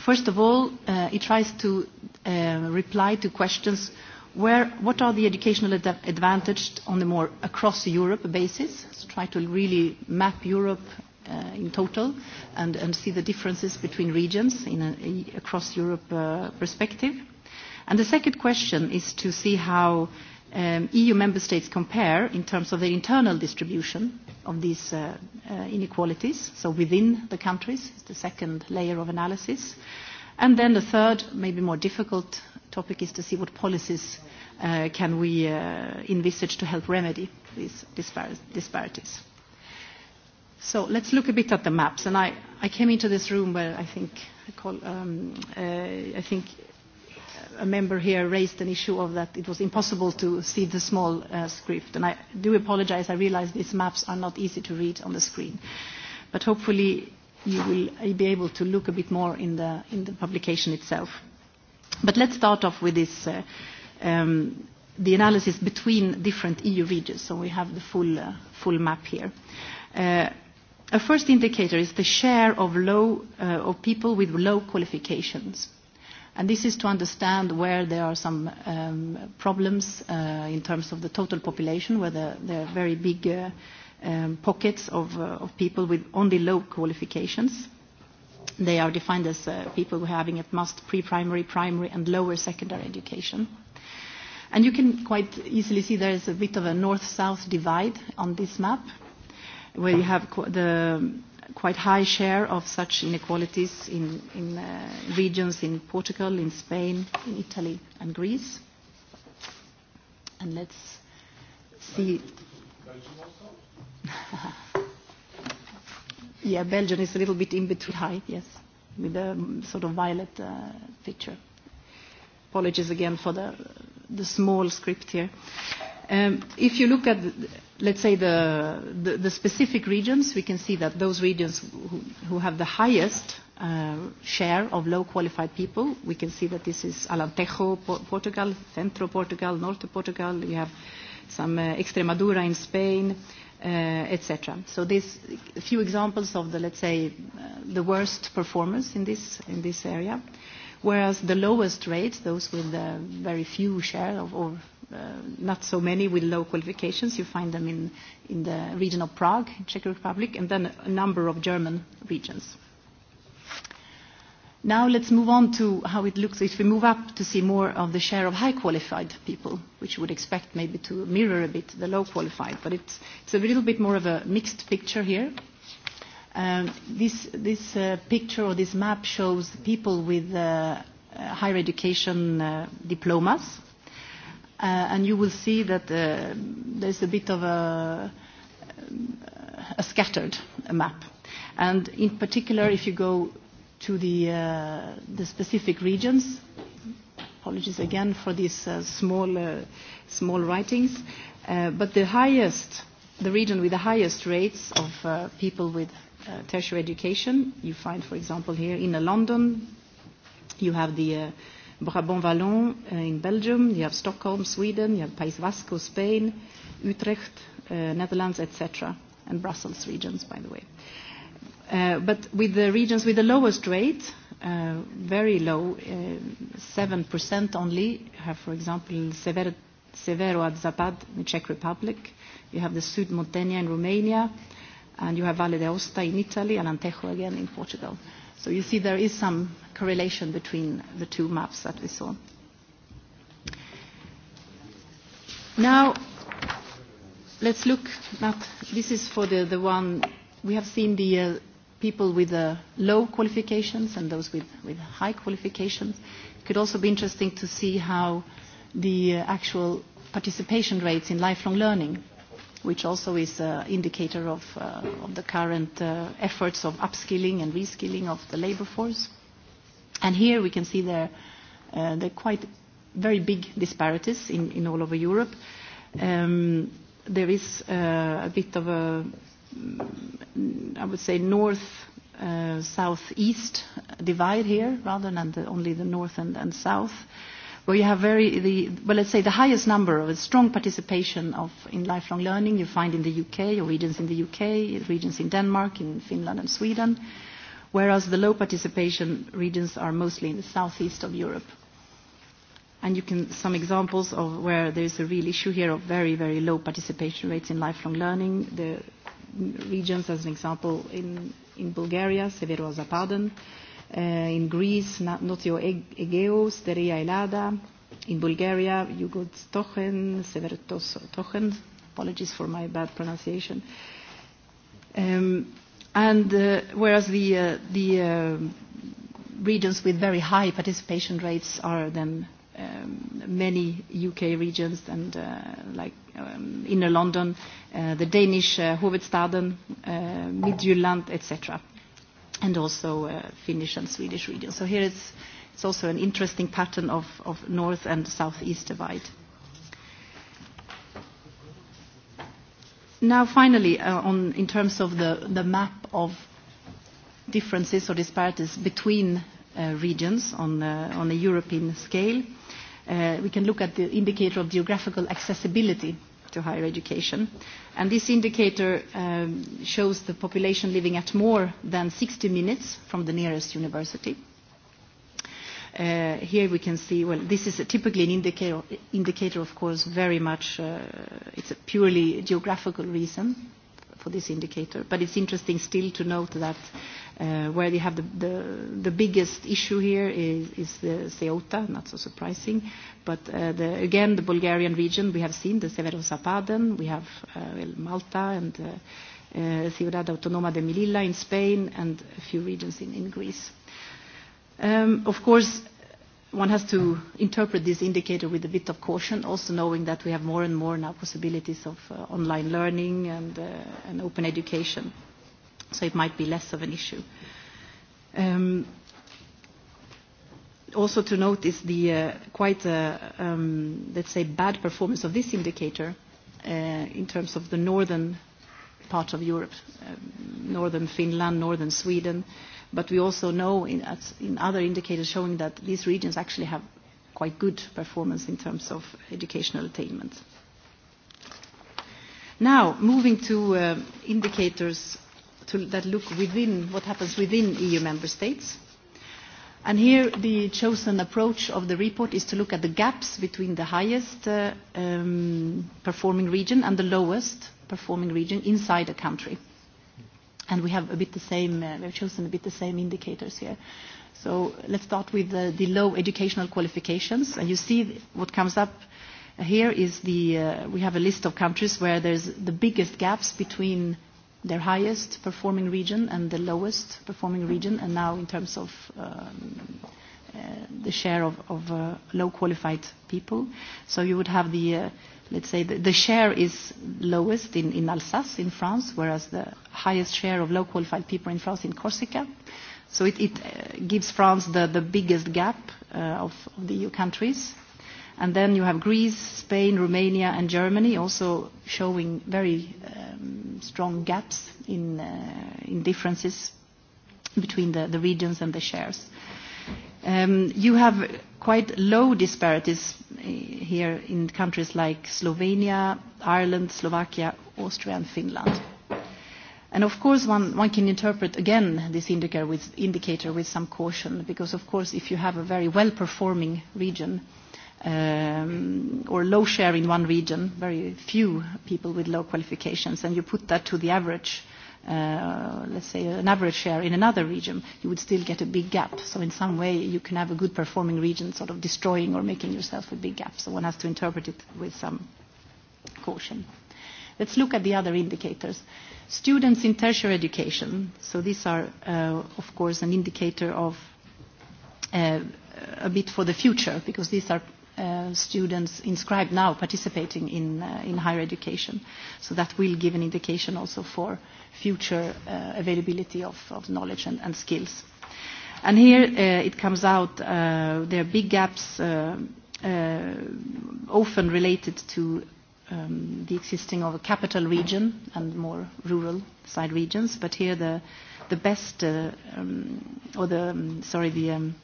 Speaker 20: First of all, uh, it tries to uh, reply to questions Where, what are the educational ad advantages on the more across Europe basis? So try to really map Europe uh, in total and, and see the differences between regions in a, a across Europe uh, perspective. And the second question is to see how um, EU member states compare in terms of their internal distribution of these uh, uh, inequalities. So within the countries is the second layer of analysis. And then the third, maybe more difficult topic is to see what policies uh, can we uh, envisage to help remedy these dispar disparities. So let's look a bit at the maps. And I, I came into this room where I think, I, call, um, uh, I think a member here raised an issue of that it was impossible to see the small uh, script. And I do apologize, I realize these maps are not easy to read on the screen. But hopefully you will be able to look a bit more in the, in the publication itself. But let's start off with this, uh, um, the analysis between different EU regions. So we have the full, uh, full map here. Uh, a first indicator is the share of, low, uh, of people with low qualifications. And this is to understand where there are some um, problems uh, in terms of the total population, where the, there are very big uh, um, pockets of, uh, of people with only low qualifications. They are defined as uh, people having at most pre-primary, primary, and lower secondary education. And you can quite easily see there is a bit of a north-south divide on this map, where you have qu the quite high share of such inequalities in, in uh, regions in Portugal, in Spain, in Italy, and Greece. And let's see. Yeah, Belgium is a little bit in between high, yes, with a um, sort of violet uh, picture. Apologies again for the, the small script here. Um, if you look at, the, let's say, the, the, the specific regions, we can see that those regions who, who have the highest uh, share of low qualified people, we can see that this is Alantejo, po Portugal, Centro Portugal, Norte Portugal, you have some uh, Extremadura in Spain, uh, uh, etc. So these few examples of the, let's say, uh, the worst performers in this, in this area, whereas the lowest rates, those with uh, very few share of, or uh, not so many with low qualifications, you find them in, in the region of Prague, Czech Republic, and then a number of German regions. Now let's move on to how it looks if we move up to see more of the share of high qualified people, which you would expect maybe to mirror a bit the low qualified, but it's, it's a little bit more of a mixed picture here. Um, this this uh, picture or this map shows people with uh, uh higher education uh, diplomas, uh, and you will see that uh, there's a bit of a, a scattered map. And in particular, if you go to the, uh, the specific regions. Apologies again for these uh, small, uh, small writings. Uh, but the highest, the region with the highest rates of uh, people with uh, tertiary education, you find, for example, here in London, you have the uh, Brabant Wallon uh, in Belgium, you have Stockholm, Sweden, you have País Vasco, Spain, Utrecht, uh, Netherlands, etc., and Brussels regions, by the way. Uh, Uh, but with the regions with the lowest rate, uh, very low, uh, 7% only, have, for example, Severo Severo Zapad in the Czech Republic, you have the Sud Montenia in Romania, and you have Valle d'Aosta in Italy and Antejo again in Portugal. So you see there is some correlation between the two maps that we saw. Now, let's look at this is for the, the one we have seen the uh, people with uh, low qualifications and those with, with high qualifications. It could also be interesting to see how the uh, actual participation rates in lifelong learning, which also is an uh, indicator of, uh, of the current uh, efforts of upskilling and reskilling of the labor force. And here we can see there, uh, quite very big disparities in, in all over Europe. Um, there is uh, a bit of a I would say, north uh, south east divide here, rather than the, only the north and, and south, where you have very, the, well, let's say, the highest number of a strong participation of, in lifelong learning you find in the UK, or regions in the UK, regions in Denmark, in Finland and Sweden, whereas the low participation regions are mostly in the southeast of Europe. And you can some examples of where there's a real issue here of very, very low participation rates in lifelong learning. The regions, as an example, in, in Bulgaria, Severozapadan, uh, in Greece, Notio Egeo, Steria Elada, in Bulgaria, Yugostochen, Tochen, apologies for my bad pronunciation. Um, and uh, whereas the, uh, the uh, regions with very high participation rates are then Um, many UK regions and uh, like um, inner London, uh, the Danish uh, Hovedstaden, uh, Midjylland, etc. And also uh, Finnish and Swedish regions. So here it's, it's also an interesting pattern of, of north and southeast divide. Now finally, uh, on, in terms of the, the map of differences or disparities between uh, regions on, uh, on a European scale. Uh, we can look at the indicator of geographical accessibility to higher education. And this indicator um, shows the population living at more than 60 minutes from the nearest university. Uh, here we can see, well, this is a typically an indicator, indicator, of course, very much, uh, it's a purely geographical reason for this indicator. But it's interesting still to note that uh, where you have the, the, the biggest issue here is, is the Ceuta, not so surprising. But uh, the, again, the Bulgarian region, we have seen the severo Zapaden, we have uh, well, Malta and uh, uh, Ciudad Autónoma de Melilla in Spain and a few regions in, in Greece. Um, of course, one has to interpret this indicator with a bit of caution, also knowing that we have more and more now possibilities of uh, online learning and, uh, and open education. So it might be less of an issue. Um, also to note is the uh, quite, uh, um, let's say, bad performance of this indicator uh, in terms of the northern part of Europe, uh, northern Finland, northern Sweden. Uh, But we also know in, in other indicators showing that these regions actually have quite good performance in terms of educational attainment. Now, moving to uh, indicators to, that look within what happens within EU member states. And here the chosen approach of the report is to look at the gaps between the highest uh, um, performing region and the lowest performing region inside a country and we have a bit the same, uh, we've chosen a bit the same indicators here. So let's start with the, the low educational qualifications. And you see what comes up here is the, uh, we have a list of countries where there's the biggest gaps between their highest performing region and the lowest performing region, and now in terms of um, uh, the share of, of uh, low qualified people. So you would have the uh, let's say, the, the share is lowest in, in Alsace in France, whereas the highest share of low-qualified people in France in Corsica. So it, it uh, gives France the, the biggest gap uh, of, of the EU countries. And then you have Greece, Spain, Romania, and Germany also showing very um, strong gaps in, uh, in differences between the, the regions and the shares. Uh, Um, you have quite low disparities eh, here in countries like Slovenia, Ireland, Slovakia, Austria and Finland. And of course one, one can interpret again this indicator with, indicator with some caution because of course if you have a very well performing region um, or low share in one region, very few people with low qualifications and you put that to the average Uh, let's say, an average share in another region, you would still get a big gap. So in some way, you can have a good performing region sort of destroying or making yourself a big gap. So one has to interpret it with some caution. Let's look at the other indicators. Students in tertiary education. So these are, uh, of course, an indicator of uh, a bit for the future because these are Uh, students inscribed now participating in, uh, in higher education. So that will give an indication also for future uh, availability of, of knowledge and, and skills. And here uh, it comes out uh, there are big gaps uh, uh, often related to um, the existing of a capital region and more rural side regions, but here the, the best, uh, um, or the, um, sorry, the um,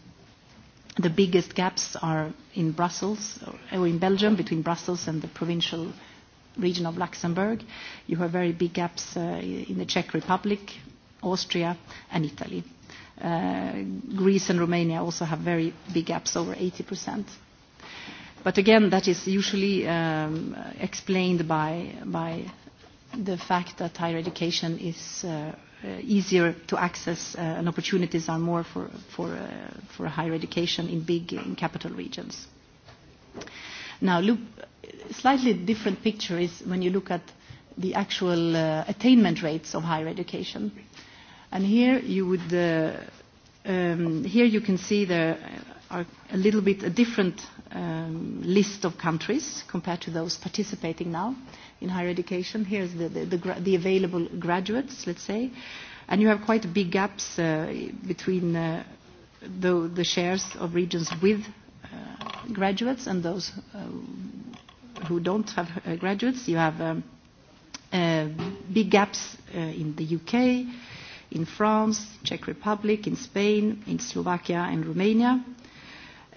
Speaker 20: The biggest gaps are in Brussels or in Belgium between Brussels and the provincial region of Luxembourg. You have very big gaps uh, in the Czech Republic, Austria, and Italy. Uh, Greece and Romania also have very big gaps, over 80%. But again, that is usually um, explained by, by the fact that higher education is uh, Uh, easier to access uh, and opportunities are more for, for, uh, for higher education in big in capital regions. Now, look, slightly different picture is when you look at the actual attainment rates of higher education. And here you would um, here you can see there are a little bit a different um, list of countries compared to those participating now. Uh, in higher education. Here's the, the, the, the available graduates, let's say. And you have quite big gaps uh, between uh, the, the shares of regions with uh, graduates and those uh, who don't have uh, graduates. You have um, uh, big gaps uh, in the UK, in France, Czech Republic, in Spain, in Slovakia and Romania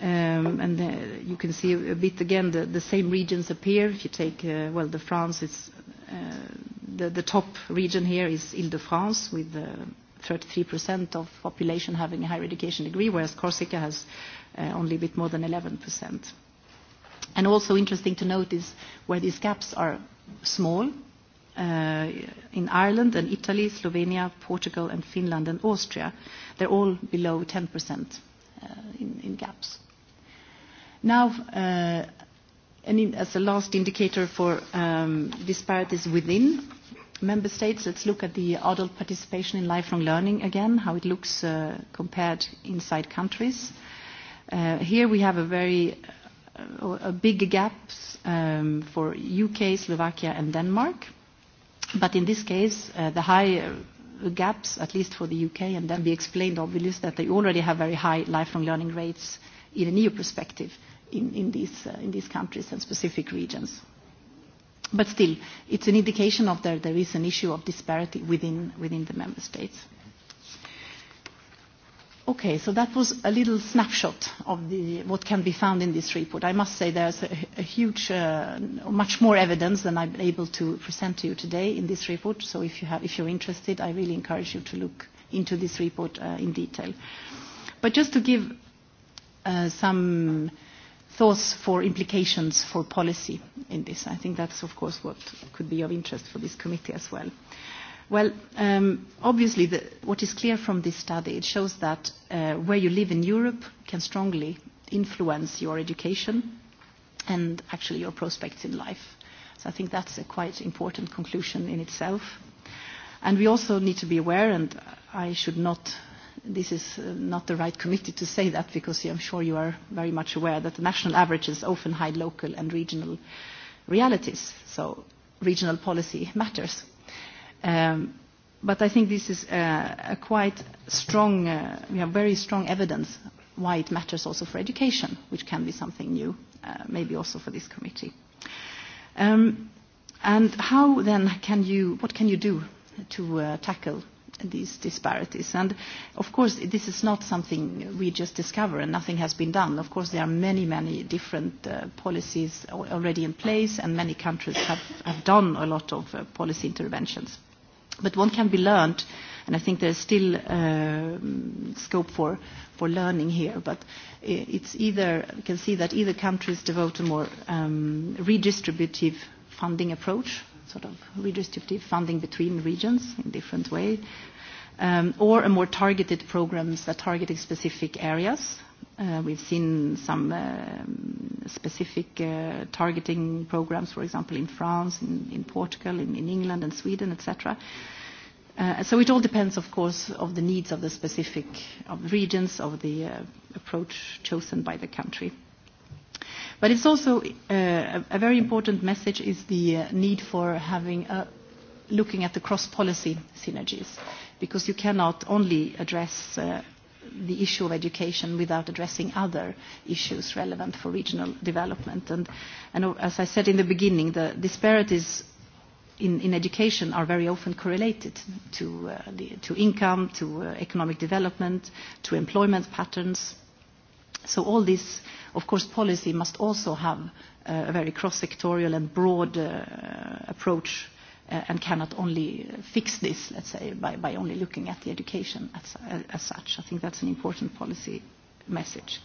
Speaker 20: Um, and uh, you can see a bit again the, same regions appear. If you take, uh, well, the France, it's, uh, the, top region here is île de france with 33% of population having a higher education degree, whereas Corsica has only a bit more than 11%. And also interesting to note is where these gaps are small, in Ireland and Italy, Slovenia, Portugal and Finland and Austria, they're all below 10% in gaps. Now, uh, and in, as a last indicator for um, disparities within member states, let's look at the adult participation in lifelong learning again, how it looks uh, compared inside countries. Uh, here we have a very uh, a big gap um, for UK, Slovakia, and Denmark. But in this case, uh, the high uh, gaps, at least for the UK, and then be explained obviously that they already have very high lifelong learning rates in an EU perspective in, in, these, uh, in these countries and specific regions. But still, it's an indication of there, there is an issue of disparity within, within the member states. Okay, so that was a little snapshot of the, what can be found in this report. I must say there's a, a huge, uh, much more evidence than I'm able to present to you today in this report. So if, you have, if you're interested, I really encourage you to look into this report uh, in detail. But just to give uh, some... Uh, thoughts for implications for policy in this. I think that's, of course, what could be of interest for this committee as well. Well, um, obviously, the, what is clear from this study, it shows that uh, where you live in Europe can strongly influence your education and actually your prospects in life. So I think that's a quite important conclusion in itself. And we also need to be aware, and I should not this is uh, not the right committee to say that because I'm sure you are very much aware that the national averages often hide local and regional realities. So regional policy matters. Um, but I think this is a, a quite strong, uh, we have very strong evidence why it matters also for education, which can be something new, uh, maybe also for this committee. Um, and how then can you, what can you do to uh, tackle these disparities. And of course, this is not something we just discover and nothing has been done. Of course, there are many, many different uh, policies already in place and many countries have, have done a lot of uh, policy interventions. But one can be learned, and I think there is still uh, scope for, for learning here, but uh, it's either, you can see that either countries devote a more um, redistributive funding approach sort of redistributive funding between regions in different ways, um, or a more targeted programs that targeting specific areas. Uh, we've seen some uh, specific uh, targeting programs, for example, in France, in, in Portugal, in, in England and Sweden, etc. Uh, so it all depends, of course, of the needs of the specific of the regions, of the uh, approach chosen by the country. But it's also uh, a very important message is the uh, need for having a, looking at the cross-policy synergies, because you cannot only address uh, the issue of education without addressing other issues relevant for regional development. And, and as I said in the beginning, the disparities in, in education are very often correlated to, uh, the, to income, to uh, economic development, to employment patterns, So all this, of course, policy must also have uh, a very cross-sectorial and broad uh, approach uh, and cannot only fix this, let's say, by, by only looking at the education as, uh, as such. I think that's an important policy message.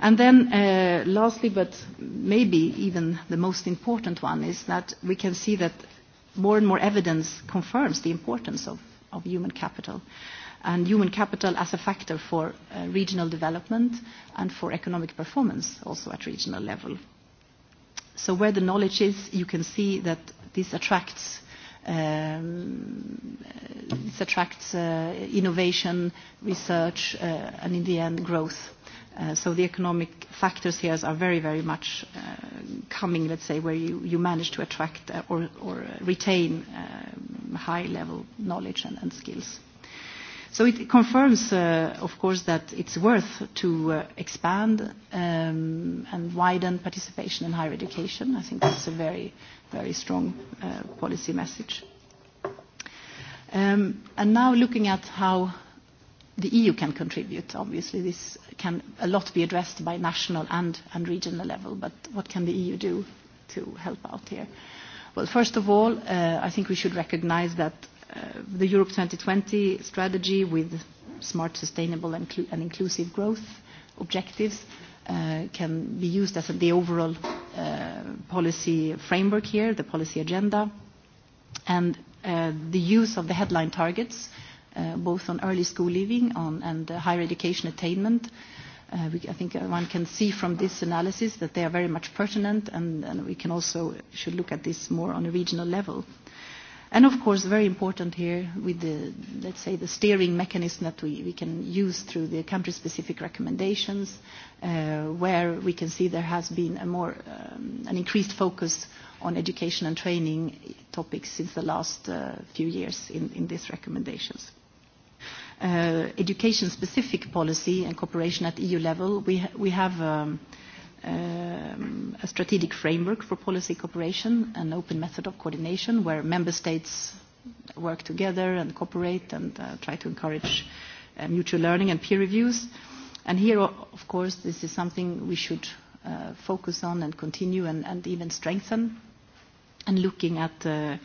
Speaker 20: And then uh, lastly, but maybe even the most important one, is that we can see that more and more evidence confirms the importance of, of human capital. Uh, and human capital as a factor for uh, regional development and for economic performance also at regional level. So where the knowledge is, you can see that this attracts, um, this attracts uh, innovation, research, uh, and in the end, growth. Uh, so the economic factors here are very, very much uh, coming, let's say, where you, you manage to attract uh, or, or retain um, high-level knowledge and, and skills. So it confirms, uh, of course, that it's worth to uh, expand um, and widen participation in higher education. I think that's a very, very strong uh, policy message. Um, and now looking at how the EU can contribute. Obviously, this can a lot be addressed by national and, and regional level, but what can the EU do to help out here? Well, first of all, uh, I think we should recognize that Uh, the Europe 2020 strategy with smart, sustainable and, and inclusive growth objectives uh, can be used as the overall uh, policy framework here, the policy agenda, and uh, the use of the headline targets, uh, both on early school leaving on, and uh, higher education attainment. Uh, we, I think uh, one can see from this analysis that they are very much pertinent, and, and we can also should look at this more on a regional level. And of course, very important here with the, let's say, the steering mechanism that we, we can use through the country-specific recommendations, uh, where we can see there has been a more, um, an increased focus on education and training topics since the last uh, few years in, in these recommendations. Uh, Education-specific policy and cooperation at EU level, we, ha we have um, um, a strategic framework for policy cooperation, an open method of coordination where member states work together and cooperate and uh, try to encourage uh, mutual learning and peer reviews. And here, of course, this is something we should uh, focus on and continue and, and even strengthen, and looking at uh,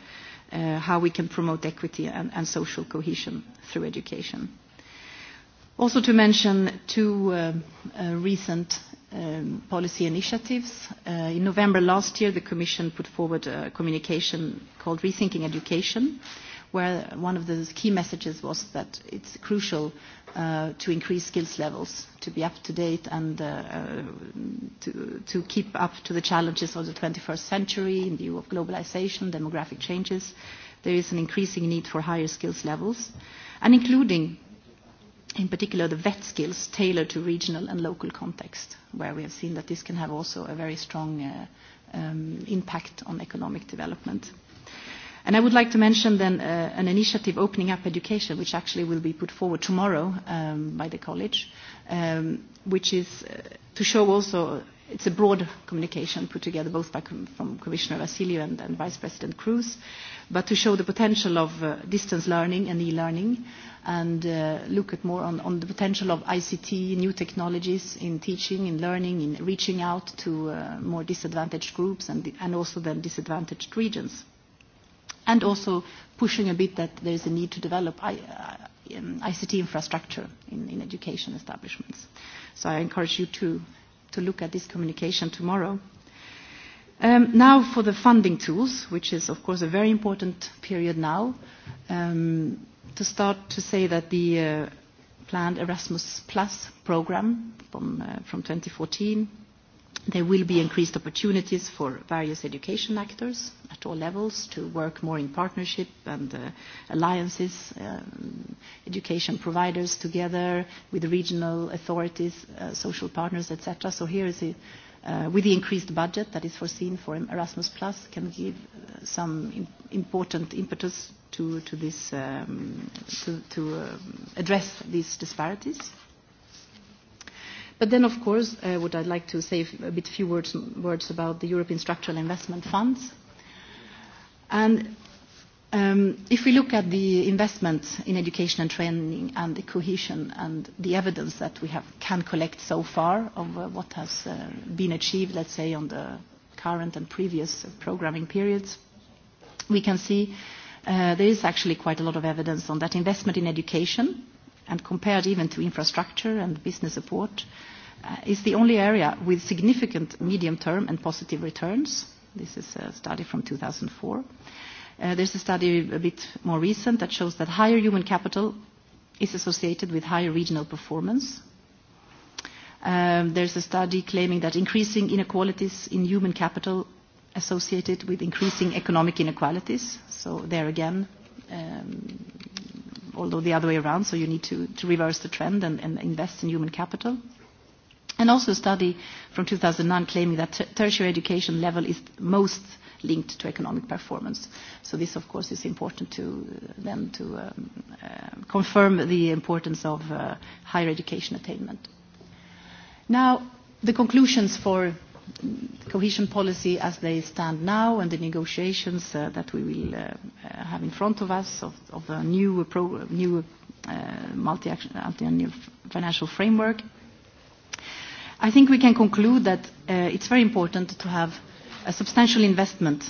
Speaker 20: uh, how we can promote equity and, and social cohesion through education. Also to mention two uh, uh, recent um, policy initiatives. Uh, in November last year, the Commission put forward a communication called Rethinking Education, where one of the key messages was that it's crucial uh, to increase skills levels, to be up to date and uh, uh to, to keep up to the challenges of the 21st century in view of globalization, demographic changes. There is an increasing need for higher skills levels, and including in particular the vet skills tailored to regional and local context, where we have seen that this can have also a very strong uh, um, impact on economic development. And I would like to mention then uh, an initiative opening up education, which actually will be put forward tomorrow um, by the college, um, which is uh, to show also it's a broad communication put together both by com from Commissioner Vassiliou and, and Vice President Cruz, but to show the potential of uh, distance learning and e-learning and uh, look at more on, on the potential of ICT, new technologies in teaching, in learning, in reaching out to uh, more disadvantaged groups and, and also then disadvantaged regions. And also pushing a bit that there is a need to develop I, uh, um, ICT infrastructure in, in education establishments. So I encourage you to to look at this communication tomorrow. Um, now for the funding tools, which is of course a very important period now. Um, to start to say that the uh, planned Erasmus Plus program from, uh, from 2014 There will be increased opportunities for various education actors at all levels to work more in partnership and uh, alliances, um, education providers together with the regional authorities, uh, social partners, etc. So here is a, uh, with the increased budget that is foreseen for Erasmus Plus can give uh, some important impetus to, to, this, um, to, to uh, address these disparities. But then, of course, uh, would I like to say a bit few words, words about the European Structural Investment Funds. And um, if we look at the investment in education and training and the cohesion and the evidence that we have, can collect so far of uh, what has uh, been achieved, let's say, on the current and previous programming periods, we can see uh, there is actually quite a lot of evidence on that investment in education and compared even to infrastructure and business support, uh, is the only area with significant medium-term and positive returns. This is a study from 2004. Uh, there's a study a bit more recent that shows that higher human capital is associated with higher regional performance. Um, there's a study claiming that increasing inequalities in human capital associated with increasing economic inequalities. So there again, um, although the other way around, so you need to, to reverse the trend and, and invest in human capital. And also a study from 2009 claiming that tertiary education level is most linked to economic performance. So this, of course, is important to uh, them to um, uh, confirm the importance of uh, higher education attainment. Now, the conclusions for cohesion policy as they stand now and the negotiations uh, that we will uh, uh have in front of us of, of a new, pro new uh, multi-annual financial framework, I think we can conclude that uh, it's very important to have a substantial investment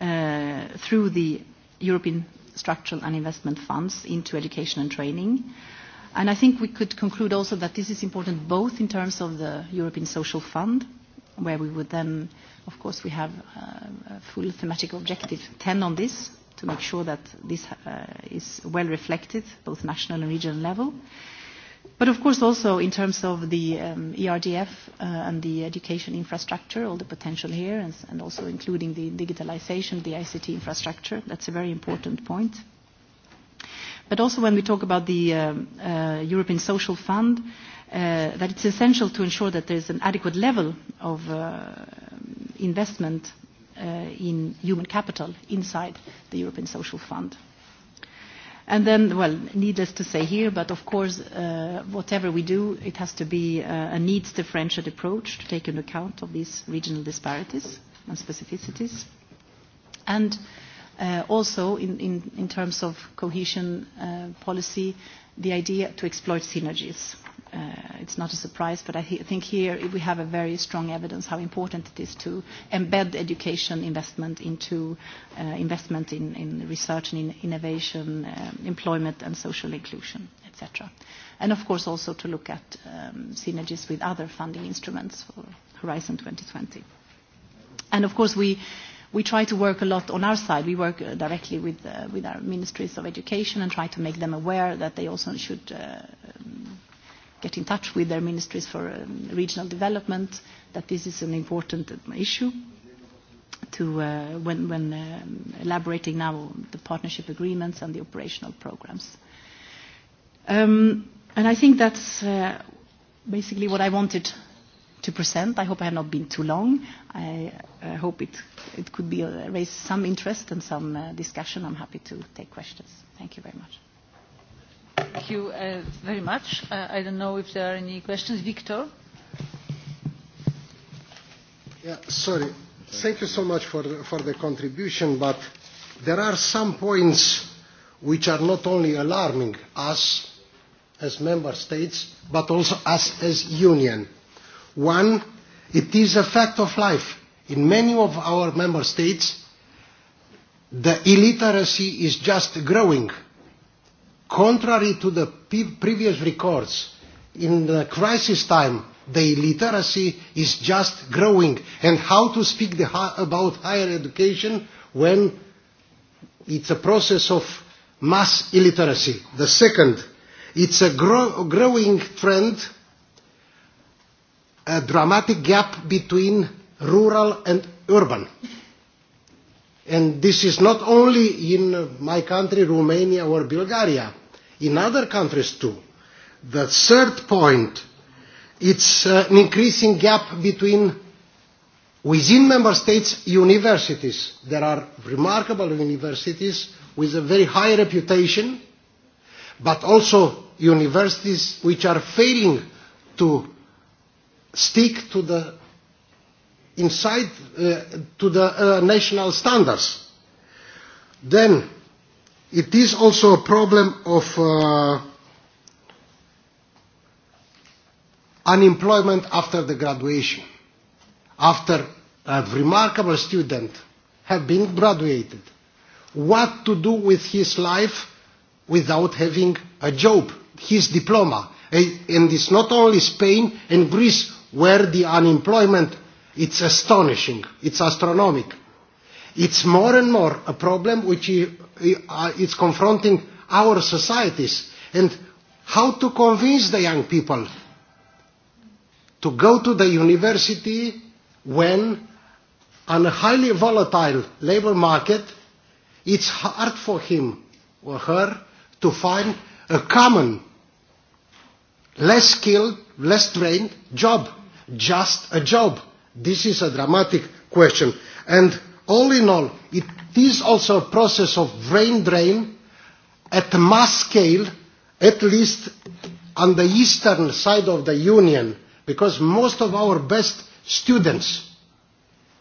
Speaker 20: uh, through the European structural and investment funds into education and training. And I think we could conclude also that this is important both in terms of the European Social Fund, where we would then, of course, we have uh, a full thematic objective 10 on this to make sure that this uh, is well reflected, both national and regional level. But of course also in terms of the um, ERDF uh, and the education infrastructure, all the potential here, and, and also including the digitalization, the ICT infrastructure, that's a very important point. But also when we talk about the um, uh, European Social Fund, uh, Uh, that it's essential to ensure that there is an adequate level of uh, investment uh, in human capital inside the European Social Fund. And then, well, needless to say here, but of course, uh, whatever we do, it has to be uh, a needs-differentiated approach to take into account of these regional disparities and specificities. And uh, also, in, in, in terms of cohesion uh, policy, the idea to exploit synergies uh, it's not a surprise, but I th think here we have a very strong evidence how important it is to embed education investment into uh, investment in, in research and in innovation, um, employment and social inclusion, etc. And of course also to look at um, synergies with other funding instruments for Horizon 2020. And of course we we try to work a lot on our side. We work uh, directly with, uh, with our ministries of education and try to make them aware that they also should uh, um, get in touch with their ministries for um, regional development, that this is an important um, issue to uh, when, when um, elaborating now the partnership agreements and the operational programs. Um, and I think that's uh, basically what I wanted to present. I hope I have not been too long. I uh, hope it, it could be, uh, raise some interest and some uh, discussion. I'm happy to take questions. Thank you very much.
Speaker 1: Thank you uh, very much. Uh, I don't know if there are any questions. Victor?
Speaker 7: sorry. Thank you so much for the, for the contribution, but there are some points which are not only alarming us as member states, but also us as union. One, it is a fact of life. In many of our member states, the illiteracy is just growing contrary to the previous records, in the crisis time, the illiteracy is just growing. And how to speak the, about higher education when it's a process of mass illiteracy. The second, it's a gro growing trend, a dramatic gap between rural and urban. And this is not only in my country, Romania or Bulgaria in other countries too. The third point, it's uh, an increasing gap between within member states universities. There are remarkable universities with a very high reputation, but also universities which are failing to stick to the inside uh, to the uh, national standards. Then It is also a problem of uh, unemployment after the graduation. After a remarkable student have been graduated, what to do with his life without having a job, his diploma. Eh, and it's not only Spain and Greece where the unemployment it's astonishing, it's astronomic. It's more and more a problem which it's confronting our societies and how to convince the young people to go to the university when on a highly volatile labor market it's hard for him or her to find a common less skilled less trained job just a job this is a dramatic question and all in all, it is also a process of brain drain at mass scale, at least on the eastern side of the Union, because most of our best students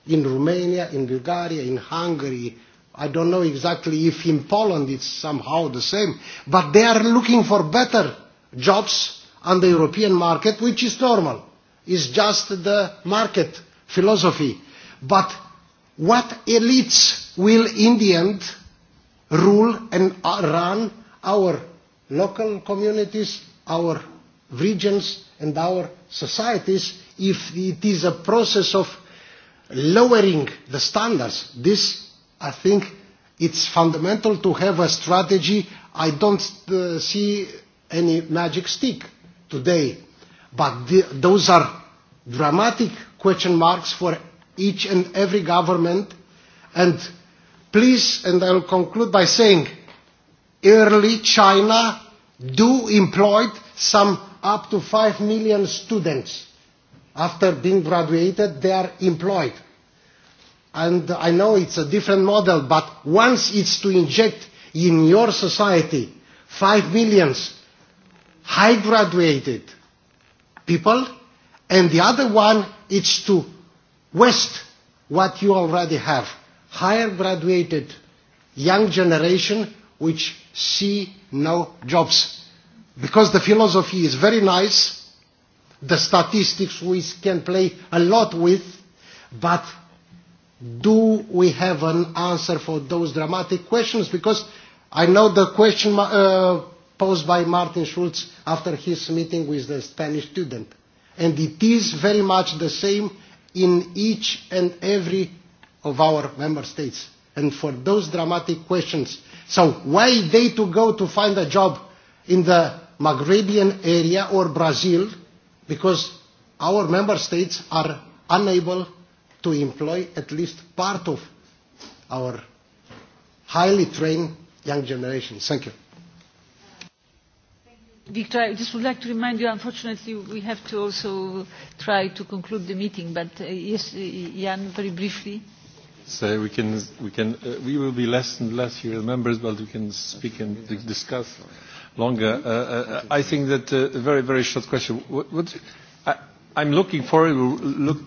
Speaker 7: in Romania, in Bulgaria, in Hungary, I don't know exactly if in Poland it's somehow the same, but they are looking for better jobs on the European market, which is normal. It's just the market philosophy. But What elites will in the end rule and uh, run our local communities, our regions and our societies if it is a process of lowering the standards. This, I think, it's fundamental to have a strategy. I don't uh, see any magic stick today, but the, those are dramatic question marks for each and every government. And please, and I'll conclude by saying, early China do employed some up to 5 million students. After being graduated, they are employed. And I know it's a different model, but once it's to inject in your society 5 millions high graduated people, and the other one it's to waste what you already have. Higher graduated young generation which see no jobs. Because the philosophy is very nice, the statistics we can play a lot with, but do we have an answer for those dramatic questions? Because I know the question uh, posed by Martin Schulz after his meeting with the Spanish student. And it is very much the same in each and every of our member states. And for those dramatic questions, so why they to go to find a job in the Maghrebian area or Brazil? Because our member states are unable to employ at least part of our highly trained young generation. Thank you.
Speaker 1: Victor, I just would like to remind you, unfortunately, we have to also try to conclude the meeting, but uh, yes, uh, Jan, very briefly.
Speaker 4: So we can, we can, uh, we will be less and less here members, but we can speak and discuss longer. Uh, uh, I think that uh, a very, very short question. What, what, I, I'm looking forward, look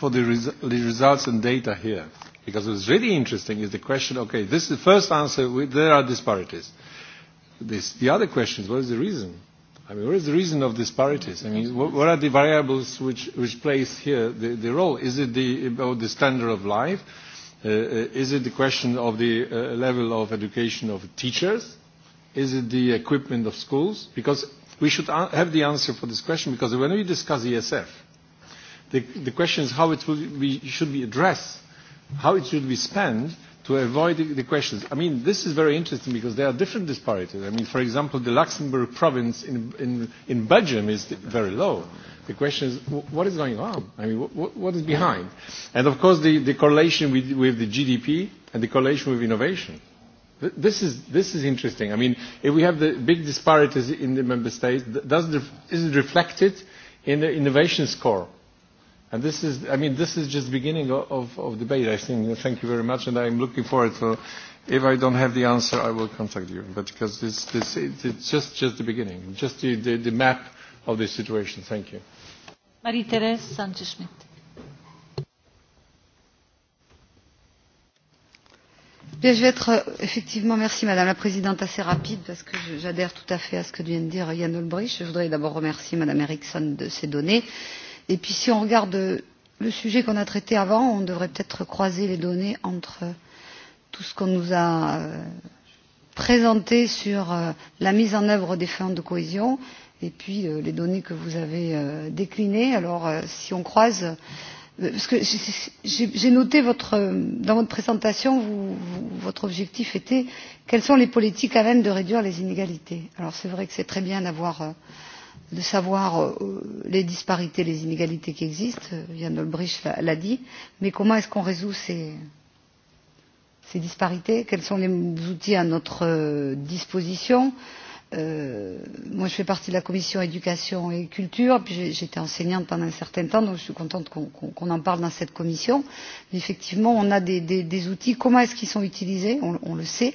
Speaker 4: for the, res the results and data here, because what's really interesting is the question, okay, this is the first answer, we, there are disparities this. The other question is, what is the reason? I mean, what is the reason of disparities? I mean, what, what are the variables which, which plays here the, the role? Is it the, about the standard of life? Uh, is it the question of the uh, level of education of teachers? Is it the equipment of schools? Because we should have the answer for this question, because when we discuss ESF, the, the question is how it will be, should be addressed, how it should be spent, to avoid the, questions. I mean, this is very interesting because there are different disparities. I mean, for example, the Luxembourg province in, in, in Belgium is very low. The question is, what is going on? I mean, what, what is behind? And of course, the, the correlation with, with the GDP and the correlation with innovation. This is, this is interesting. I mean, if we have the big disparities in the member states, does the, is it reflected in the innovation score? And this is, I mean, this is just beginning of, of debate, I think. Thank you very much, and I'm looking forward to, if I don't have the answer, I will contact you. But because this, this, it's just, just the beginning, just the, the, the map of the situation. Thank you.
Speaker 1: Marie-Thérèse
Speaker 21: Sanchez-Schmidt. Bien, je vais être euh, effectivement, merci Madame la Présidente, assez rapide parce que j'adhère tout à fait à ce que vient de dire Yann Olbrich. Je voudrais d'abord remercier Madame Eriksson de ses données Et puis si on regarde le sujet qu'on a traité avant, on devrait peut-être croiser les données entre tout ce qu'on nous a euh, présenté sur euh, la mise en œuvre des fonds de cohésion et puis euh, les données que vous avez déclinées. Alors si on croise parce que j'ai noté votre, dans votre présentation, vous, vous, votre objectif était quelles sont les politiques à même de réduire les inégalités. Alors c'est vrai que c'est très bien d'avoir euh, de savoir euh, les disparités, les inégalités qui existent, euh, Yann Olbrich l'a dit, mais comment est-ce qu'on résout ces, ces disparités Quels sont les outils à notre euh, disposition euh, moi, je fais partie de la commission éducation et culture. Puis j'étais enseignante pendant un certain temps, donc je suis contente qu'on qu, qu en parle dans cette commission. Mais effectivement, on a des, des, des outils. Comment est-ce qu'ils sont utilisés on, on le sait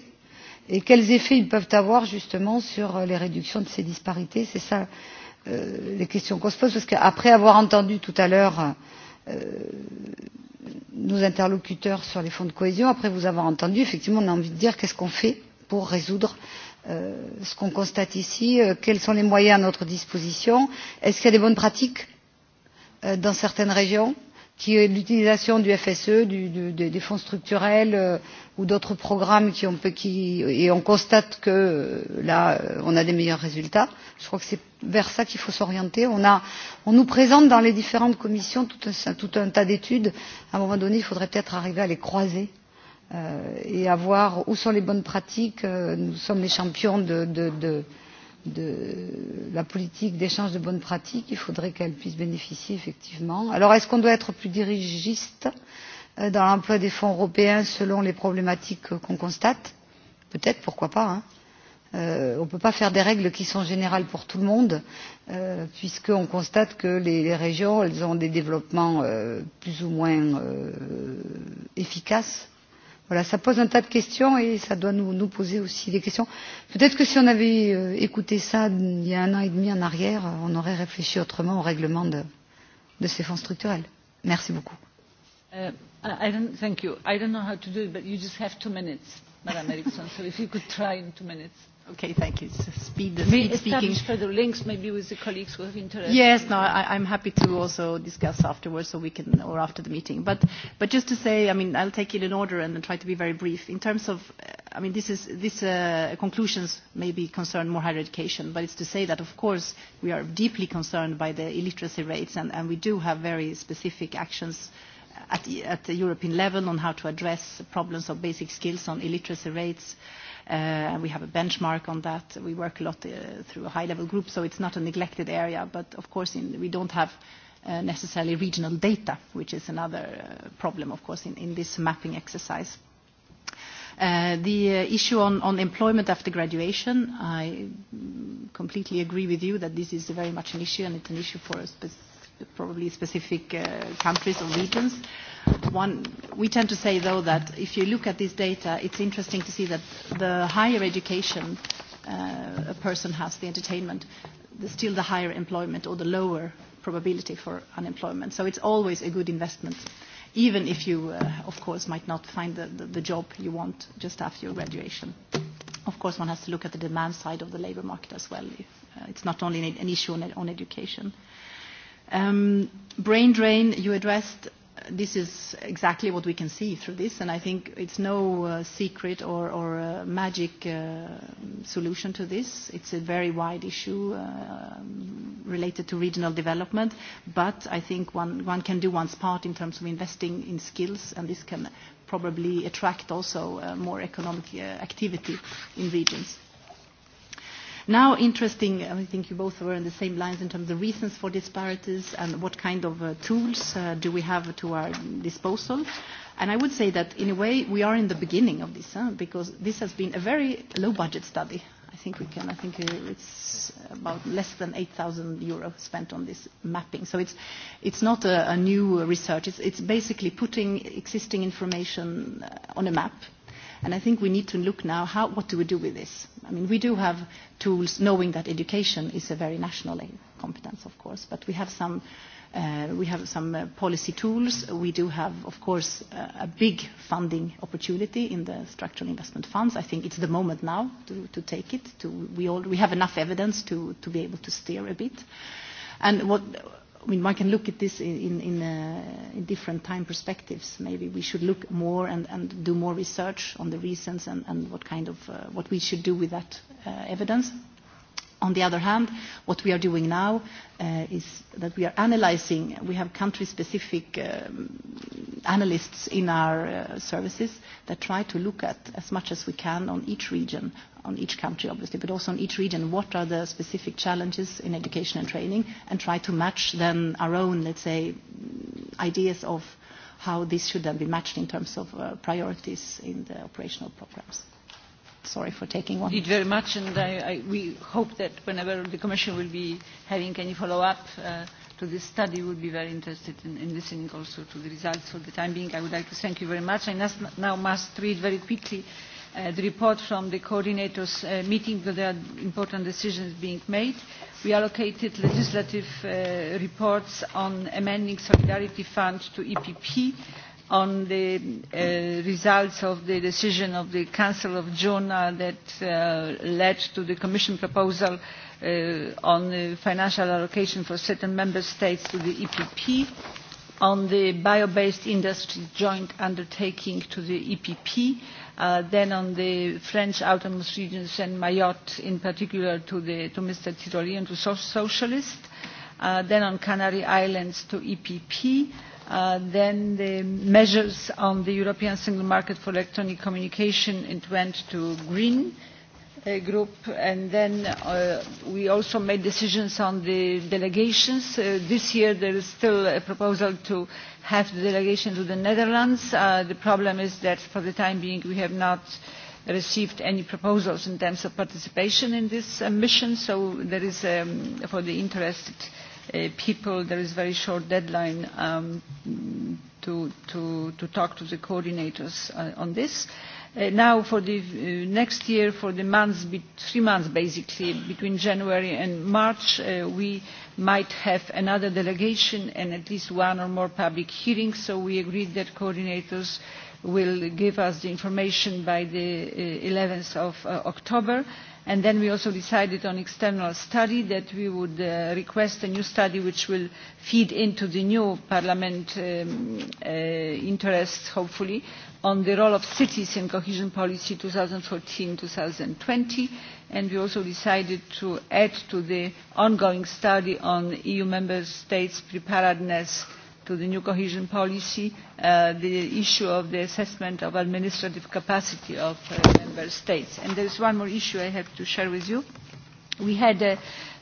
Speaker 21: et quels effets ils peuvent avoir justement sur les réductions de ces disparités. C'est ça Euh, les questions qu'on se pose parce qu'après avoir entendu tout à l'heure euh, nos interlocuteurs sur les fonds de cohésion, après vous avoir entendu, effectivement, on a envie de dire qu'est-ce qu'on fait pour résoudre euh, ce qu'on constate ici, euh, quels sont les moyens à notre disposition, est-ce qu'il y a des bonnes pratiques euh, dans certaines régions, qui est l'utilisation du fse du, du, des fonds structurels euh, ou d'autres programmes qui ont, qui, et on constate que euh, là euh, on a des meilleurs résultats je crois que c'est vers ça qu'il faut s'orienter on, on nous présente dans les différentes commissions tout un, tout un tas d'études à un moment donné il faudrait peut être arriver à les croiser euh, et à voir où sont les bonnes pratiques euh, nous sommes les champions de, de, de de la politique d'échange de bonnes pratiques, il faudrait qu'elle puisse bénéficier effectivement. Alors est-ce qu'on doit être plus dirigiste euh, dans l'emploi des fonds européens selon les problématiques qu'on constate Peut-être, pourquoi pas. Hein euh, on ne peut pas faire des règles qui sont générales pour tout le monde, euh, puisqu'on constate que les, les régions elles ont des développements euh, plus ou moins euh, efficaces Voilà, ça pose un tas de questions et ça doit nous, nous poser aussi des questions. Peut-être que si on avait euh, écouté ça il y a un an et demi en arrière, euh, on aurait réfléchi autrement au règlement de, de ces fonds structurels. Merci beaucoup.
Speaker 1: Uh, I don't, thank you. I don't know how to do it, but you just have two minutes, Madame Eriksson. so if you could try in two minutes. Okay, thank you. So speed, the speed speaking. further links maybe with the colleagues who have interest. Yes, no,
Speaker 20: I, I'm happy to also discuss afterwards, so we can, or after the meeting. But, but just to say, I mean, I'll take it in order and try to be very brief. In terms of, uh, I mean, this is this uh, conclusions maybe concern more higher education, but it's to say that of course we are deeply concerned by the illiteracy rates, and, and we do have very specific actions. At, at the European level on how to address problems of basic skills on illiteracy rates. Uh, and uh, we have a benchmark on that. We work a lot uh, through a high-level group, so it's not a neglected area. But of course, we don't have uh, necessarily regional data, which is another problem, of course, in, this mapping exercise. the issue on, employment after graduation, I completely agree with you that this is very much an issue, and it's an issue for probably specific countries or regions. One, we tend to say, though, that if you look at this data, it's interesting to see that the higher education uh, a person has, the entertainment, the, still the higher employment or the lower probability for unemployment. So it's always a good investment, even if you, uh, of course, might not find the, the, the job you want just after your graduation. Of course, one has to look at the demand side of the labor market as well. Uh, it's not only an issue on, on education. Um, brain drain, you addressed this is exactly what we can see through this, and I think it's no uh, secret or, or uh, magic uh, solution to this. It's a very wide issue uh, related to regional development, but I think one, one can do one's part in terms of investing in skills, and this can probably attract also uh, more economic uh, activity in regions. Now, interesting, I think you both were on the same lines in terms of the reasons for disparities and what kind of uh, tools uh, do we have to our disposal. And I would say that, in a way, we are in the beginning of this, huh? because this has been a very low-budget study. I think we can. I think it's about less than 8,000 euro spent on this mapping. So it's, it's not a, a new research. It's, it's basically putting existing information uh, on a map And I think we need to look now, how, what do we do with this? I mean, we do have tools, knowing that education is a very national competence, of course, but we have some, uh, we have some uh, policy tools. We do have, of course, uh, a big funding opportunity in the structural investment funds. I think it's the moment now to, to take it. To, we, all, we have enough evidence to, to be able to steer a bit. And what I mean, one can look at this in, in, in, uh, in different time perspectives. Maybe we should look more and, and do more research on the reasons and, and what kind of uh, what we should do with that uh, evidence. On the other hand, what we are doing now uh, is that we are analyzing, we have country-specific um, analysts in our uh, services that try to look at as much as we can on each region, on each country obviously, but also on each region, what are the specific challenges in education and training, and try to match then our own, let's say, ideas of how this should then be matched in terms of uh, priorities in
Speaker 1: the operational
Speaker 20: programs sorry for taking one. Thank you very
Speaker 1: much, and I, I, we hope that whenever the Commission will be having any follow-up uh, to this study, we'll be very interested in, in listening also to the results. For the time being, I would like to thank you very much. I must, now must read very quickly uh, the report from the coordinators' uh, meeting because there are important decisions being made. We allocated legislative uh, reports on amending Solidarity Fund to EPP on the uh, results of the decision of the Council of June uh, that uh, led to the Commission proposal uh, on the financial allocation for certain Member States to the EPP, on the bio-based industry joint undertaking to the EPP, uh, then on the French autonomous regions and Mayotte in particular to, the, to Mr. Tiroli and to so Socialist, uh, then on Canary Islands to EPP, Uh, then the measures on the European Single Market for Electronic Communication, it went to green uh, group. And then uh, we also made decisions on the delegations. Uh, this year there is still a proposal to have the delegation to the Netherlands. Uh, the problem is that for the time being we have not received any proposals in terms of participation in this uh, mission, so there is um, for the interested uh, Uh, people, there is a very short deadline um, to, to, to talk to the coordinators uh, on this. Uh, now for the uh, next year, for the months, be three months basically, between January and March, uh, we might have another delegation and at least one or more public hearings, so we agreed that coordinators will give us the information by the uh, 11th of uh, October. Uh, and then we also decided on external study that we would uh, request a new study which will feed into the new parliament um, uh, interests hopefully on the role of cities in cohesion policy 2014-2020 and we also decided to add to the ongoing study on EU member states preparedness uh, to the new cohesion policy, uh, the issue of the assessment of administrative capacity of uh, member states. And there is one more issue I have to share with you. Uh, we had uh,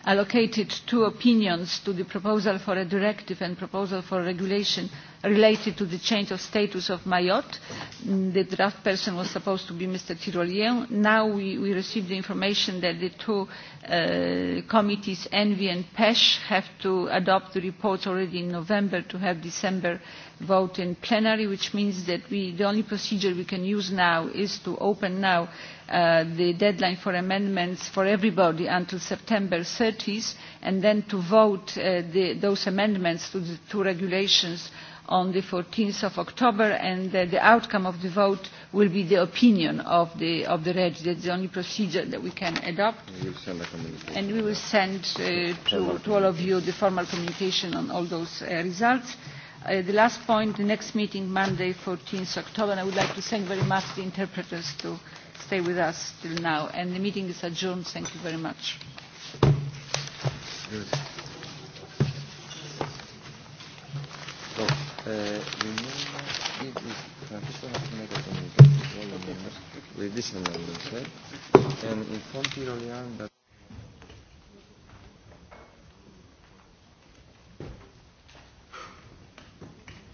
Speaker 1: allocated two opinions to the proposal for a directive and proposal for regulation related to the change of status of Mayotte. Mm, the draft person was supposed to be Mr. Tirolien. Now we, we received the information that the two uh, committees, Envy and PESH, have to adopt the reports already in November to have December vote in plenary, which means that we, the only procedure we can use now is to open now Uh, the deadline for amendments for everybody until September 30th and then to vote uh, those amendments to the two regulations on the 14th of October and the outcome of the vote will be the opinion of the, of the is the only procedure that we can adopt. And we will send uh, to, all of you the formal communication on all those results. the last point, the next meeting, Monday, 14th October. And I would like to thank very much the interpreters stay with us till now. And the meeting is adjourned. Thank you very much. Good.
Speaker 9: Uh,